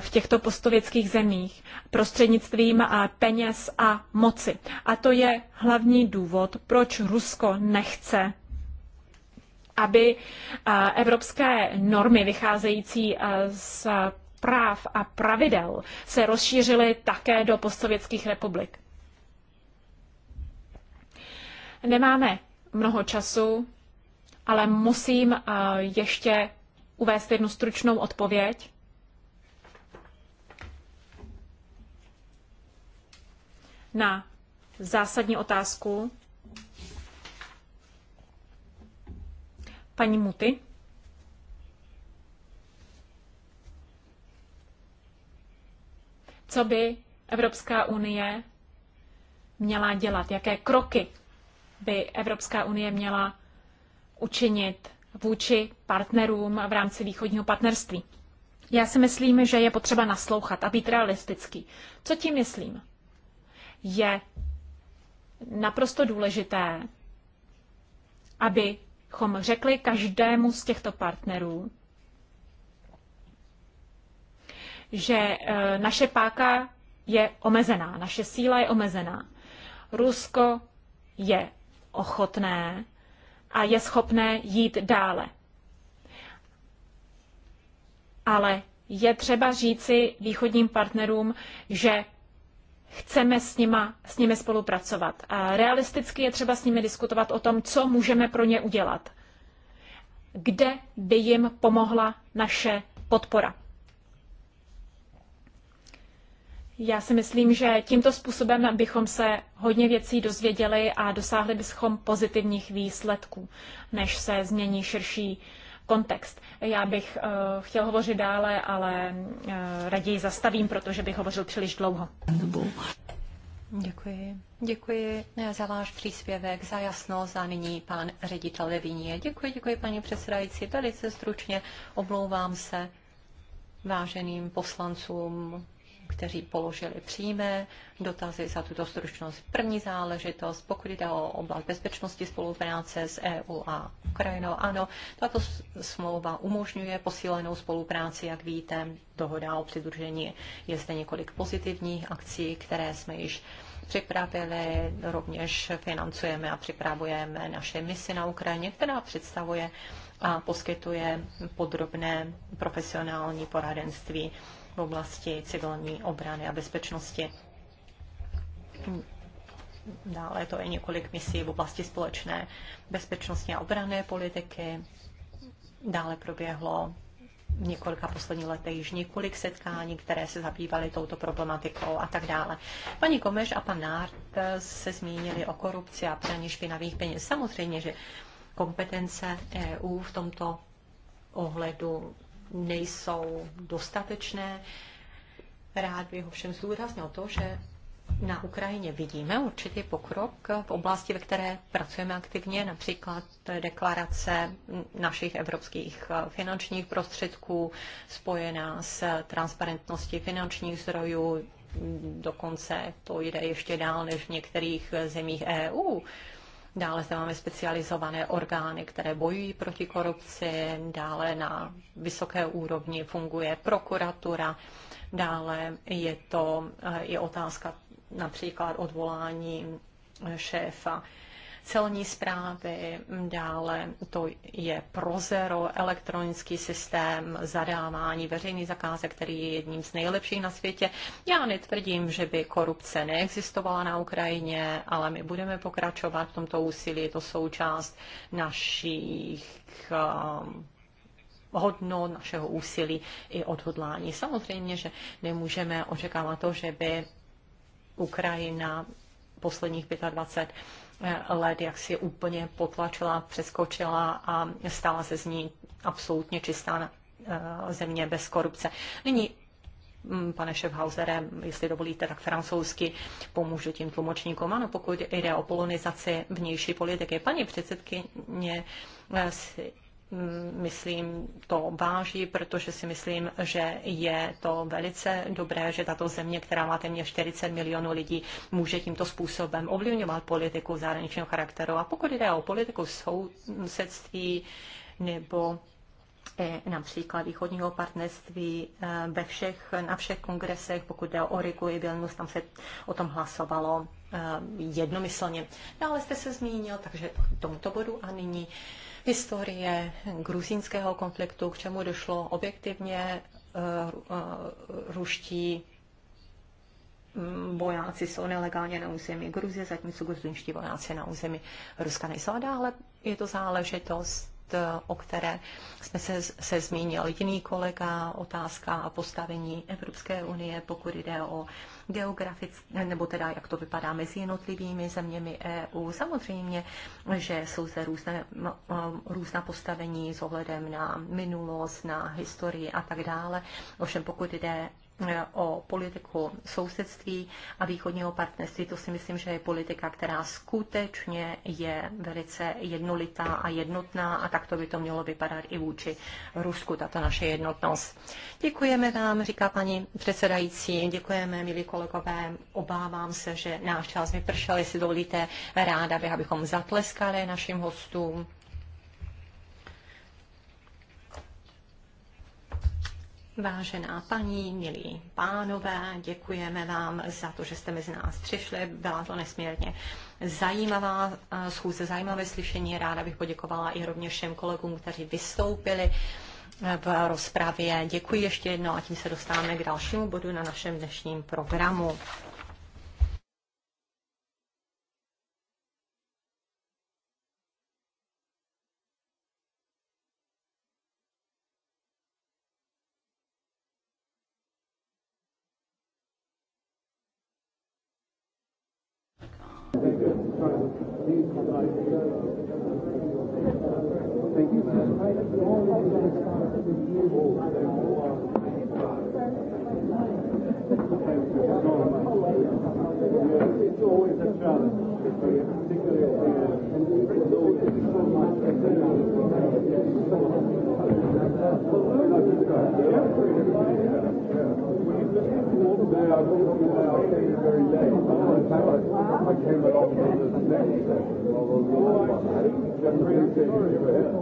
v těchto postsovětských zemích prostřednictvím peněz a moci. A to je hlavní důvod, proč Rusko nechce aby evropské normy vycházející z práv a pravidel se rozšířily také do postsovětských republik. Nemáme mnoho času, ale musím eh, ještě uvést jednu stručnou odpověď. Na zásadní otázku paní Muty. co by Evropská unie měla dělat, jaké kroky by Evropská unie měla učinit vůči partnerům v rámci východního partnerství. Já si myslím, že je potřeba naslouchat a být realistický. Co tím myslím? Je naprosto důležité, abychom řekli každému z těchto partnerů, že eh, naše páka je omezená, naše síla je omezená. Rusko je ochotné a je schopné jít dále. Ale je třeba říci východním partnerům, že chceme s, nima, s nimi spolupracovat. A realisticky je třeba s nimi diskutovat o tom, co můžeme pro ně udělat. Kde by jim pomohla naše podpora. Já si myslím, že tímto způsobem bychom se hodně věcí dozvěděli a dosáhli bychom pozitivních výsledků, než se změní širší kontext. Já bych uh, chtěl hovořit dále, ale uh, raději zastavím, protože bych hovořil příliš dlouho. Děkuji. Děkuji za váš příspěvek, za jasnost a nyní pan ředitel Levinie. Děkuji, děkuji paní předsedající. Velice stručně oblouvám se váženým poslancům kteří položili přímé dotazy za tuto stručnost. První záležitost, pokud jde o oblast bezpečnosti spolupráce s EU a Ukrajinou, ano, tato smlouva umožňuje posílenou spolupráci, jak víte, dohoda o přidružení je zde několik pozitivních akcí, které jsme již připravili, rovněž financujeme a připravujeme naše misi na Ukrajině, která představuje a poskytuje podrobné profesionální poradenství v oblasti civilní obrany a bezpečnosti. Dále to je několik misí v oblasti společné bezpečnostní a obrané politiky. Dále proběhlo v několika posledních letech již několik setkání, které se zabývaly touto problematikou a tak dále. Paní Komeš a pan Nárt se zmínili o korupci a praní špinavých peněz. Samozřejmě, že kompetence EU v tomto ohledu nejsou dostatečné. Rád bych ovšem zdůraznil to, že na Ukrajině vidíme určitý pokrok v oblasti, ve které pracujeme aktivně, například deklarace našich evropských finančních prostředků spojená s transparentností finančních zdrojů, dokonce to jde ještě dál než v některých zemích EU. Dále zde máme specializované orgány, které bojují proti korupci, dále na vysoké úrovni funguje prokuratura, dále je to i eh, otázka například odvolání šéfa celní zprávy, dále to je Prozero, elektronický systém zadávání veřejných zakázek, který je jedním z nejlepších na světě. Já netvrdím, že by korupce neexistovala na Ukrajině, ale my budeme pokračovat v tomto úsilí, je to součást našich um, hodnot, našeho úsilí i odhodlání. Samozřejmě, že nemůžeme očekávat to, že by Ukrajina posledních 25 led jak si úplně potlačila, přeskočila a stala se z ní absolutně čistá eh, země bez korupce. Nyní mm, pane Schaffhausere, jestli dovolíte, tak francouzsky pomůžu tím tlumočníkům. Ano, pokud jde o polonizaci vnější politiky. Paní předsedkyně eh, Mm, myslím, to váží, protože si myslím, že je to velice dobré, že tato země, která má téměř 40 milionů lidí, může tímto způsobem ovlivňovat politiku zahraničního charakteru. A pokud jde o politiku sousedství nebo eh, například východního partnerství eh, ve všech, na všech kongresech, pokud jde o Riku i Vilnius, tam se o tom hlasovalo eh, jednomyslně. Dále jste se zmínil, takže k tomuto bodu a nyní historie gruzínského konfliktu, k čemu došlo objektivně eh, eh, ruští mm, vojáci jsou nelegálně na území Gruzie, zatímco gruzínští vojáci na území Ruska nejsou. A dále je to záležitost Eh, o které jsme se, se zmínil jiný kolega, otázka a postavení Evropské unie, pokud jde o geografické, eh, nebo teda jak to vypadá mezi jednotlivými zeměmi EU. Samozřejmě, že jsou zde různé, různá postavení s ohledem na minulost, na historii a tak dále. Ovšem pokud jde o politiku sousedství a východního partnerství. To si myslím, že je politika, která skutečně je velice jednolitá a jednotná a takto by to mělo vypadat i vůči Rusku, tato naše jednotnost. Děkujeme vám, říká paní předsedající, děkujeme, milí kolegové. Obávám se, že náš čas vypršel, jestli dovolíte, ráda abychom zatleskali našim hostům. Vážená paní, milí pánové, děkujeme vám za to, že jste mezi nás přišli. Byla to nesmírně zajímavá eh, schůze, zajímavé slyšení. Ráda bych poděkovala i rovněž všem kolegům, kteří vystoupili eh, v rozpravě. Děkuji ještě jednou a tím se dostáváme k dalšímu bodu na našem dnešním programu. I came along with the you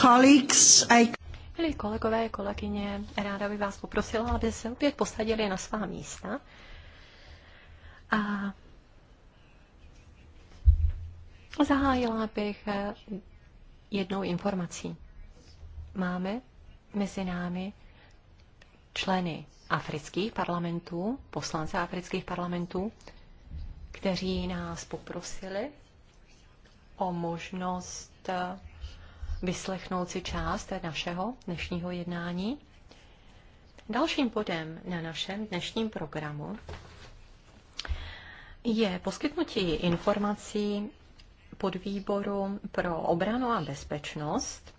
colleagues, I... Milí kolegové, kolegyně, ráda bych vás poprosila, aby se opět posadili na svá místa. A zahájila bych eh, jednou informací. Máme mezi námi členy afrických parlamentů, poslance afrických parlamentů, kteří nás poprosili o možnost eh, vyslechnout si část našeho dnešního jednání. Dalším bodem na našem dnešním programu je poskytnutí informací pod výboru pro obranu a bezpečnost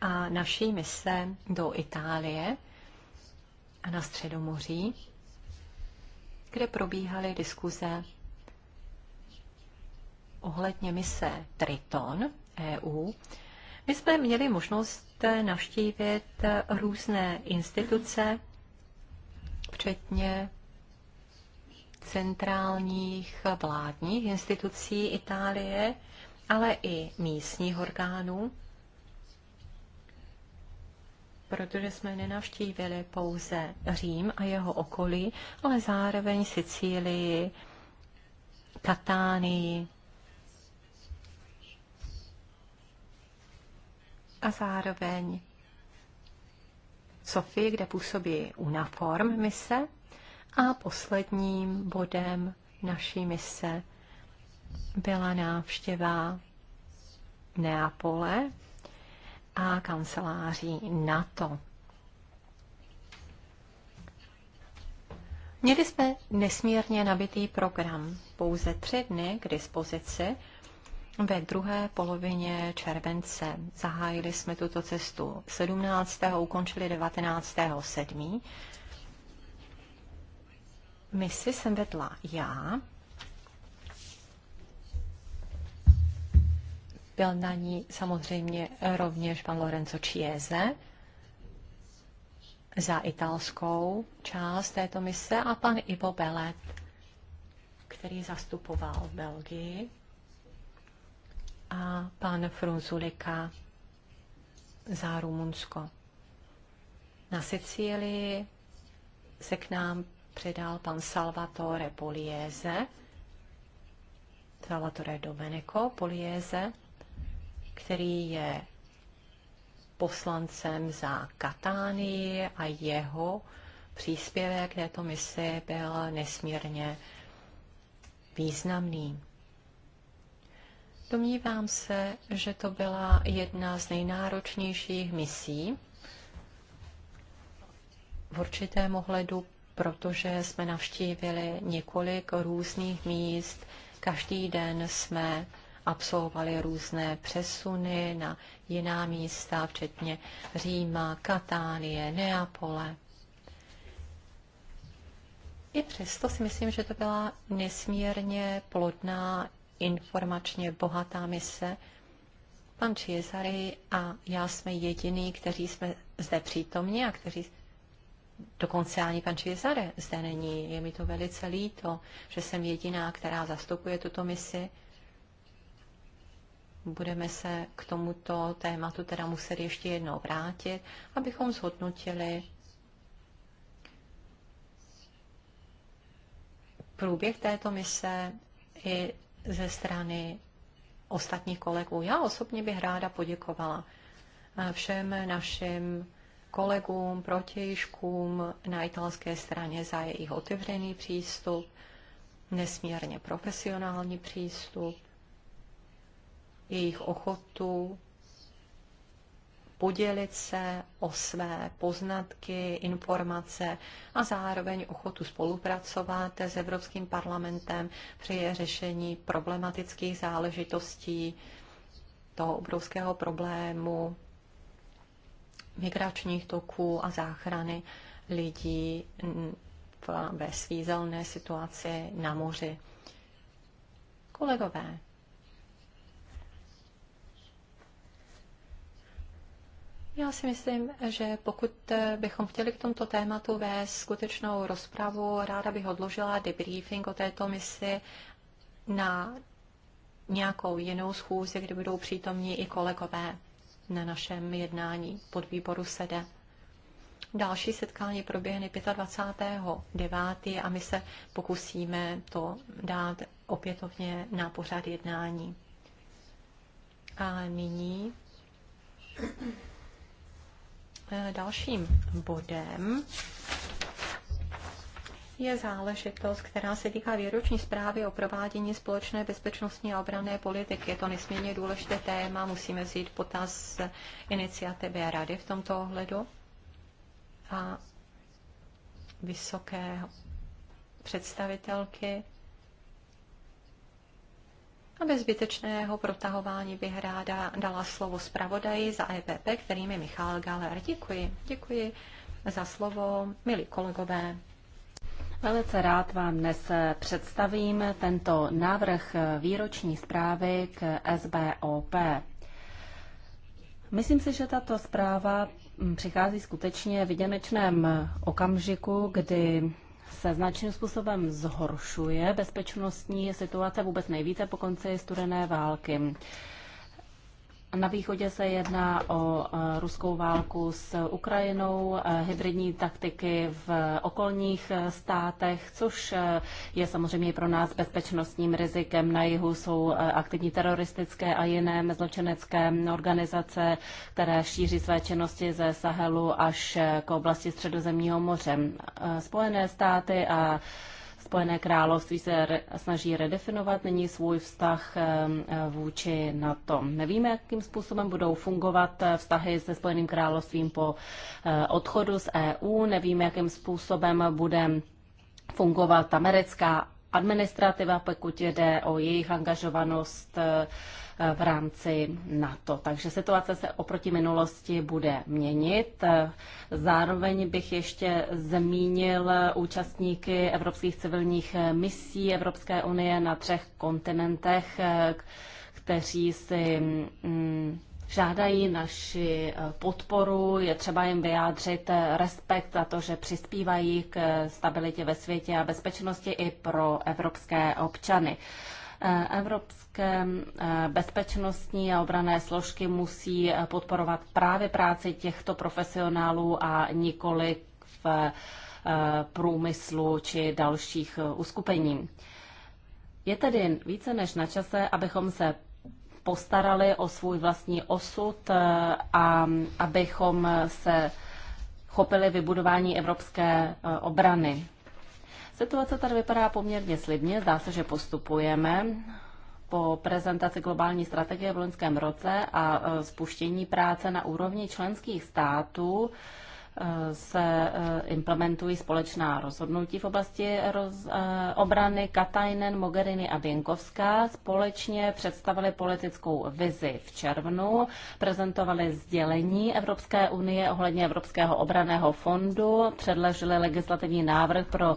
a naší mise do Itálie a na Středomoří, kde probíhaly diskuze ohledně mise Triton, EU. My jsme měli možnost navštívit různé instituce, včetně centrálních vládních institucí Itálie, ale i místních orgánů, protože jsme nenavštívili pouze Řím a jeho okolí, ale zároveň Sicílii, Katánii, a zároveň Sofii, kde působí UNAFORM mise. A posledním bodem naší mise byla návštěva Neapole a kanceláří NATO. Měli jsme nesmírně nabitý program, pouze tři dny k dispozici ve druhé polovině července zahájili jsme tuto cestu 17. ukončili 19. 7. Misi jsem vedla já. Byl na ní samozřejmě rovněž pan Lorenzo Chiese za italskou část této mise a pan Ivo Belet, který zastupoval Belgii a pan Frunzulika za Rumunsko. Na Sicílii se k nám předal pan Salvatore Polieze, Salvatore Domenico Polieze, který je poslancem za Katánii a jeho příspěvek k této misi byl nesmírně významný. Domnívám se, že to byla jedna z nejnáročnějších misí v určitém ohledu, protože jsme navštívili několik různých míst, každý den jsme absolvovali různé přesuny na jiná místa, včetně Říma, Katánie, Neapole. I přesto si myslím, že to byla nesmírně plodná informačně bohatá mise. Pan Čiezary a já jsme jediní, kteří jsme zde přítomni a kteří Dokonce ani pan Cesare zde není. Je mi to velice líto, že jsem jediná, která zastupuje tuto misi. Budeme se k tomuto tématu teda muset ještě jednou vrátit, abychom zhodnotili průběh této mise i ze strany ostatních kolegů. Já osobně bych ráda poděkovala eh, všem našim kolegům, protějškům na italské straně za jejich otevřený přístup, nesmírně profesionální přístup, jejich ochotu podělit se o své poznatky, informace a zároveň ochotu spolupracovat s Evropským parlamentem při řešení problematických záležitostí toho obrovského problému migračních toků a záchrany lidí ve svízelné situaci na moři. Kolegové, Já si myslím, že pokud eh, bychom chtěli k tomuto tématu vést skutečnou rozpravu, ráda bych odložila debriefing o této misi na nějakou jinou schůzi, kde budou přítomní i kolegové na našem jednání pod výboru SEDE. Další setkání proběhne 25.9. a my se pokusíme to dát opětovně na pořad jednání. A nyní Eh, dalším bodem je záležitost, která se týká výroční zprávy o provádění společné bezpečnostní a obrané politiky. Je to nesmírně důležité téma, musíme vzít potaz iniciativy Rady v tomto ohledu a vysoké představitelky a bez zbytečného protahování bych ráda dala slovo zpravodaji za EPP, kterým je Michal Galer. Děkuji. Děkuji za slovo, milí kolegové. Velice rád vám dnes představím tento návrh výroční zprávy k SBOP. Myslím si, že tato zpráva přichází skutečně v jedinečném okamžiku, kdy se značným způsobem zhoršuje bezpečnostní situace vůbec nejvíce po konci studené války. Na východě se jedná o e, ruskou válku s Ukrajinou, e, hybridní taktiky v okolních e, státech, což je samozřejmě pro nás bezpečnostním rizikem. Na jihu jsou aktivní teroristické a jiné zločinecké organizace, které šíří své činnosti ze Sahelu až k oblasti Středozemního moře. Spojené státy a Spojené království se re, snaží redefinovat nyní svůj vztah eh, vůči NATO. Nevíme, jakým způsobem budou fungovat eh, vztahy se Spojeným královstvím po eh, odchodu z EU, nevíme, jakým způsobem bude fungovat americká administrativa, pokud jde o jejich angažovanost v rámci NATO. Takže situace se oproti minulosti bude měnit. Zároveň bych ještě zmínil účastníky evropských civilních misí Evropské unie na třech kontinentech, kteří si mm, žádají naši podporu, je třeba jim vyjádřit respekt za to, že přispívají k stabilitě ve světě a bezpečnosti i pro evropské občany. Eh, evropské eh, bezpečnostní a obrané složky musí eh, podporovat právě práci těchto profesionálů a nikoli v průmyslu či dalších uskupení. Je tedy více než na čase, abychom se postarali o svůj vlastní osud a abychom se chopili vybudování evropské obrany. Situace tady vypadá poměrně slibně, zdá se, že postupujeme. Po prezentaci globální strategie v loňském roce a e, spuštění práce na úrovni členských států e, se e, implementují společná rozhodnutí v oblasti roz, obrany. Katajnen, Mogherini a Věnkovská společně představili politickou vizi v červnu, prezentovali sdělení Evropské unie ohledně Evropského obraného fondu, předložili legislativní návrh pro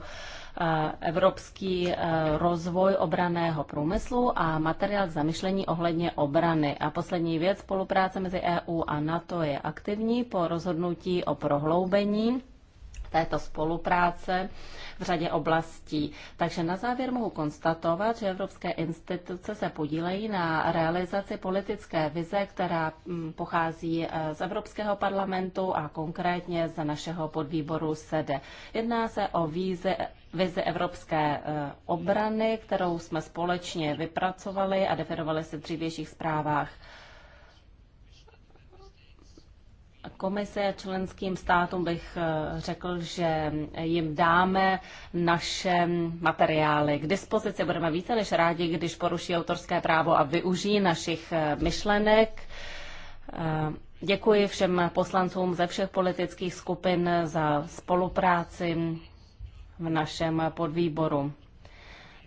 Eh, evropský eh, rozvoj obraného průmyslu a materiál k zamyšlení ohledně obrany. A poslední věc, spolupráce mezi EU a NATO je aktivní po rozhodnutí o prohloubení této spolupráce v řadě oblastí. Takže na závěr mohu konstatovat, že evropské instituce se podílejí na realizaci politické vize, která mm, pochází eh, z Evropského parlamentu a konkrétně z našeho podvýboru SEDE. Jedná se o víze vize evropské eh, obrany, kterou jsme společně vypracovali a definovali se v dřívějších zprávách komise a členským státům bych eh, řekl, že jim dáme naše materiály k dispozici. Budeme více než rádi, když poruší autorské právo a využijí našich eh, myšlenek. Eh, děkuji všem poslancům ze všech politických skupin za spolupráci v našem podvýboru.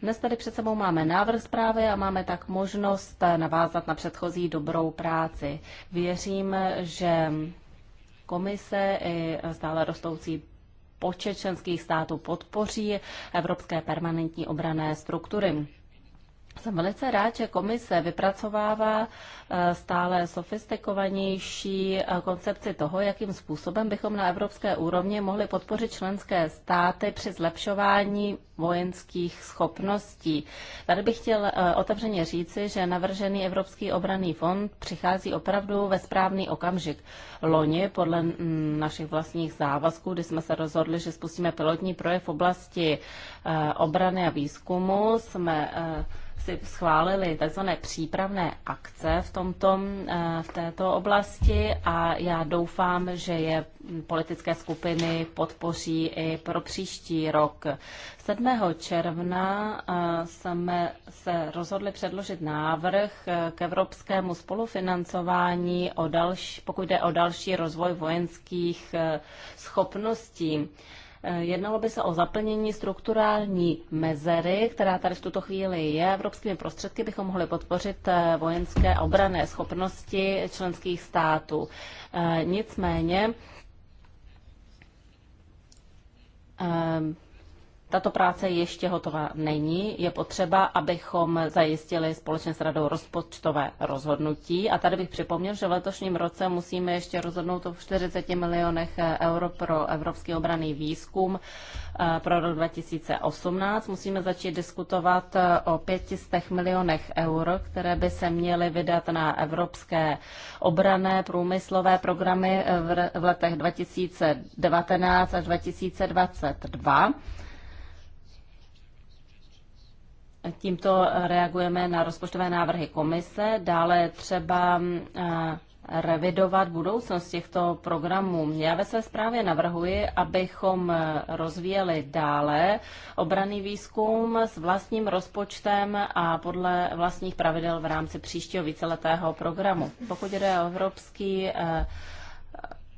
Dnes tady před sebou máme návrh zprávy a máme tak možnost navázat na předchozí dobrou práci. Věřím, že komise i stále rostoucí počet členských států podpoří evropské permanentní obrané struktury. Jsem velice rád, že komise vypracovává eh, stále sofistikovanější eh, koncepci toho, jakým způsobem bychom na evropské úrovni mohli podpořit členské státy při zlepšování vojenských schopností. Tady bych chtěl eh, otevřeně říci, že navržený Evropský obranný fond přichází opravdu ve správný okamžik. Loni podle mm, našich vlastních závazků, kdy jsme se rozhodli, že spustíme pilotní projekt v oblasti obrany a výzkumu, jsme si schválili tzv. přípravné akce v, tomto, eh, v této oblasti a já doufám, že je politické skupiny podpoří i pro příští rok. 7. června eh, jsme se rozhodli předložit návrh eh, k evropskému spolufinancování, o další, pokud jde o další rozvoj vojenských schopností. Eh, jednalo by se o zaplnění strukturální mezery, která tady v tuto chvíli je. Evropskými prostředky bychom mohli podpořit eh, vojenské obrané schopnosti členských států. Eh, nicméně tato práce ještě hotová není. Je potřeba, abychom zajistili společně s radou rozpočtové rozhodnutí. A tady bych připomněl, že v letošním roce musíme ještě rozhodnout o 40 milionech euro pro Evropský obraný výzkum eh, pro rok 2018. Musíme začít diskutovat eh, o 500 milionech euro, které by se měly vydat na evropské obrané průmyslové programy eh, v letech 2019 až 2022. Tímto reagujeme na rozpočtové návrhy komise, dále třeba eh, revidovat budoucnost těchto programů. Já ve své zprávě navrhuji, abychom eh, rozvíjeli dále obraný výzkum s vlastním rozpočtem a podle vlastních pravidel v rámci příštího víceletého programu. Pokud jde o evropský eh,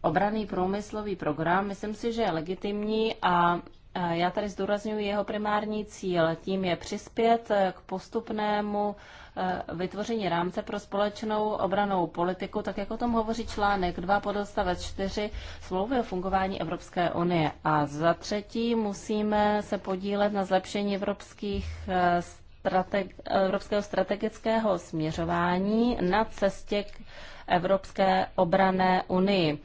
obraný průmyslový program, myslím si, že je legitimní a Eh, já tady zdůraznuju jeho primární cíl. Tím je přispět eh, k postupnému eh, vytvoření rámce pro společnou obranou politiku, tak jako o tom hovoří článek 2 podstavec 4 smlouvy o fungování Evropské unie. A za třetí musíme se podílet na zlepšení evropských strate- evropského strategického směřování na cestě k Evropské obrané unii.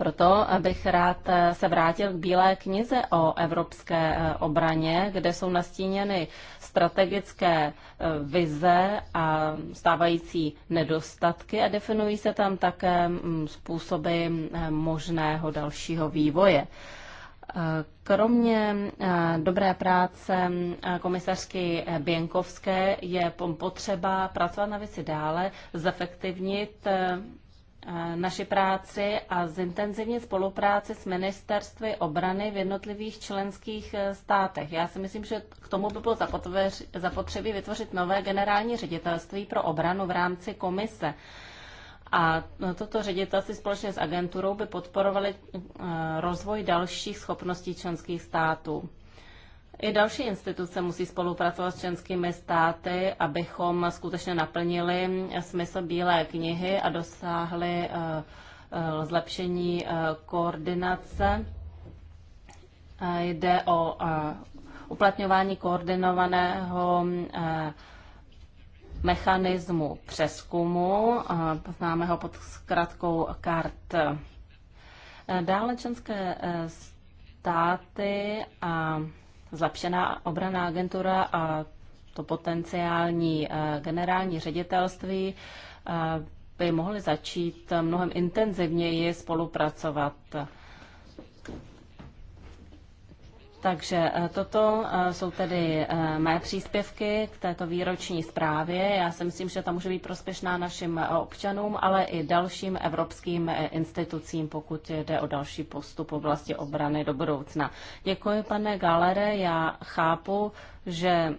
Proto bych rád eh, se vrátil k Bílé knize o evropské eh, obraně, kde jsou nastíněny strategické eh, vize a stávající nedostatky a definují se tam také mm, způsoby možného dalšího vývoje. Kromě dobré práce komisařky Běnkovské je potřeba pracovat na věci dále, zefektivnit Eh, naši práci a zintenzivnit spolupráci s ministerstvy obrany v jednotlivých členských eh, státech. Já si myslím, že k tomu by bylo zapotřebí vytvořit nové generální ředitelství pro obranu v rámci komise. A eh, toto ředitelství společně s agenturou by podporovali rozvoj dalších schopností členských států. I další instituce musí spolupracovat s členskými státy, abychom skutečně naplnili smysl Bílé knihy a dosáhli eh, eh, zlepšení eh, koordinace. Jde o uplatňování koordinovaného mechanismu přeskumu, známe ho pod zkratkou kart. Dále členské státy a zlepšená obraná agentura a to potenciální eh, generální ředitelství eh, by mohly začít mnohem intenzivněji spolupracovat. Takže eh, toto eh, jsou tedy eh, mé příspěvky k této výroční zprávě. Já si myslím, že ta může být prospěšná našim občanům, ale i dalším evropským institucím, pokud jde o další postup v oblasti obrany do budoucna. Děkuji, pane Galere. Já chápu, že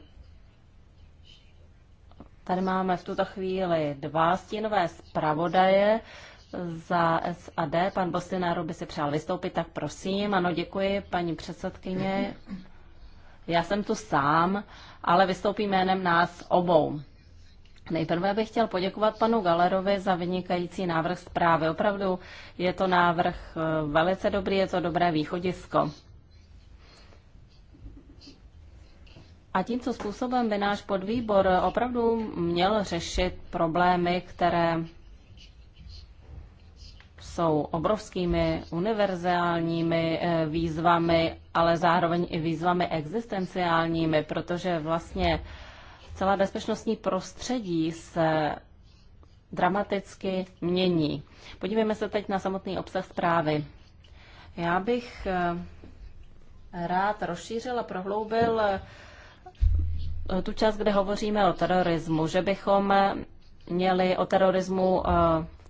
tady máme v tuto chvíli dva stínové zpravodaje za SAD. Pan Bostináru by si přál vystoupit, tak prosím. Ano, děkuji, paní předsedkyně. Já jsem tu sám, ale vystoupím jménem nás obou. Nejprve bych chtěl poděkovat panu Galerovi za vynikající návrh zprávy. Opravdu je to návrh eh, velice dobrý, je to dobré východisko. A tím co způsobem by náš podvýbor opravdu měl řešit problémy, které jsou obrovskými univerzálními eh, výzvami, ale zároveň i výzvami existenciálními, protože vlastně celá bezpečnostní prostředí se dramaticky mění. Podívejme se teď na samotný obsah zprávy. Já bych eh, rád rozšířil a prohloubil eh, tu část, kde hovoříme o terorismu, že bychom měli o terorismu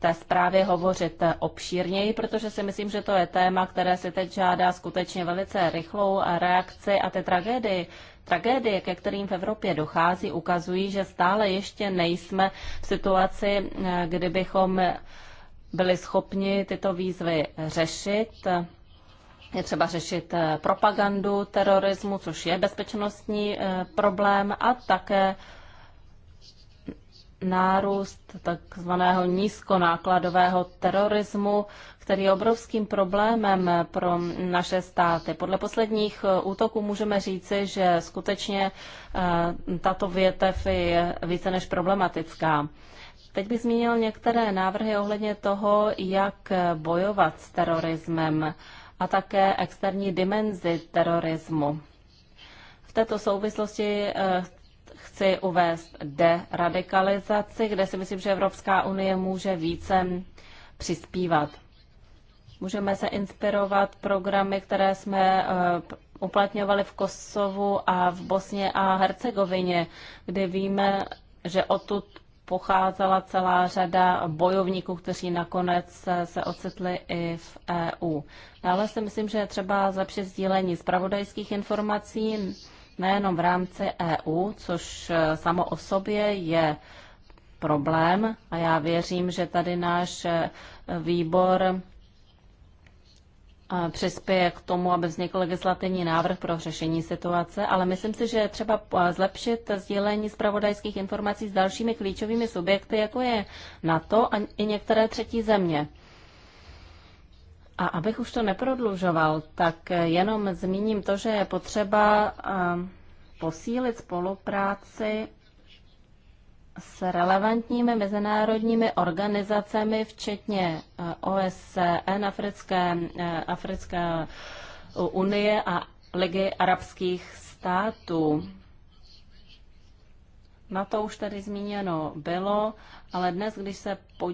té zprávě hovořit obšírněji, protože si myslím, že to je téma, které si teď žádá skutečně velice rychlou reakci a ty tragédie, tragédie, ke kterým v Evropě dochází, ukazují, že stále ještě nejsme v situaci, kdybychom byli schopni tyto výzvy řešit. Je třeba řešit propagandu terorismu, což je bezpečnostní eh, problém, a také nárůst takzvaného nízkonákladového terorismu, který je obrovským problémem pro naše státy. Podle posledních eh, útoků můžeme říci, že skutečně eh, tato větev je více než problematická. Teď bych zmínil některé návrhy ohledně toho, jak bojovat s terorismem a také externí dimenzi terorismu. V této souvislosti eh, chci uvést deradikalizaci, kde si myslím, že Evropská unie může více přispívat. Můžeme se inspirovat programy, které jsme eh, uplatňovali v Kosovu a v Bosně a Hercegovině, kde víme, že odtud pocházela celá řada bojovníků, kteří nakonec eh, se ocitli i v EU. Dále si myslím, že je třeba zlepšit sdílení zpravodajských informací, nejenom v rámci EU, což eh, samo o sobě je problém a já věřím, že tady náš eh, výbor eh, přispěje k tomu, aby vznikl legislativní návrh pro řešení situace, ale myslím si, že je třeba zlepšit sdílení zpravodajských informací s dalšími klíčovými subjekty, jako je NATO a i některé třetí země. A abych už to neprodlužoval, tak jenom zmíním to, že je potřeba posílit spolupráci s relevantními mezinárodními organizacemi, včetně OSN, Africké, Africké unie a Ligy arabských států. Na to už tady zmíněno bylo, ale dnes, když se po...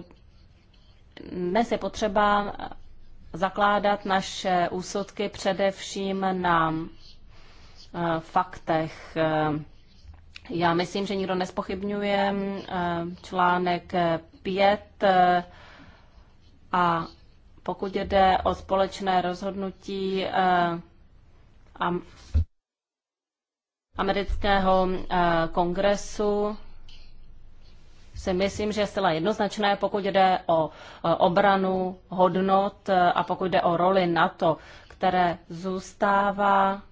dnes je potřeba zakládat naše úsudky především na eh, faktech. Eh, já myslím, že nikdo nespochybňuje eh, článek 5 a pokud jde o společné rozhodnutí amerického kongresu, si myslím, že je zcela jednoznačné, pokud jde o e, obranu hodnot e, a pokud jde o roli NATO, které zůstává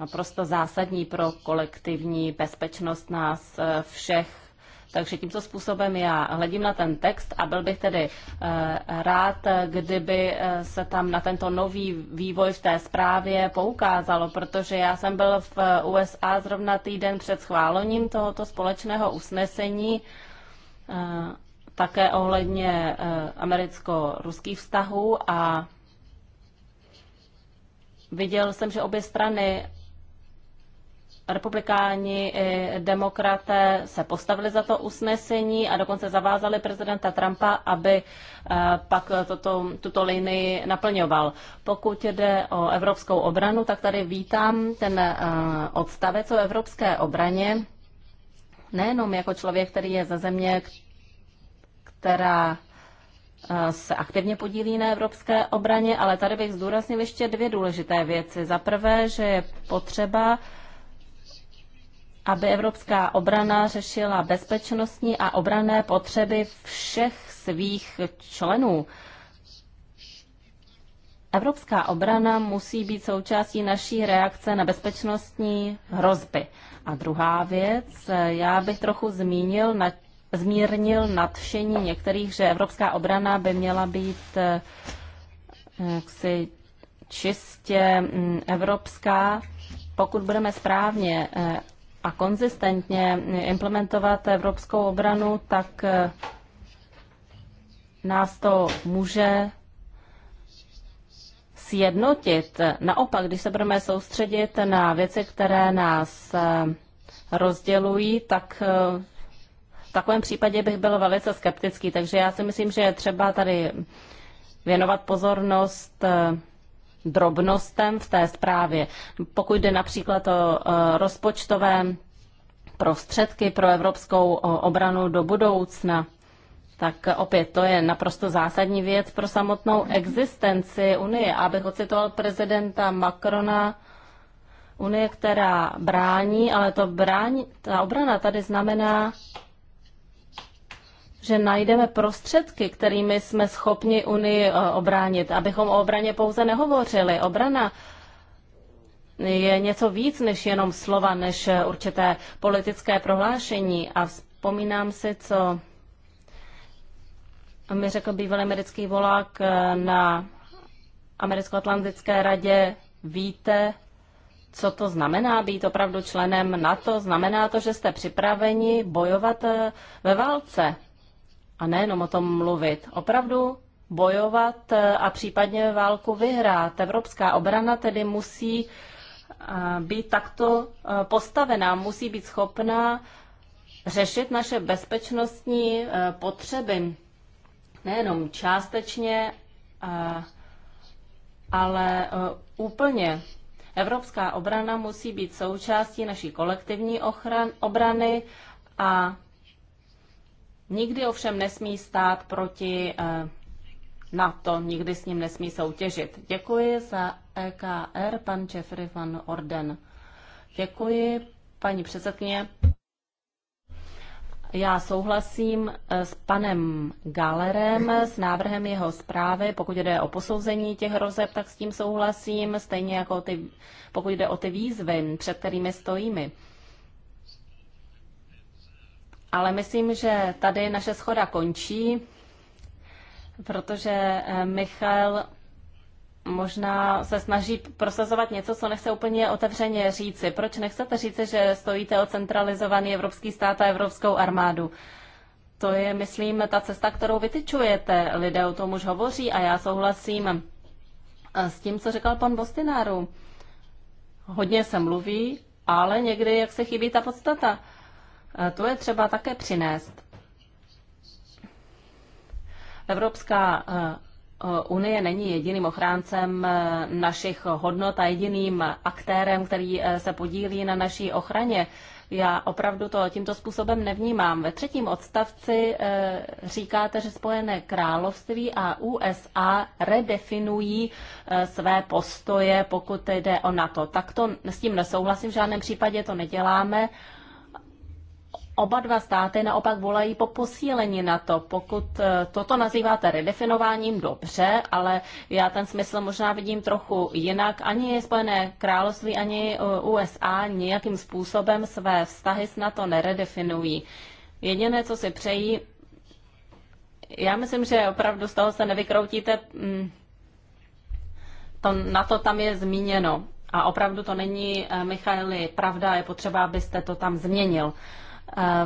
naprosto zásadní pro kolektivní bezpečnost nás e, všech takže tímto způsobem já hledím na ten text a byl bych tedy eh, rád, kdyby eh, se tam na tento nový vývoj v té zprávě poukázalo, protože já jsem byl v USA zrovna týden před schválením tohoto společného usnesení eh, také ohledně americko-ruských vztahů a viděl jsem, že obě strany republikáni i demokraté se postavili za to usnesení a dokonce zavázali prezidenta Trumpa, aby eh, pak toto, tuto linii naplňoval. Pokud jde o evropskou obranu, tak tady vítám ten eh, odstavec o evropské obraně, nejenom jako člověk, který je ze země, která eh, se aktivně podílí na evropské obraně, ale tady bych zdůraznil ještě dvě důležité věci. Za prvé, že je potřeba aby evropská obrana řešila bezpečnostní a obrané potřeby všech svých členů. Evropská obrana musí být součástí naší reakce na bezpečnostní hrozby. A druhá věc, já bych trochu zmínil na, zmírnil nadšení některých, že evropská obrana by měla být eh, jaksi čistě mm, evropská. Pokud budeme správně eh, a konzistentně implementovat evropskou obranu, tak eh, nás to může sjednotit. Naopak, když se budeme soustředit na věci, které nás eh, rozdělují, tak eh, v takovém případě bych byl velice skeptický. Takže já si myslím, že je třeba tady věnovat pozornost drobnostem v té zprávě. Pokud jde například o e, rozpočtové prostředky pro evropskou obranu do budoucna, tak opět to je naprosto zásadní věc pro samotnou existenci Unie. Abych ocitoval prezidenta Macrona, Unie, která brání, ale to brání, ta obrana tady znamená že najdeme prostředky, kterými jsme schopni Unii eh, obránit, abychom o obraně pouze nehovořili. Obrana je něco víc než jenom slova, než eh, určité politické prohlášení. A vzpomínám si, co mi řekl bývalý americký volák eh, na Americko-Atlantické radě. Víte, co to znamená být opravdu členem NATO? Znamená to, že jste připraveni bojovat ve válce a nejenom o tom mluvit. Opravdu bojovat eh, a případně válku vyhrát. Evropská obrana tedy musí eh, být takto eh, postavená, musí být schopná řešit naše bezpečnostní potřeby. Nejenom částečně, ale úplně. Evropská obrana musí být součástí naší kolektivní ochran, obrany a Nikdy ovšem nesmí stát proti eh, NATO, nikdy s ním nesmí soutěžit. Děkuji za EKR, pan Jeffrey van Orden. Děkuji, paní předsedkyně. Já souhlasím eh, s panem Galerem, s návrhem jeho zprávy. Pokud jde o posouzení těch hrozeb, tak s tím souhlasím, stejně jako ty, pokud jde o ty výzvy, před kterými stojíme. Ale myslím, že tady naše schoda končí, protože eh, Michal možná se snaží prosazovat něco, co nechce úplně otevřeně říci. Proč nechcete říci, že stojíte o centralizovaný evropský stát a evropskou armádu? To je, myslím, ta cesta, kterou vytyčujete. Lidé o tom už hovoří a já souhlasím eh, s tím, co říkal pan Bostináru. Hodně se mluví, ale někdy, jak se chybí ta podstata. To je třeba také přinést. Evropská eh, Unie není jediným ochráncem eh, našich hodnot a jediným aktérem, který eh, se podílí na naší ochraně. Já opravdu to tímto způsobem nevnímám. Ve třetím odstavci říkáte, že Spojené království a USA redefinují své postoje, pokud jde o NATO. Tak to s tím nesouhlasím, v žádném případě to neděláme Oba dva státy naopak volají po posílení na to. Pokud eh, toto nazýváte redefinováním, dobře, ale já ten smysl možná vidím trochu jinak. Ani Spojené království, ani eh, USA nějakým způsobem své vztahy s NATO neredefinují. Jediné, co si přejí, já myslím, že opravdu z toho se nevykroutíte, mm, to, na to tam je zmíněno. A opravdu to není, eh, Michaili, pravda, je potřeba, abyste to tam změnil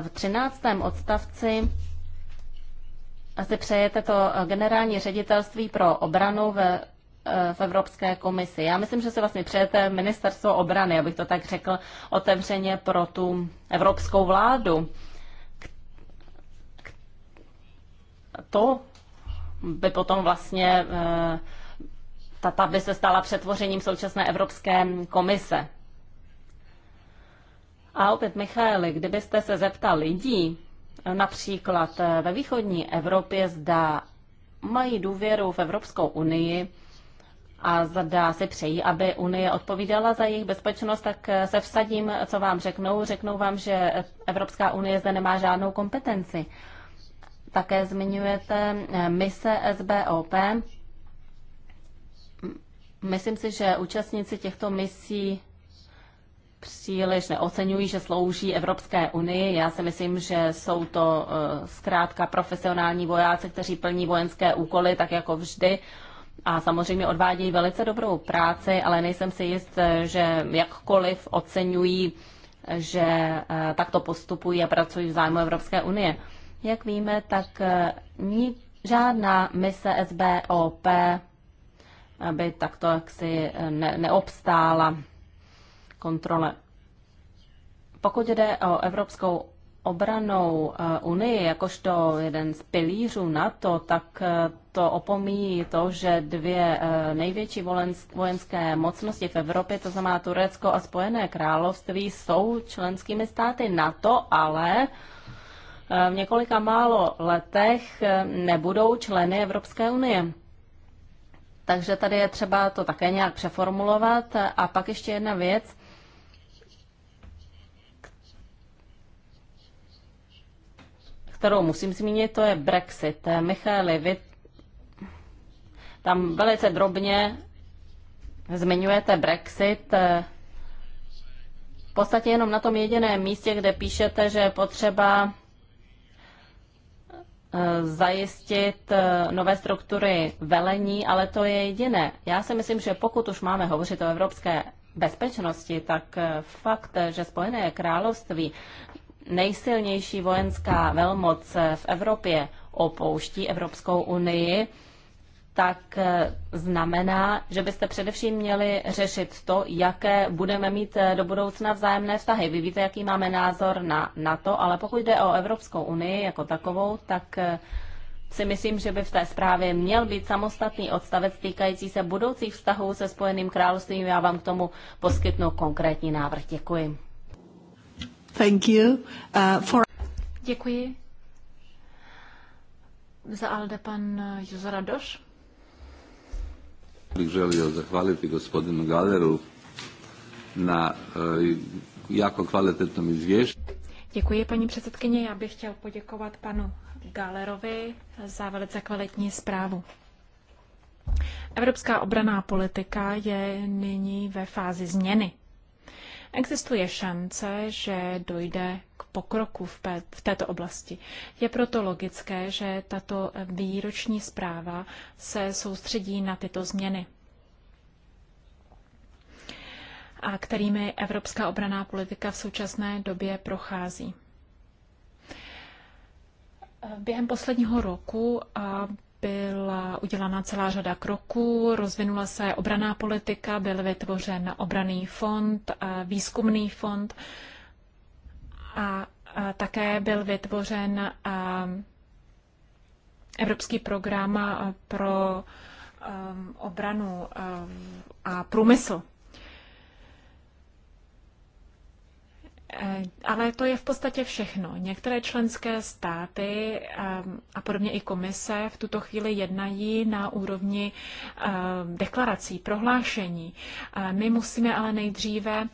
v 13. odstavci si přejete to eh, generální ředitelství pro obranu ve, eh, v Evropské komisi. Já myslím, že se vlastně přejete ministerstvo obrany, abych to tak řekl otevřeně pro tu evropskou vládu. To by potom vlastně eh, ta by se stala přetvořením současné Evropské komise. A opět, Michaeli, kdybyste se zeptal lidí, například eh, ve východní Evropě, zda mají důvěru v Evropskou unii a zda si přejí, aby Unie odpovídala za jejich bezpečnost, tak eh, se vsadím, co vám řeknou. Řeknou vám, že Evropská unie zde nemá žádnou kompetenci. Také zmiňujete eh, mise SBOP. Myslím si, že účastníci těchto misí příliš neocenují, že slouží Evropské unii. Já si myslím, že jsou to eh, zkrátka profesionální vojáci, kteří plní vojenské úkoly, tak jako vždy. A samozřejmě odvádějí velice dobrou práci, ale nejsem si jist, eh, že jakkoliv oceňují, eh, že takto postupují a pracují v zájmu Evropské unie. Jak víme, tak ni, žádná mise SBOP by takto jaksi ne, neobstála kontrole. Pokud jde o Evropskou obranou eh, Unii jakožto jeden z pilířů NATO, tak eh, to opomíjí to, že dvě eh, největší vojenské mocnosti v Evropě, to znamená Turecko a Spojené království, jsou členskými státy NATO, ale v několika málo letech nebudou členy Evropské unie. Takže tady je třeba to také nějak přeformulovat. A pak ještě jedna věc. kterou musím zmínit, to je Brexit. Michal, vy tam velice drobně zmiňujete Brexit. V podstatě jenom na tom jediném místě, kde píšete, že je potřeba eh, zajistit eh, nové struktury velení, ale to je jediné. Já si myslím, že pokud už máme hovořit o evropské bezpečnosti, tak eh, fakt, že Spojené království nejsilnější vojenská velmoc v Evropě opouští Evropskou unii, tak eh, znamená, že byste především měli řešit to, jaké budeme mít eh, do budoucna vzájemné vztahy. Vy víte, jaký máme názor na NATO, ale pokud jde o Evropskou unii jako takovou, tak eh, si myslím, že by v té zprávě měl být samostatný odstavec týkající se budoucích vztahů se Spojeným královstvím. Já vám k tomu poskytnu konkrétní návrh. Děkuji. Thank you, uh, for... Děkuji. Za Alde pan uh, Jozo Radoš. Bych želio zahvaliti gospodinu Galeru na uh, jako kvalitetnom izvješću. Děkuji, paní předsedkyně. Já bych chtěl poděkovat panu Galerovi za velice kvalitní zprávu. Evropská obraná politika je nyní ve fázi změny. Existuje šance, že dojde k pokroku v, v této oblasti. Je proto logické, že tato výroční zpráva se soustředí na tyto změny a kterými evropská obraná politika v současné době prochází. Během posledního roku byla udělána celá řada kroků, rozvinula se obraná politika, byl vytvořen obraný fond, eh, výzkumný fond a eh, také byl vytvořen eh, evropský program pro obranu a průmysl. Eh, ale to je v podstatě všechno. Některé členské státy ehm, a podobně i komise v tuto chvíli jednají na úrovni ehm, deklarací, prohlášení. Eh, my musíme ale nejdříve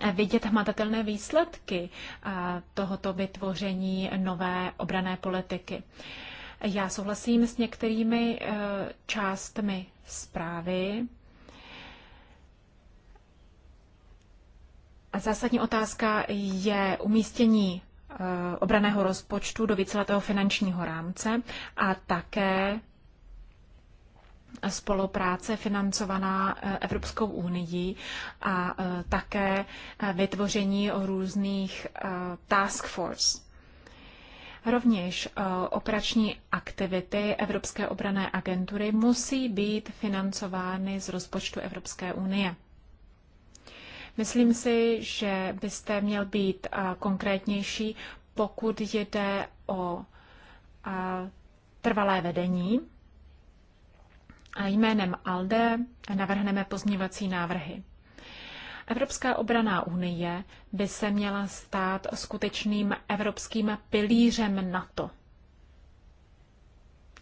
eh, vidět hmatatelné výsledky tohoto vytvoření nové obrané politiky. Já souhlasím s některými částmi zprávy, Zásadní otázka je umístění eh, obraného rozpočtu do víceletého finančního rámce a také spolupráce financovaná eh, Evropskou unii a eh, také vytvoření různých task force. Rovněž operační aktivity Evropské obrané agentury musí být financovány z rozpočtu Evropské unie. Myslím si, že byste měl být konkrétnější, pokud jde o trvalé vedení. A jménem ALDE navrhneme pozměňovací návrhy. Evropská obraná unie by se měla stát skutečným evropským pilířem NATO.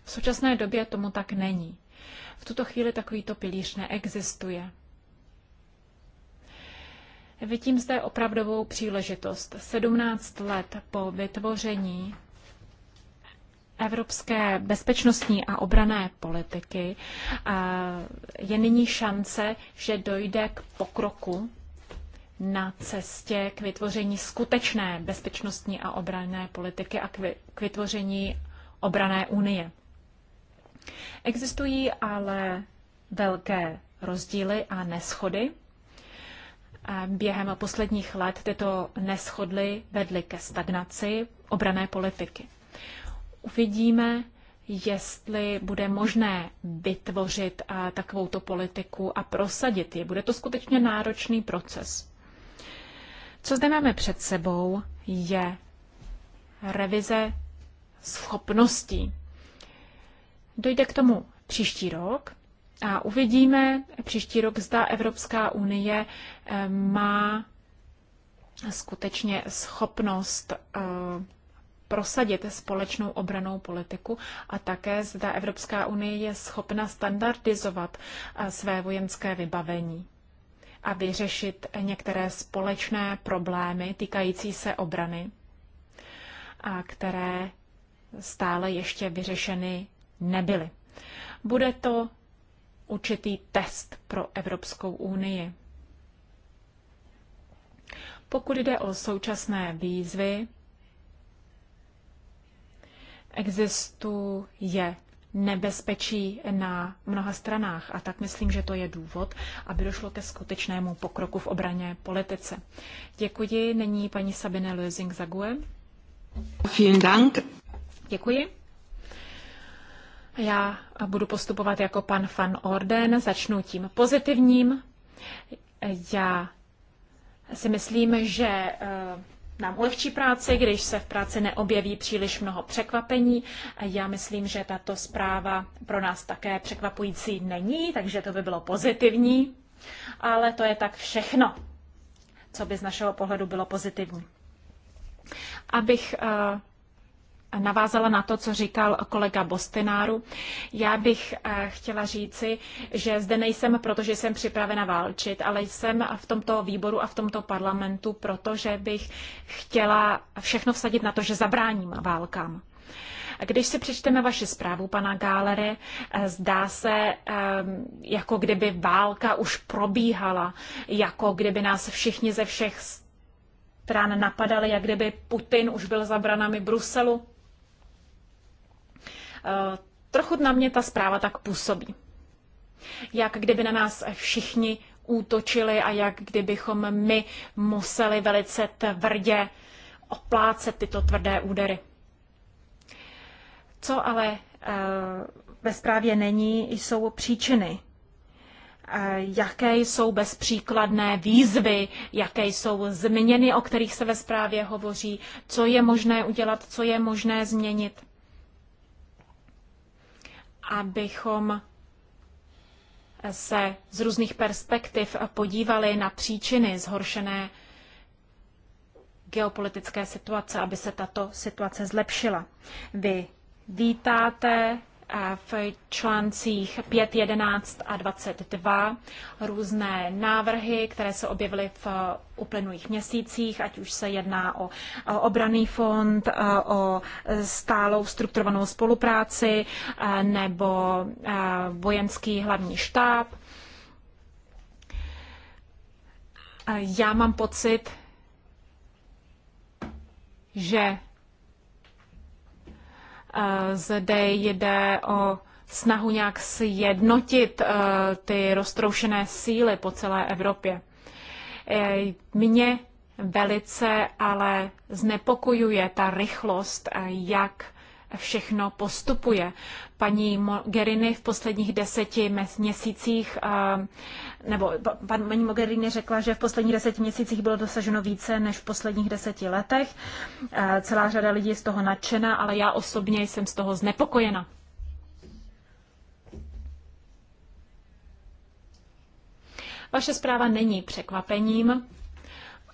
V současné době tomu tak není. V tuto chvíli takovýto pilíř neexistuje. Vidím zde opravdovou příležitost. 17 let po vytvoření evropské bezpečnostní a obrané politiky je nyní šance, že dojde k pokroku na cestě k vytvoření skutečné bezpečnostní a obrané politiky a k vytvoření obrané unie. Existují ale velké rozdíly a neschody během posledních let tyto neschodly vedly ke stagnaci obrané politiky. Uvidíme, jestli bude možné vytvořit takovouto politiku a prosadit ji. Bude to skutečně náročný proces. Co zde máme před sebou, je revize schopností. Dojde k tomu příští rok. A uvidíme příští rok, zda Evropská unie eh, má skutečně schopnost eh, prosadit společnou obranou politiku a také zda Evropská unie je schopna standardizovat eh, své vojenské vybavení a vyřešit některé společné problémy týkající se obrany, a které stále ještě vyřešeny nebyly. Bude to určitý test pro Evropskou unii. Pokud jde o současné výzvy, existuje nebezpečí na mnoha stranách a tak myslím, že to je důvod, aby došlo ke skutečnému pokroku v obraně politice. Děkuji, není paní Sabine Lösing Zague. Vielen Dank. Děkuji. Já budu postupovat jako pan Van Orden, začnu tím pozitivním. Já si myslím, že eh, nám ulehčí práci, když se v práci neobjeví příliš mnoho překvapení. Já myslím, že tato zpráva pro nás také překvapující není, takže to by bylo pozitivní, ale to je tak všechno, co by z našeho pohledu bylo pozitivní. Abych eh, navázala na to, co říkal kolega Bostenáru. Já bych eh, chtěla říci, že zde nejsem, protože jsem připravena válčit, ale jsem v tomto výboru a v tomto parlamentu, protože bych chtěla všechno vsadit na to, že zabráním válkám. Když si přečteme vaši zprávu, pana Gálere, eh, zdá se, ehm, jako kdyby válka už probíhala, jako kdyby nás všichni ze všech stran napadali, jak kdyby Putin už byl za branami Bruselu Eh, trochu na mě ta zpráva tak působí. Jak kdyby na nás všichni útočili a jak kdybychom my museli velice tvrdě oplácet tyto tvrdé údery. Co ale eh, ve zprávě není, jsou příčiny. Eh, jaké jsou bezpříkladné výzvy, jaké jsou změny, o kterých se ve zprávě hovoří, co je možné udělat, co je možné změnit abychom se z různých perspektiv podívali na příčiny zhoršené geopolitické situace, aby se tato situace zlepšila. Vy vítáte v článcích 5, 11 a 22 různé návrhy, které se objevily v uplynulých měsících, ať už se jedná o obraný fond, e, o stálou strukturovanou spolupráci e, nebo e, vojenský hlavní štáb. Já mám pocit, že Eh, zde jde o snahu nějak sjednotit eh, ty roztroušené síly po celé Evropě. Eh, mě velice ale znepokojuje ta rychlost, jak všechno postupuje. Paní Mogherini v posledních deseti měsících, eh, nebo paní Mogherini řekla, že v posledních deseti měsících bylo dosaženo více než v posledních deseti letech. Eh, celá řada lidí je z toho nadšena, ale já osobně jsem z toho znepokojena. Vaše zpráva není překvapením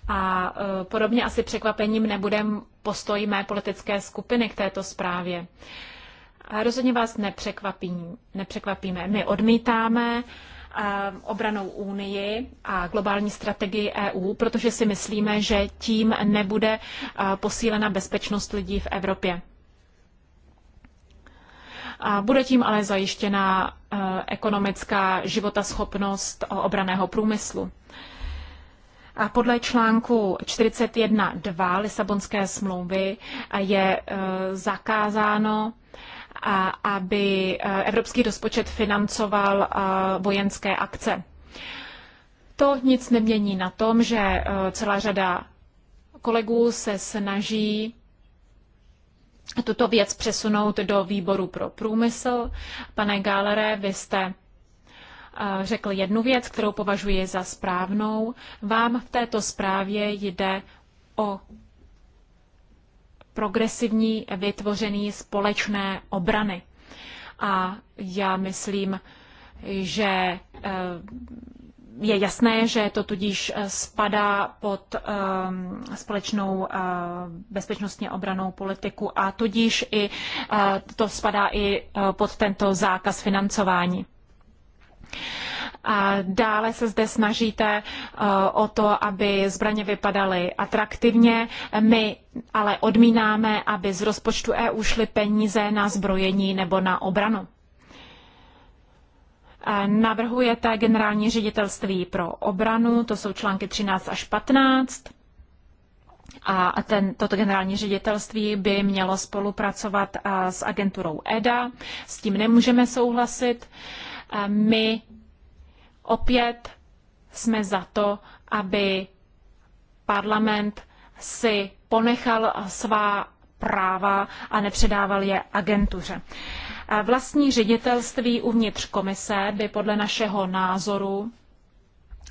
a eh, podobně asi překvapením nebude postoj mé politické skupiny k této zprávě. A rozhodně vás nepřekvapí, nepřekvapíme. My odmítáme eh, obranou unii a globální strategii EU, protože si myslíme, že tím nebude eh, posílena bezpečnost lidí v Evropě. A bude tím ale zajištěna eh, ekonomická životaschopnost obraného průmyslu. A podle článku 41.2 Lisabonské smlouvy je e, zakázáno, aby e, evropský rozpočet financoval e, vojenské akce. To nic nemění na tom, že celá řada kolegů se snaží tuto věc přesunout do výboru pro průmysl. Pane Gálere, vy jste řekl jednu věc, kterou považuji za správnou. Vám v této zprávě jde o progresivní vytvoření společné obrany. A já myslím, že eh, je jasné, že to tudíž spadá pod eh, společnou eh, bezpečnostně obranou politiku a tudíž i to spadá i pod tento zákaz financování. A dále se zde snažíte eh, o to, aby zbraně vypadaly atraktivně. My ale odmínáme, aby z rozpočtu EU šly peníze na zbrojení nebo na obranu. Eh, navrhujete generální ředitelství pro obranu, to jsou články 13 až 15. A ten, toto generální ředitelství by mělo spolupracovat eh, s agenturou EDA. S tím nemůžeme souhlasit my opět jsme za to, aby parlament si ponechal svá práva a nepředával je agentuře. Vlastní ředitelství uvnitř komise by podle našeho názoru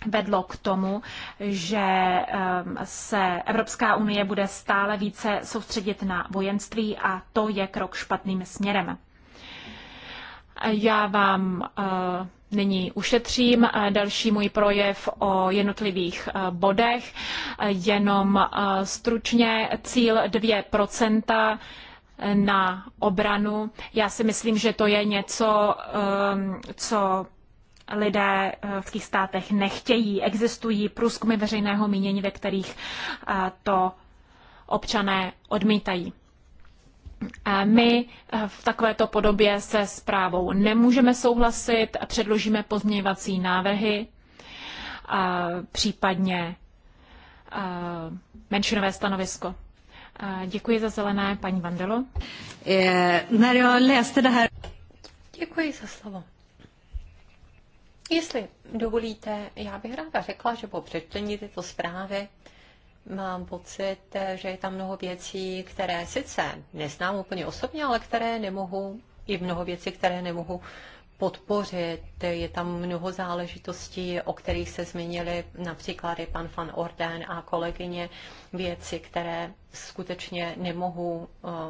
vedlo k tomu, že ehm, se Evropská unie bude stále více soustředit na vojenství a to je krok špatným směrem. Já vám eh, nyní ušetřím eh, další můj projev o jednotlivých eh, bodech. Jenom stručně cíl 2 na obranu. Já si myslím, že to je něco, co lidé v těch státech nechtějí. Existují průzkumy veřejného mínění, ve kterých to občané odmítají. My eh, v takovéto podobě se zprávou nemůžeme souhlasit a předložíme pozměňovací návrhy, případně eh, menšinové stanovisko. Děkuji za zelené, paní Vandelo. Eh, děkuji za slovo. Jestli dovolíte, já bych ráda řekla, že po přečtení této zprávy mám pocit, že je tam mnoho věcí, které sice neznám úplně osobně, ale které nemohu, i mnoho věcí, které nemohu podpořit. Je tam mnoho záležitostí, o kterých se zmínili například i pan Van Orden a kolegyně, věci, které skutečně nemohu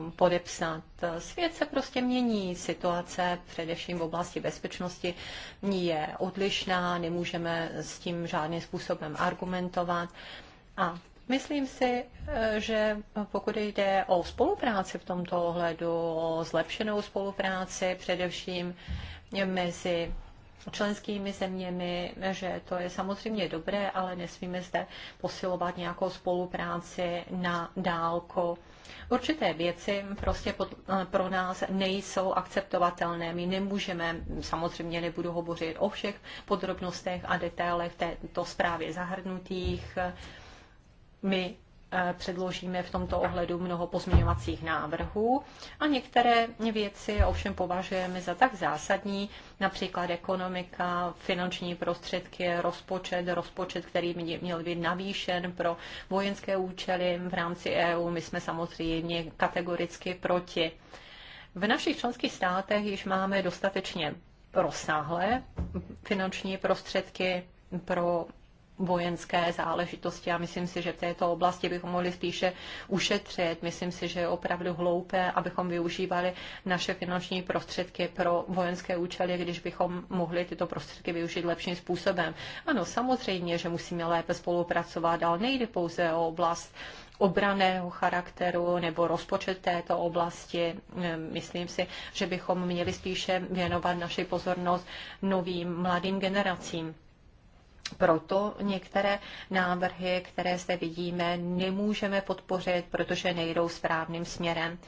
um, podepsat. Svět se prostě mění, situace především v oblasti bezpečnosti je odlišná, nemůžeme s tím žádným způsobem argumentovat. A Myslím si, eh, že pokud jde o spolupráci v tomto ohledu, o zlepšenou spolupráci především mezi členskými zeměmi, že to je samozřejmě dobré, ale nesmíme zde posilovat nějakou spolupráci na dálku. Určité věci prostě eh, pro nás nejsou akceptovatelné. My nemůžeme, samozřejmě nebudu hovořit o všech podrobnostech a detailech této zprávy zahrnutých, my eh, předložíme v tomto ohledu mnoho pozměňovacích návrhů a některé věci ovšem považujeme za tak zásadní, například ekonomika, finanční prostředky, rozpočet, rozpočet, který měl být navýšen pro vojenské účely v rámci EU. My jsme samozřejmě kategoricky proti. V našich členských státech již máme dostatečně rozsáhlé finanční prostředky pro vojenské záležitosti a myslím si, že v této oblasti bychom mohli spíše ušetřit. Myslím si, že je opravdu hloupé, abychom využívali naše finanční prostředky pro vojenské účely, když bychom mohli tyto prostředky využít lepším způsobem. Ano, samozřejmě, že musíme lépe spolupracovat, ale nejde pouze o oblast obraného charakteru nebo rozpočet této oblasti. Myslím si, že bychom měli spíše věnovat naši pozornost novým mladým generacím proto některé návrhy, které zde vidíme, nemůžeme podpořit, protože nejdou správným směrem.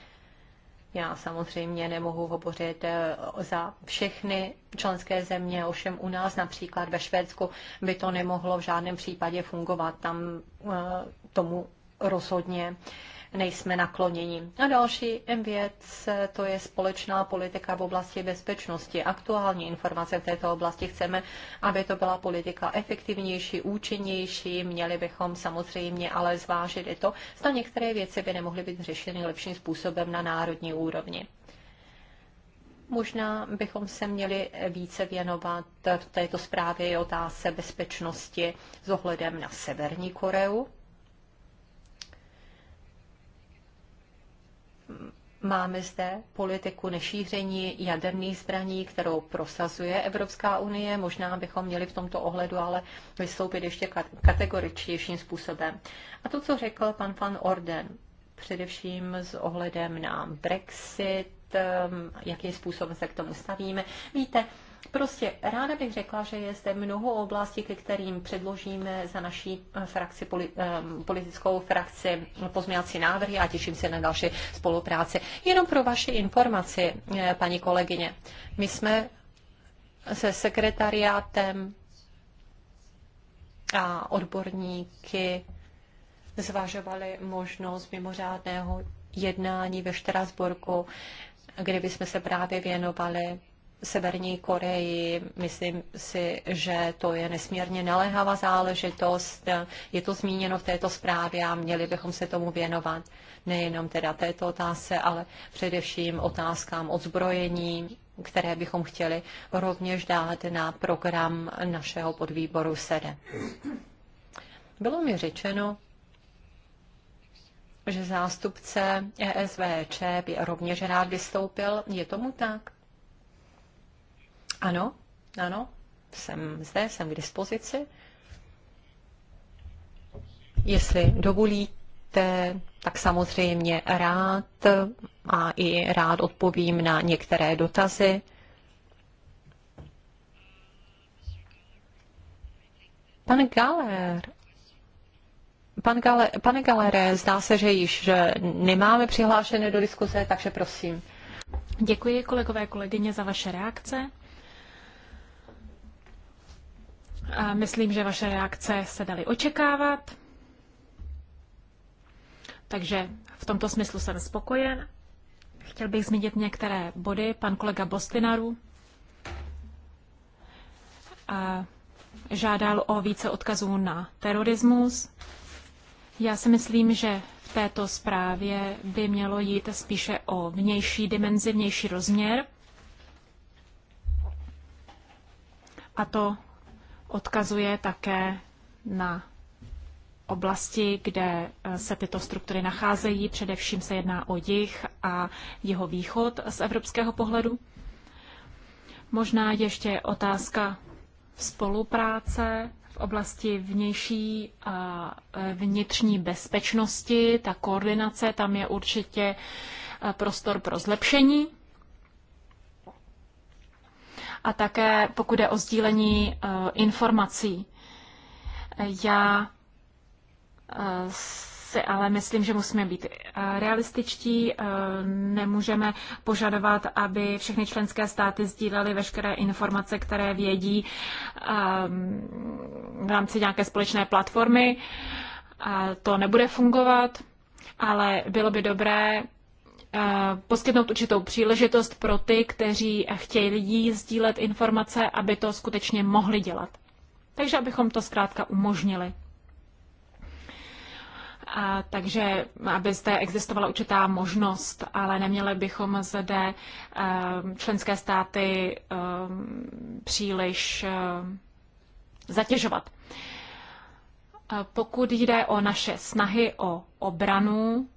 Já samozřejmě nemohu hovořit eh, za všechny členské země, ovšem u nás například ve Švédsku by to nemohlo v žádném případě fungovat. Tam eh, tomu rozhodně nejsme nakloněni. A další věc, to je společná politika v oblasti bezpečnosti. Aktuální informace v této oblasti chceme, aby to byla politika efektivnější, účinnější. Měli bychom samozřejmě ale zvážit i to, zda některé věci by nemohly být řešeny lepším způsobem na národní úrovni. Možná bychom se měli více věnovat v této zprávě otázce bezpečnosti s ohledem na Severní Koreu. Máme zde politiku nešíření jaderných zbraní, kterou prosazuje Evropská unie. Možná bychom měli v tomto ohledu ale vystoupit ještě kategoričtějším způsobem. A to, co řekl pan van Orden, především s ohledem na Brexit, um, jakým způsobem se k tomu stavíme. Víte, Prostě ráda bych řekla, že je zde mnoho oblastí, ke kterým předložíme za naší eh, frakci, ehm, politickou frakci pozměňovací návrhy a těším se na další spolupráci. Jenom pro vaši informaci, eh, paní kolegyně, my jsme se sekretariátem a odborníky zvažovali možnost mimořádného jednání ve Štrasburku, kde bychom se právě věnovali Severní Koreji. Myslím si, že to je nesmírně naléhavá záležitost. Je to zmíněno v této zprávě a měli bychom se tomu věnovat nejenom teda této otázce, ale především otázkám odzbrojení, které bychom chtěli rovněž dát na program našeho podvýboru SEDE. Bylo mi řečeno, že zástupce ESVČ by rovněž rád vystoupil. Je tomu tak? Ano, ano, jsem zde, jsem k dispozici. Jestli dovolíte, tak samozřejmě rád a i rád odpovím na některé dotazy. Pan Galer, Pan Gale, pane Galere, zdá se, že již že nemáme přihlášené do diskuze, takže prosím. Děkuji kolegové kolegyně za vaše reakce. A myslím, že vaše reakce se daly očekávat. Takže v tomto smyslu jsem spokojen. Chtěl bych zmínit některé body. Pan kolega Bostinaru a žádal o více odkazů na terorismus. Já si myslím, že v této zprávě by mělo jít spíše o vnější dimenzi, vnější rozměr. A to odkazuje také na oblasti, kde eh, se tyto struktury nacházejí. Především se jedná o jich a jeho východ z evropského pohledu. Možná ještě otázka spolupráce v oblasti vnější a eh, vnitřní bezpečnosti. Ta koordinace, tam je určitě eh, prostor pro zlepšení a také pokud je o sdílení eh, informací. Já eh, si ale myslím, že musíme být eh, realističtí. Nemůžeme požadovat, aby všechny členské státy sdílely veškeré informace, které vědí v rámci nějaké společné platformy. To nebude fungovat, ale bylo by dobré Eh, poskytnout určitou příležitost pro ty, kteří chtějí sdílet informace, aby to skutečně mohli dělat. Takže abychom to zkrátka umožnili. A, takže aby zde existovala určitá možnost, ale neměli bychom zde eh, členské státy eh, příliš zatěžovat. Pokud jde o naše snahy o obranu,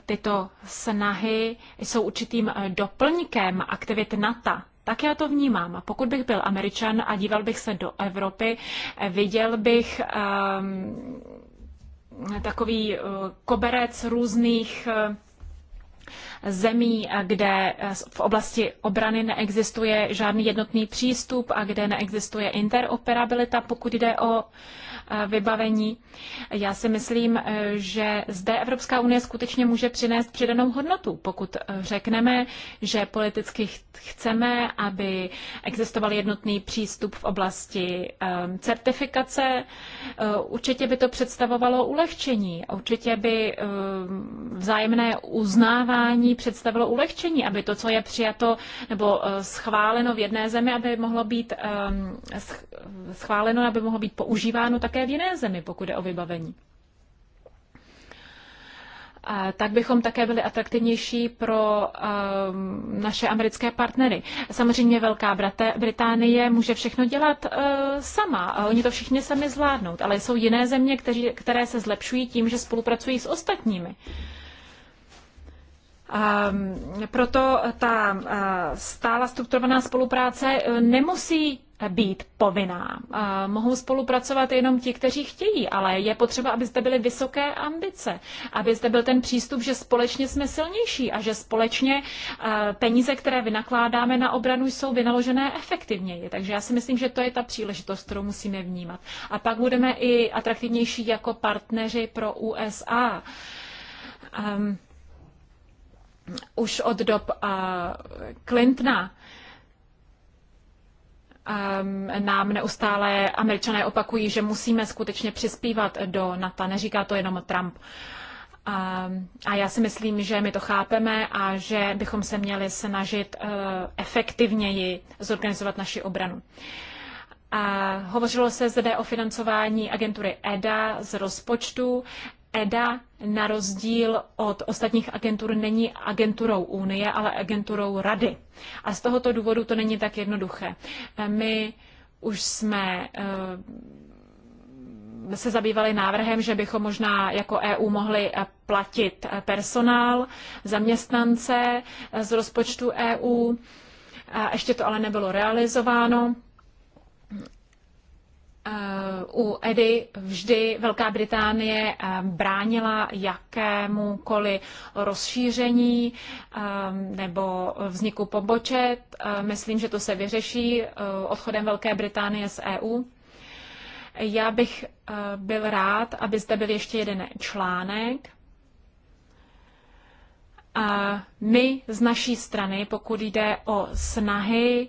tyto snahy jsou určitým eh, doplňkem aktivit NATO. Tak já to vnímám. Pokud bych byl američan a díval bych se do Evropy, eh, viděl bych um, takový uh, koberec různých uh, zemí, kde v oblasti obrany neexistuje žádný jednotný přístup a kde neexistuje interoperabilita, pokud jde o vybavení. Já si myslím, e, že zde Evropská unie skutečně může přinést přidanou hodnotu, pokud e, řekneme, že politicky chceme, aby existoval jednotný přístup v oblasti e, certifikace. Určitě by to představovalo ulehčení, určitě by vzájemné uznávání představilo ulehčení, aby to, co je přijato nebo schváleno v jedné zemi, aby mohlo být schváleno, aby mohlo být používáno tak také v jiné zemi, pokud je o vybavení. A tak bychom také byli atraktivnější pro um, naše americké partnery. Samozřejmě Velká Brate, Británie může všechno dělat uh, sama a oni to všichni sami zvládnout, ale jsou jiné země, kteří, které se zlepšují tím, že spolupracují s ostatními. Um, proto ta uh, stála strukturovaná spolupráce uh, nemusí být povinná. Mohou spolupracovat jenom ti, kteří chtějí, ale je potřeba, aby zde byly vysoké ambice, aby zde byl ten přístup, že společně jsme silnější a že společně eh, peníze, které vynakládáme na obranu, jsou vynaložené efektivněji. Takže já si myslím, že to je ta příležitost, kterou musíme vnímat. A pak budeme i atraktivnější jako partneři pro USA. Um, ehm, už od dob uh, Clintona Ehm, nám neustále američané opakují, že musíme skutečně přispívat do NATO. Neříká to jenom Trump. A, ehm, a já si myslím, že my to chápeme a že bychom se měli snažit uh, efektivněji zorganizovat naši obranu. A hovořilo se zde o financování agentury EDA z rozpočtu. EDA na rozdíl od ostatních agentur není agenturou Unie, ale agenturou Rady. A z tohoto důvodu to není tak jednoduché. E, my už jsme e, se zabývali návrhem, že bychom možná jako EU mohli e, platit personál, zaměstnance z rozpočtu EU. Ještě to ale nebylo realizováno. Eh, u Edy vždy Velká Británie eh, bránila jakémukoli rozšíření eh, nebo vzniku pobočet. Myslím, že to se vyřeší odchodem Velké Británie z EU. Já bych byl rád, aby zde byl ještě jeden článek. A my z naší strany, pokud jde o snahy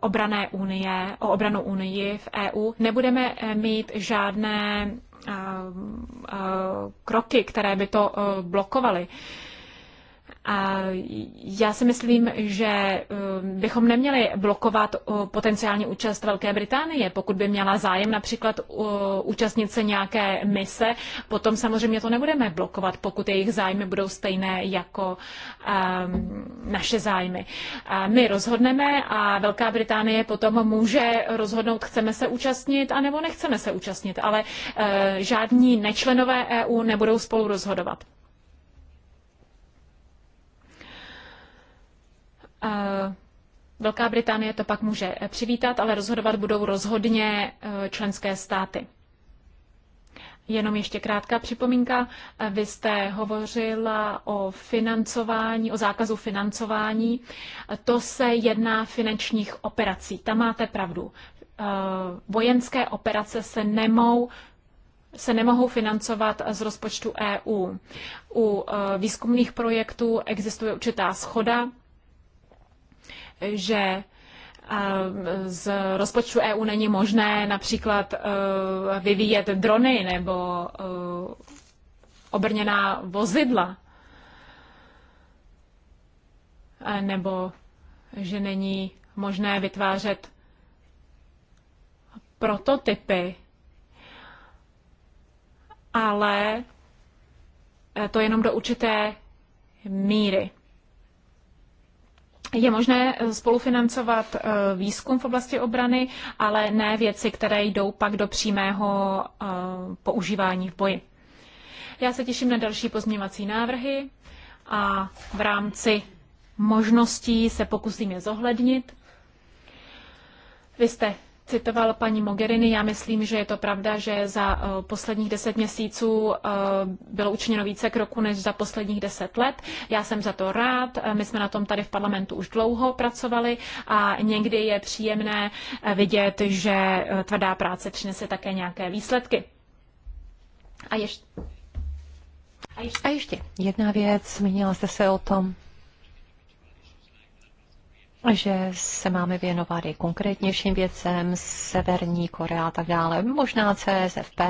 obrané unie, o obranu unii v EU, nebudeme eh, mít žádné eh, eh, kroky, které by to blokovaly. Já si myslím, že um, bychom neměli blokovat uh, potenciální účast Velké Británie, pokud by měla zájem například uh, účastnit se nějaké mise, potom samozřejmě to nebudeme blokovat, pokud jejich zájmy budou stejné jako um, naše zájmy. My rozhodneme a Velká Británie potom může rozhodnout, chceme se účastnit anebo nechceme se účastnit, ale uh, žádní nečlenové EU nebudou spolu rozhodovat. Eh, Velká Británie to pak může eh, přivítat, ale rozhodovat budou rozhodně eh, členské státy. Jenom ještě krátká připomínka. Vy jste hovořila o financování, o zákazu financování. To se jedná finančních operací. Tam máte pravdu. Vojenské operace se nemou se nemohou financovat z rozpočtu EU. U výzkumných projektů existuje určitá schoda že eh, z rozpočtu EU není možné například eh, vyvíjet drony nebo eh, obrněná vozidla, nebo že není možné vytvářet prototypy, ale to jenom do určité míry. Je možné eh, spolufinancovat eh, výzkum v oblasti obrany, ale ne věci, které jdou pak do přímého eh, používání v boji. Já se těším na další pozměňovací návrhy a v rámci možností se pokusím je zohlednit. Vy jste citoval paní Mogherini. Já myslím, že je to pravda, že za eh, posledních deset měsíců eh, bylo učiněno více kroku než za posledních deset let. Já jsem za to rád. Eh, my jsme na tom tady v parlamentu už dlouho pracovali a někdy je příjemné vidět, že tvrdá práce přinese také nějaké výsledky. A ještě. A ještě jedna věc, zmínila jste se o tom, že se máme věnovat i konkrétnějším věcem, Severní Korea a tak dále. Možná CSFP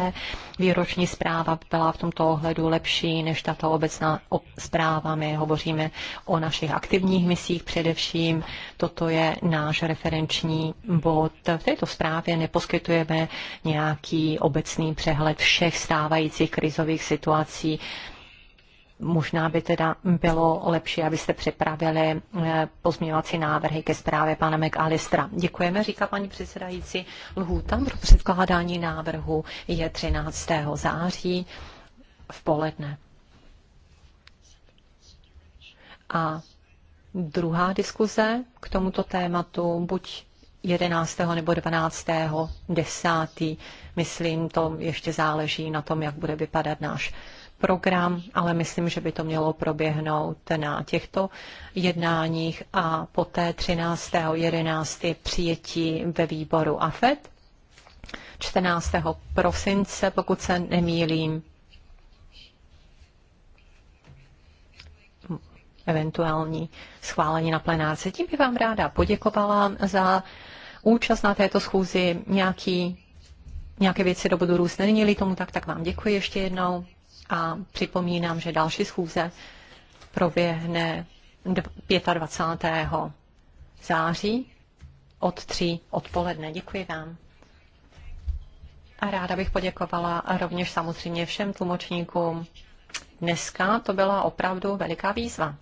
výroční zpráva byla v tomto ohledu lepší než tato obecná zpráva. My hovoříme o našich aktivních misích především. Toto je náš referenční bod. V této zprávě neposkytujeme nějaký obecný přehled všech stávajících krizových situací Možná by teda bylo lepší, abyste připravili eh, pozměňovací návrhy ke zprávě pana McAllistera. Děkujeme, říká paní předsedající. Lhůta pro předkládání návrhu je 13. září v poledne. A druhá diskuze k tomuto tématu buď 11. nebo 12. 10. Myslím, to ještě záleží na tom, jak bude vypadat náš program, ale myslím, že by to mělo proběhnout na těchto jednáních a poté 13. 11. přijetí ve výboru AFED. 14. prosince, pokud se nemýlím, eventuální schválení na plenáře. Tím bych vám ráda poděkovala za účast na této schůzi. Nějaký, nějaké věci do budoucna růst není-li tomu tak, tak vám děkuji ještě jednou a připomínám, že další schůze proběhne 25. září od 3 odpoledne. Děkuji vám. A ráda bych poděkovala rovněž samozřejmě všem tlumočníkům. Dneska to byla opravdu veliká výzva.